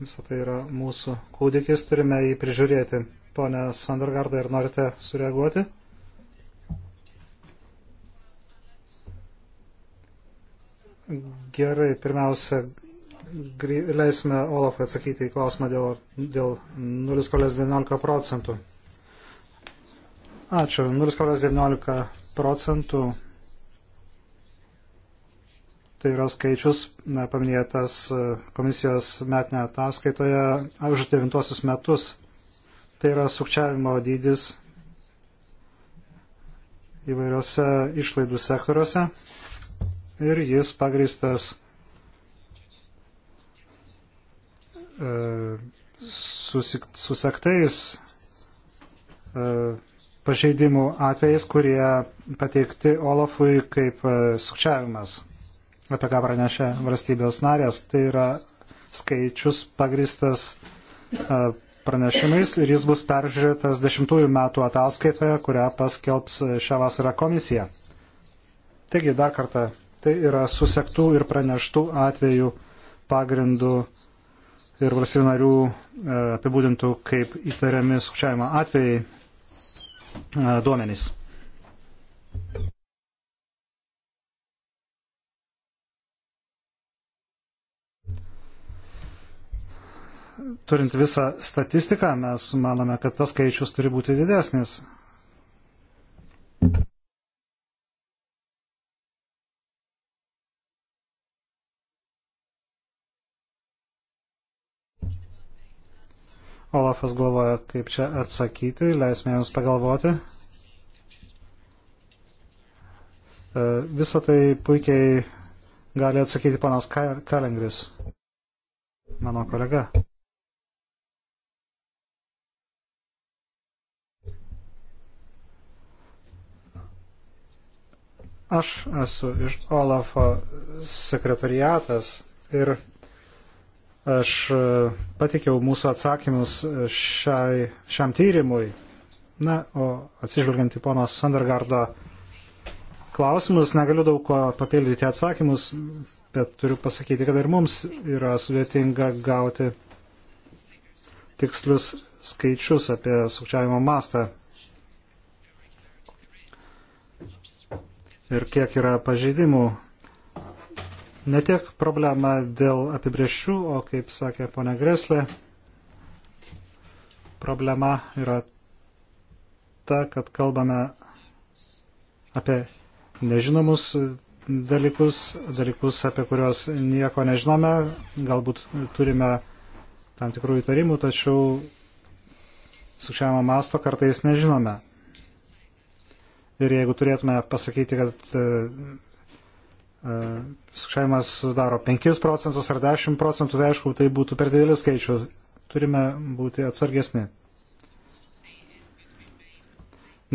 visą tai yra mūsų kūdikis, turime jį prižiūrėti. Pone Sandergardai, ar norite sureaguoti? Gerai, pirmiausia, leisime Olafui atsakyti į klausimą dėl, dėl 0,19 procentų. Ačiū. 0,19 procentų tai yra skaičius na, paminėtas e, komisijos metinė ataskaitoje už devintuosius metus. Tai yra sukčiavimo dydis įvairiose išlaidų sektoriuose ir jis pagristas E, susik, susaktais e, pažeidimų atvejais, kurie pateikti Olafui kaip e, sukčiavimas, apie ką pranešė valstybės narės. Tai yra skaičius pagristas pranešimais ir jis bus peržiūrėtas dešimtųjų metų ataskaitoje, kurią paskelbs šią vasarą komisija. Taigi, dar kartą, tai yra susektų ir praneštų atvejų pagrindų uh, ir valstybinarių e, apibūdintų kaip įtariami sukčiavimo atvejai e, duomenys. Turint visą statistiką, mes manome, kad tas skaičius turi būti didesnis. Olafas galvoja, kaip čia atsakyti, leisime jums pagalvoti. E, Visą tai puikiai gali atsakyti panas Kalengris, mano kolega. Aš esu iš Olafo sekretariatas ir Aš e, patikiau mūsų atsakymus e, šiai, šiam tyrimui. Na, o atsižvelgiant į ponos Sandergardo klausimus, negaliu daug ko papildyti atsakymus, bet turiu pasakyti, kad ir mums yra sudėtinga gauti tikslius skaičius apie sukčiavimo mastą. ir kiek yra pažeidimų ne tiek problema dėl apibriešių, o kaip sakė ponia Greslė, problema yra ta, kad kalbame apie nežinomus dalykus, dalykus, apie kuriuos nieko nežinome, galbūt turime tam tikrų įtarimų, tačiau sukčiavimo masto kartais nežinome. Ir jeigu turėtume pasakyti, kad E, skaičiavimas sudaro 5 procentus ar 10 procentų, tai aišku, tai būtų per didelis skaičius. Turime būti atsargesni.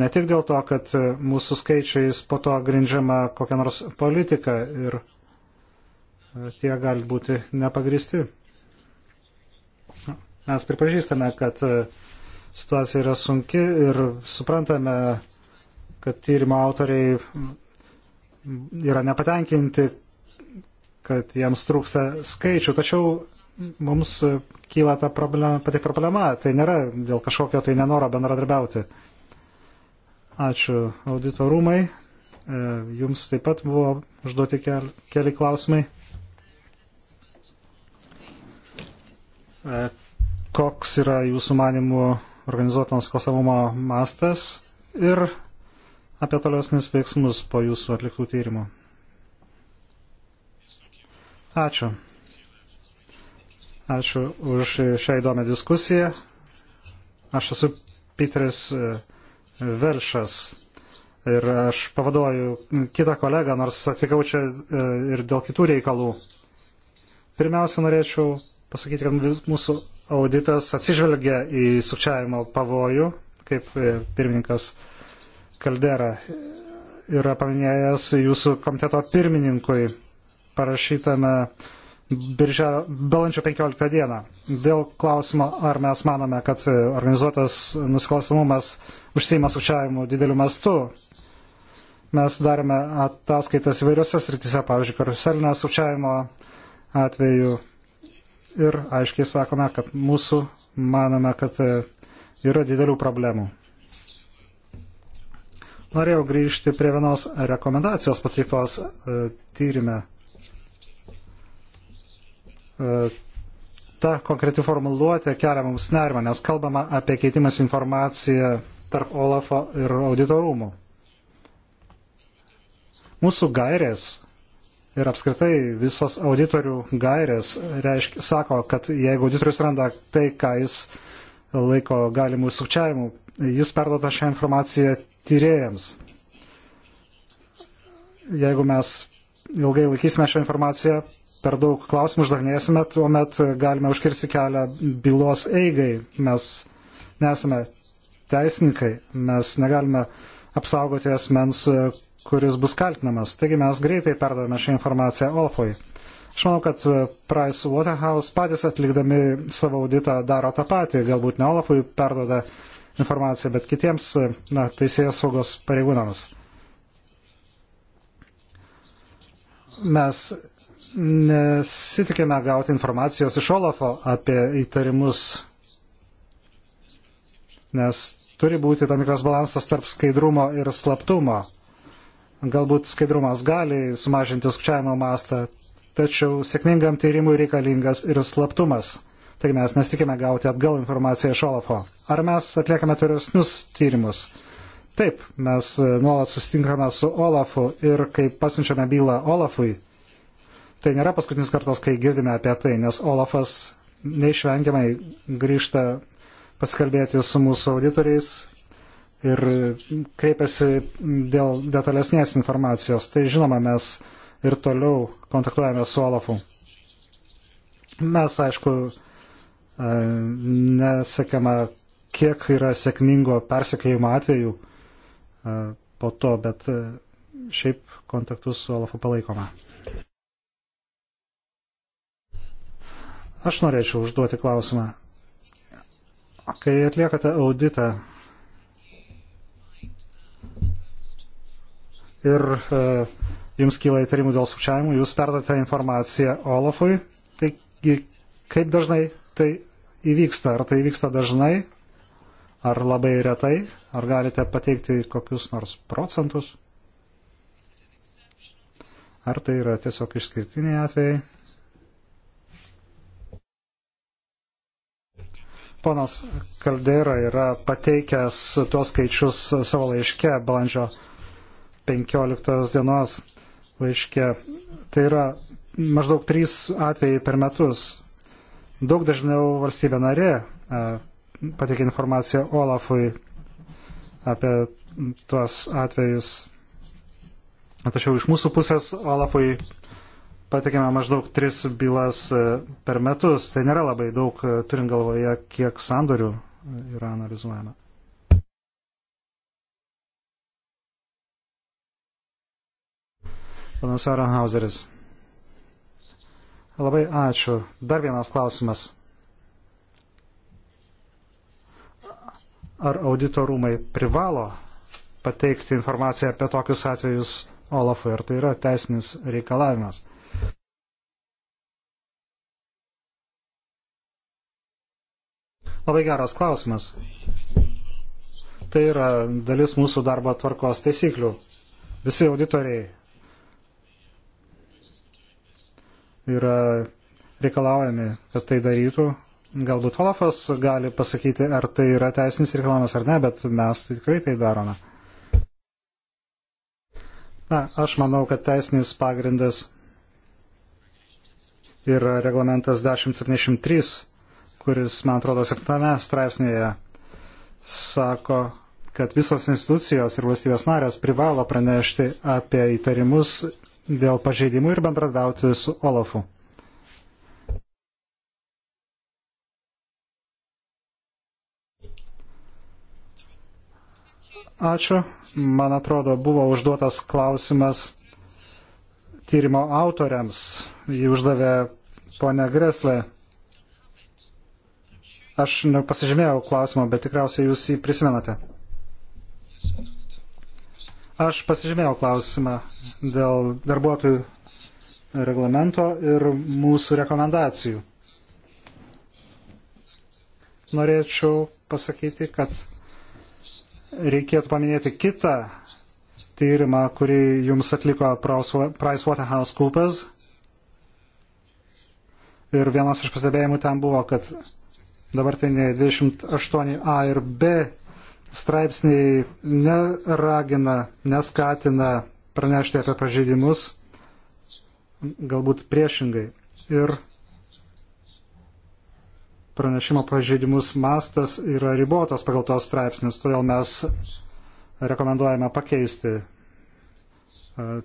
Ne tik dėl to, kad mūsų skaičiais po to grindžiama kokia nors politika ir e, tie gali būti nepagristi. Mes pripažįstame, kad e, situacija yra sunki ir suprantame, kad tyrimo autoriai yra nepatenkinti, kad jiems trūksta skaičių, tačiau mums kyla ta problema, pati problema, tai nėra dėl kažkokio tai nenoro bendradarbiauti. Ačiū audito rūmai, e, jums taip pat buvo užduoti keli klausimai. E, koks yra jūsų manimų organizuoto nusikalstamumo mastas ir apie tolesnius veiksmus po jūsų atliktų tyrimų. Ačiū. Ačiū už šią įdomią diskusiją. Aš esu Pitris e, Velšas ir aš pavaduoju kitą kolegą, nors atvykau čia e, ir dėl kitų reikalų. Pirmiausia, norėčiau pasakyti, kad mūsų auditas atsižvelgia į sukčiavimo pavojų, kaip e, pirmininkas Kaldera yra paminėjęs jūsų komiteto pirmininkui parašytame biržia, balandžio 15 dieną. Dėl klausimo, ar mes manome, kad organizuotas nusikalstamumas užsima sukčiavimu dideliu mastu, mes darėme ataskaitas įvairiose srityse, pavyzdžiui, karuselinio sukčiavimo atveju ir aiškiai sakome, kad mūsų manome, kad yra didelių problemų. Norėjau grįžti prie vienos rekomendacijos pateiktos e, tyrimę. E, ta konkreti formuluotė kelia mums nervą, nes kalbama apie keitimas informaciją tarp Olafo ir auditorumų. Mūsų gairės ir apskritai visos auditorių gairės reišk, sako, kad jeigu auditorius randa tai, ką jis laiko galimų sukčiavimų, jis perduota šią informaciją tyrėjams. Jeigu mes ilgai laikysime šią informaciją, per daug klausimų uždavinėsime, tuomet galime užkirsti kelią bylos eigai. Mes nesame teisininkai, mes negalime apsaugoti asmens, kuris bus kaltinamas. Taigi mes greitai perdavome šią informaciją Olfui. Aš manau, kad Price Waterhouse patys atlikdami savo auditą daro tą patį, galbūt ne Olafui perdoda informaciją, bet kitiems na, teisėjas saugos pareigūnams. Mes nesitikime gauti informacijos iš Olafo apie įtarimus, nes turi būti tam tikras balansas tarp skaidrumo ir slaptumo. Galbūt skaidrumas gali sumažinti skčiavimo mastą, tačiau sėkmingam tyrimui reikalingas ir slaptumas. Taigi mes nesitikime gauti atgal informaciją iš Olafo. Ar mes atliekame turesnius tyrimus? Taip, mes e, nuolat susitinkame su Olafu ir kai pasiunčiame bylą Olafui, tai nėra paskutinis kartas, kai girdime apie tai, nes Olafas neišvengiamai grįžta pasikalbėti su mūsų auditoriais ir kreipiasi dėl detalesnės informacijos. Tai žinoma, mes ir toliau kontaktuojame su Olafu. Mes, aišku, nesakiama, kiek yra sėkmingo persekėjimo atveju po to, bet šiaip kontaktus su Olafu palaikoma. Aš norėčiau užduoti klausimą. Kai atliekate auditą ir e, jums kyla įtarimų dėl sukčiavimų, jūs perdate informaciją Olafui. Taigi, kaip dažnai tai įvyksta? Ar tai vyksta dažnai, ar labai retai? Ar galite pateikti kokius nors procentus? Ar tai yra tiesiog išskirtiniai atvejai? Ponas Kaldera yra pateikęs tuos skaičius savo laiške balandžio 15 dienos laiške. Tai yra maždaug 3 atvejai per metus. Daug dažniau valstybė narė pateikia informaciją Olafui apie tuos atvejus. Tačiau iš mūsų pusės Olafui patikėme maždaug tris bylas per metus. Tai nėra labai daug, turint galvoje, kiek sandorių yra analizuojama. Panas Aranhauseris. Labai ačiū. Dar vienas klausimas. Ar audito rūmai privalo pateikti informaciją apie tokius atvejus Olafui, ar tai yra teisinis reikalavimas? Labai geras klausimas. Tai yra dalis mūsų darbo tvarkos taisyklių. Visi auditoriai yra reikalaujami, kad tai darytų. Galbūt Olafas gali pasakyti, ar tai yra teisinis reikalavimas ar ne, bet mes tai tikrai tai darome. Na, aš manau, kad teisinis pagrindas yra reglamentas 1073, kuris, man atrodo, 7 straipsnėje sako, kad visos institucijos ir valstybės narės privalo pranešti apie įtarimus dėl pažeidimų ir bendradauti su Olafu. Ačiū. Man atrodo, buvo užduotas klausimas tyrimo autoriams. Jį uždavė ponia Greslė. Aš pasižymėjau klausimą, bet tikriausiai jūs jį prisimenate. Yes, Aš pasižymėjau klausimą dėl darbuotojų reglamento ir mūsų rekomendacijų. Norėčiau pasakyti, kad reikėtų paminėti kitą tyrimą, kurį jums atliko PricewaterhouseCoopers. Ir vienas iš pastebėjimų ten buvo, kad dabartiniai 28A ir B straipsniai neragina, neskatina pranešti apie pažeidimus, galbūt priešingai. Ir pranešimo pažeidimus mastas yra ribotas pagal tos straipsnius, todėl mes rekomenduojame pakeisti e,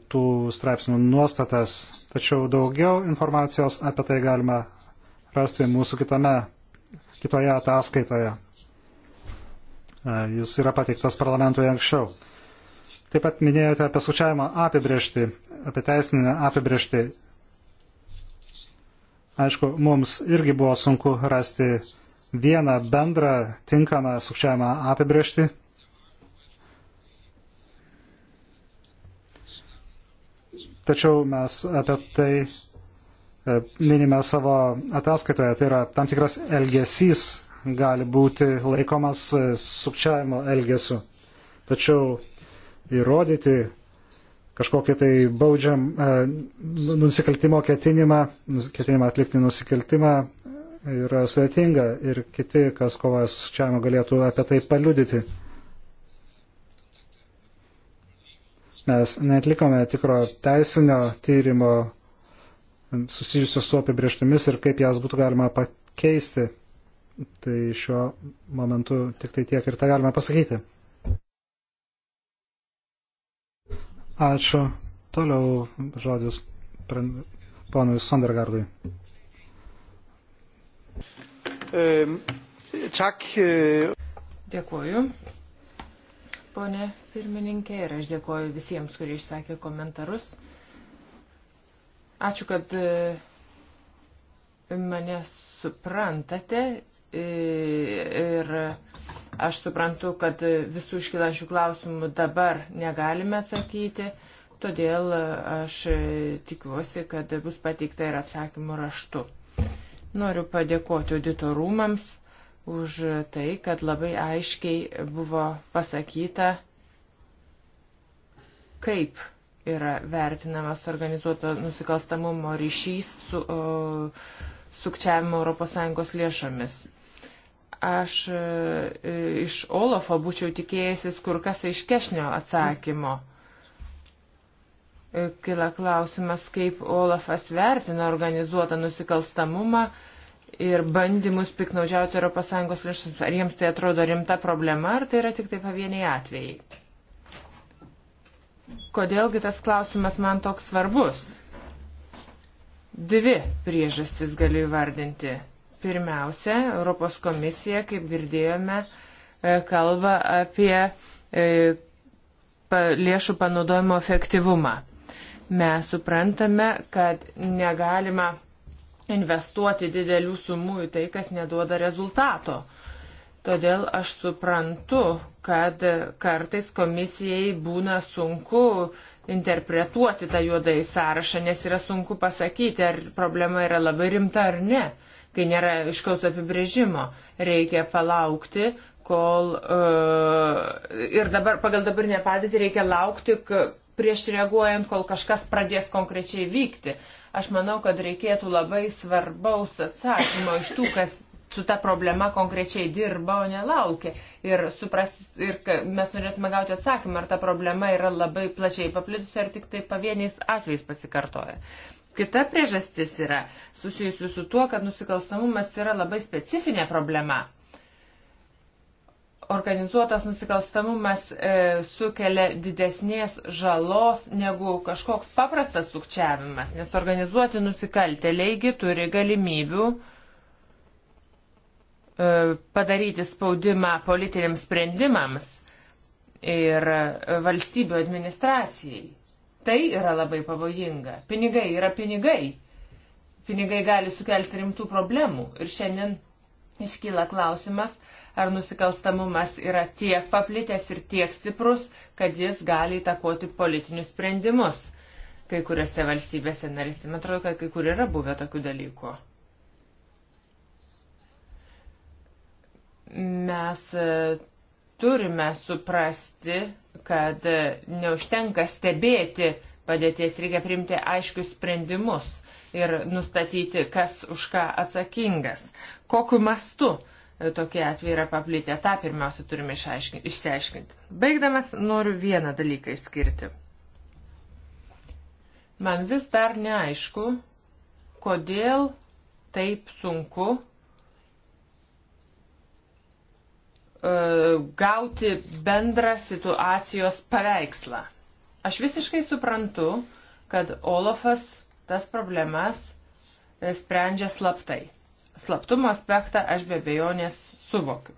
tų straipsnių nuostatas. Tačiau daugiau informacijos apie tai galima rasti mūsų kitame, kitoje ataskaitoje. Jis yra pateiktas parlamentui anksčiau. Taip pat minėjote apie sučiavimą apibriešti, apie teisinę apibriešti. Aišku, mums irgi buvo sunku rasti vieną bendrą tinkamą sukčiavimą apibriešti. Tačiau mes apie tai e, minime savo ataskaitoje, tai yra tam tikras elgesys gali būti laikomas e, sukčiavimo elgesiu. Tačiau įrodyti kažkokį tai baudžiam e, nu, nusikaltimo ketinimą, ketinimą atlikti nusikaltimą e, yra svetinga ir kiti, kas kovoja su sukčiavimu, galėtų apie tai paliudyti. Mes netlikome tikro teisinio tyrimo susijusio su apibrieštimis ir kaip jas būtų galima pakeisti. Tai šiuo momentu tik tai tiek ir tą galime pasakyti. Ačiū. Toliau žodis ponui Sondergardui. Čak. Ehm, e- dėkuoju, ponė pirmininkė, ir aš dėkuoju visiems, kurie išsakė komentarus. Ačiū, kad e, mane suprantate ir aš suprantu, kad visų iškilančių klausimų dabar negalime atsakyti, todėl aš tikiuosi, kad bus pateikta ir atsakymų raštu. Noriu padėkoti auditorumams už tai, kad labai aiškiai buvo pasakyta, kaip yra vertinamas organizuoto nusikalstamumo ryšys su o, sukčiavimu ES lėšomis. Aš e, iš Olofo būčiau tikėjęsis kur kas aiškesnio atsakymo. E, kila klausimas, kaip Olafas vertina organizuotą nusikalstamumą ir bandymus piknaudžiauti ES lėšomis. Ar jiems tai atrodo rimta problema, ar tai yra tik tai pavieniai atvejai? Kodėlgi tas klausimas man toks svarbus? Dvi priežastis galiu įvardinti. Pirmiausia, Europos komisija, kaip girdėjome, e, kalba apie e, lėšų panaudojimo efektyvumą. Mes suprantame, kad negalima investuoti didelių sumų į tai, kas neduoda rezultato. Todėl aš suprantu, kad kartais komisijai būna sunku interpretuoti tą juodąjį sąrašą, nes yra sunku pasakyti, ar problema yra labai rimta ar ne. Uh, kai nėra iškaus apibrėžimo. Reikia palaukti, kol uh, ir dabar pagal dabartinę padėtį reikia laukti, prieš reaguojant, kol kažkas pradės konkrečiai vykti. Aš manau, kad reikėtų labai svarbaus atsakymo iš tų, kas su ta problema konkrečiai dirba, o nelaukia. Ir, supras, ir mes norėtume gauti atsakymą, ar ta problema yra labai plačiai paplitusi, ar tik tai pavieniais atvejais pasikartoja. Kita priežastis yra susijusi su tuo, kad nusikalstamumas yra labai specifinė problema. Organizuotas nusikalstamumas e, sukelia didesnės žalos negu kažkoks paprastas sukčiavimas, nes organizuoti nusikaltėliai turi galimybių e, padaryti spaudimą politiniams sprendimams ir e, valstybių administracijai. Tai yra labai pavojinga. Pinigai yra pinigai. Pinigai gali sukelti rimtų problemų. Ir šiandien iškyla klausimas, ar nusikalstamumas yra tiek paplitęs ir tiek stiprus, kad jis gali įtakoti politinius sprendimus kai kuriuose valstybėse narėse. Man atrodo, kad kai kur yra buvę tokių dalykų. Mes e, turime suprasti kad neužtenka stebėti padėties, reikia priimti aiškius sprendimus ir nustatyti, kas už ką atsakingas. Kokiu mastu tokie atvejai yra paplitę, tą pirmiausia turime išsiaiškinti. Baigdamas noriu vieną dalyką išskirti. Man vis dar neaišku, kodėl taip sunku E, gauti bendrą situacijos paveikslą. Aš visiškai suprantu, kad Olofas tas problemas e, sprendžia slaptai. Slaptumo aspektą aš be bejonės suvokiu.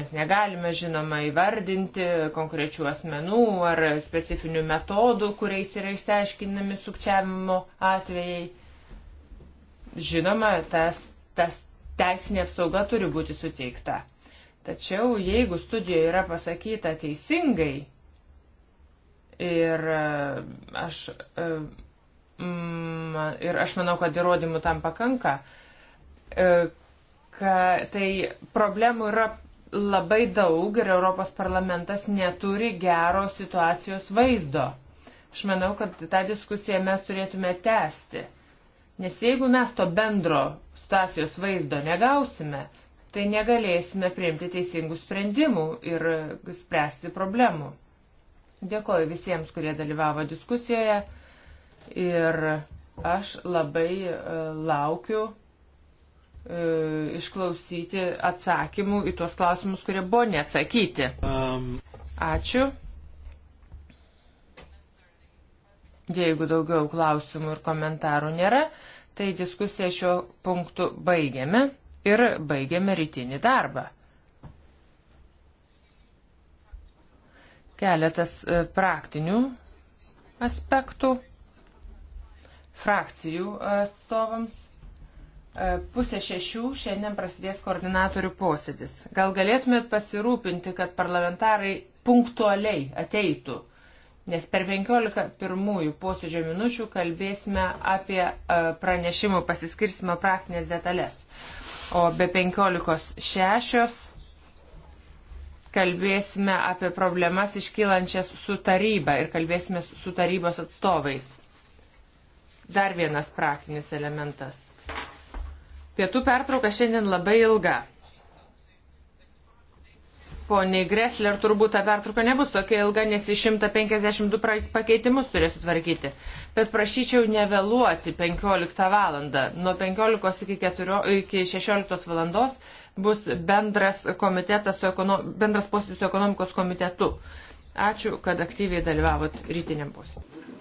Mes negalime, žinoma, įvardinti konkrečių asmenų ar specifinių metodų, kuriais yra išsiaiškinami sukčiavimo atvejai. Žinoma, tas, tas teisinė apsauga turi būti suteikta. Tačiau jeigu studijoje yra pasakyta teisingai ir e, aš, e, ir aš manau, kad įrodymų tam pakanka, e, ka, tai problemų yra labai daug ir Europos parlamentas neturi gero situacijos vaizdo. Aš manau, kad tą diskusiją mes turėtume tęsti. Nes jeigu mes to bendro situacijos vaizdo negausime, tai negalėsime priimti teisingų sprendimų ir spręsti problemų. Dėkoju visiems, kurie dalyvavo diskusijoje ir aš labai e, laukiu e, išklausyti atsakymų į tuos klausimus, kurie buvo neatsakyti. Um. Ačiū. Jeigu daugiau klausimų ir komentarų nėra, tai diskusiją šiuo punktu baigiame ir baigiame rytinį darbą. Keletas e, praktinių aspektų frakcijų atstovams. E, Pusė šešių šiandien prasidės koordinatorių posėdis. Gal galėtumėt pasirūpinti, kad parlamentarai punktualiai ateitų, nes per 15 pirmųjų posėdžio minučių kalbėsime apie e, pranešimų pasiskirsimo praktinės detalės o be 15.6 kalbėsime apie problemas iškylančias su taryba ir kalbėsime su tarybos atstovais. Dar vienas praktinis elementas. Pietų pertrauka šiandien labai ilga. Pone Gresler, turbūt ta pertrauka nebus tokia ilga, nes 152 pakeitimus turėsiu tvarkyti. Bet prašyčiau nevėluoti 15 valandą. Nuo 15 iki, 4, iki 16 valandos bus bendras, su ekono, bendras posėdis su ekonomikos komitetu. Ačiū, kad aktyviai dalyvavot rytiniam posėdžiui.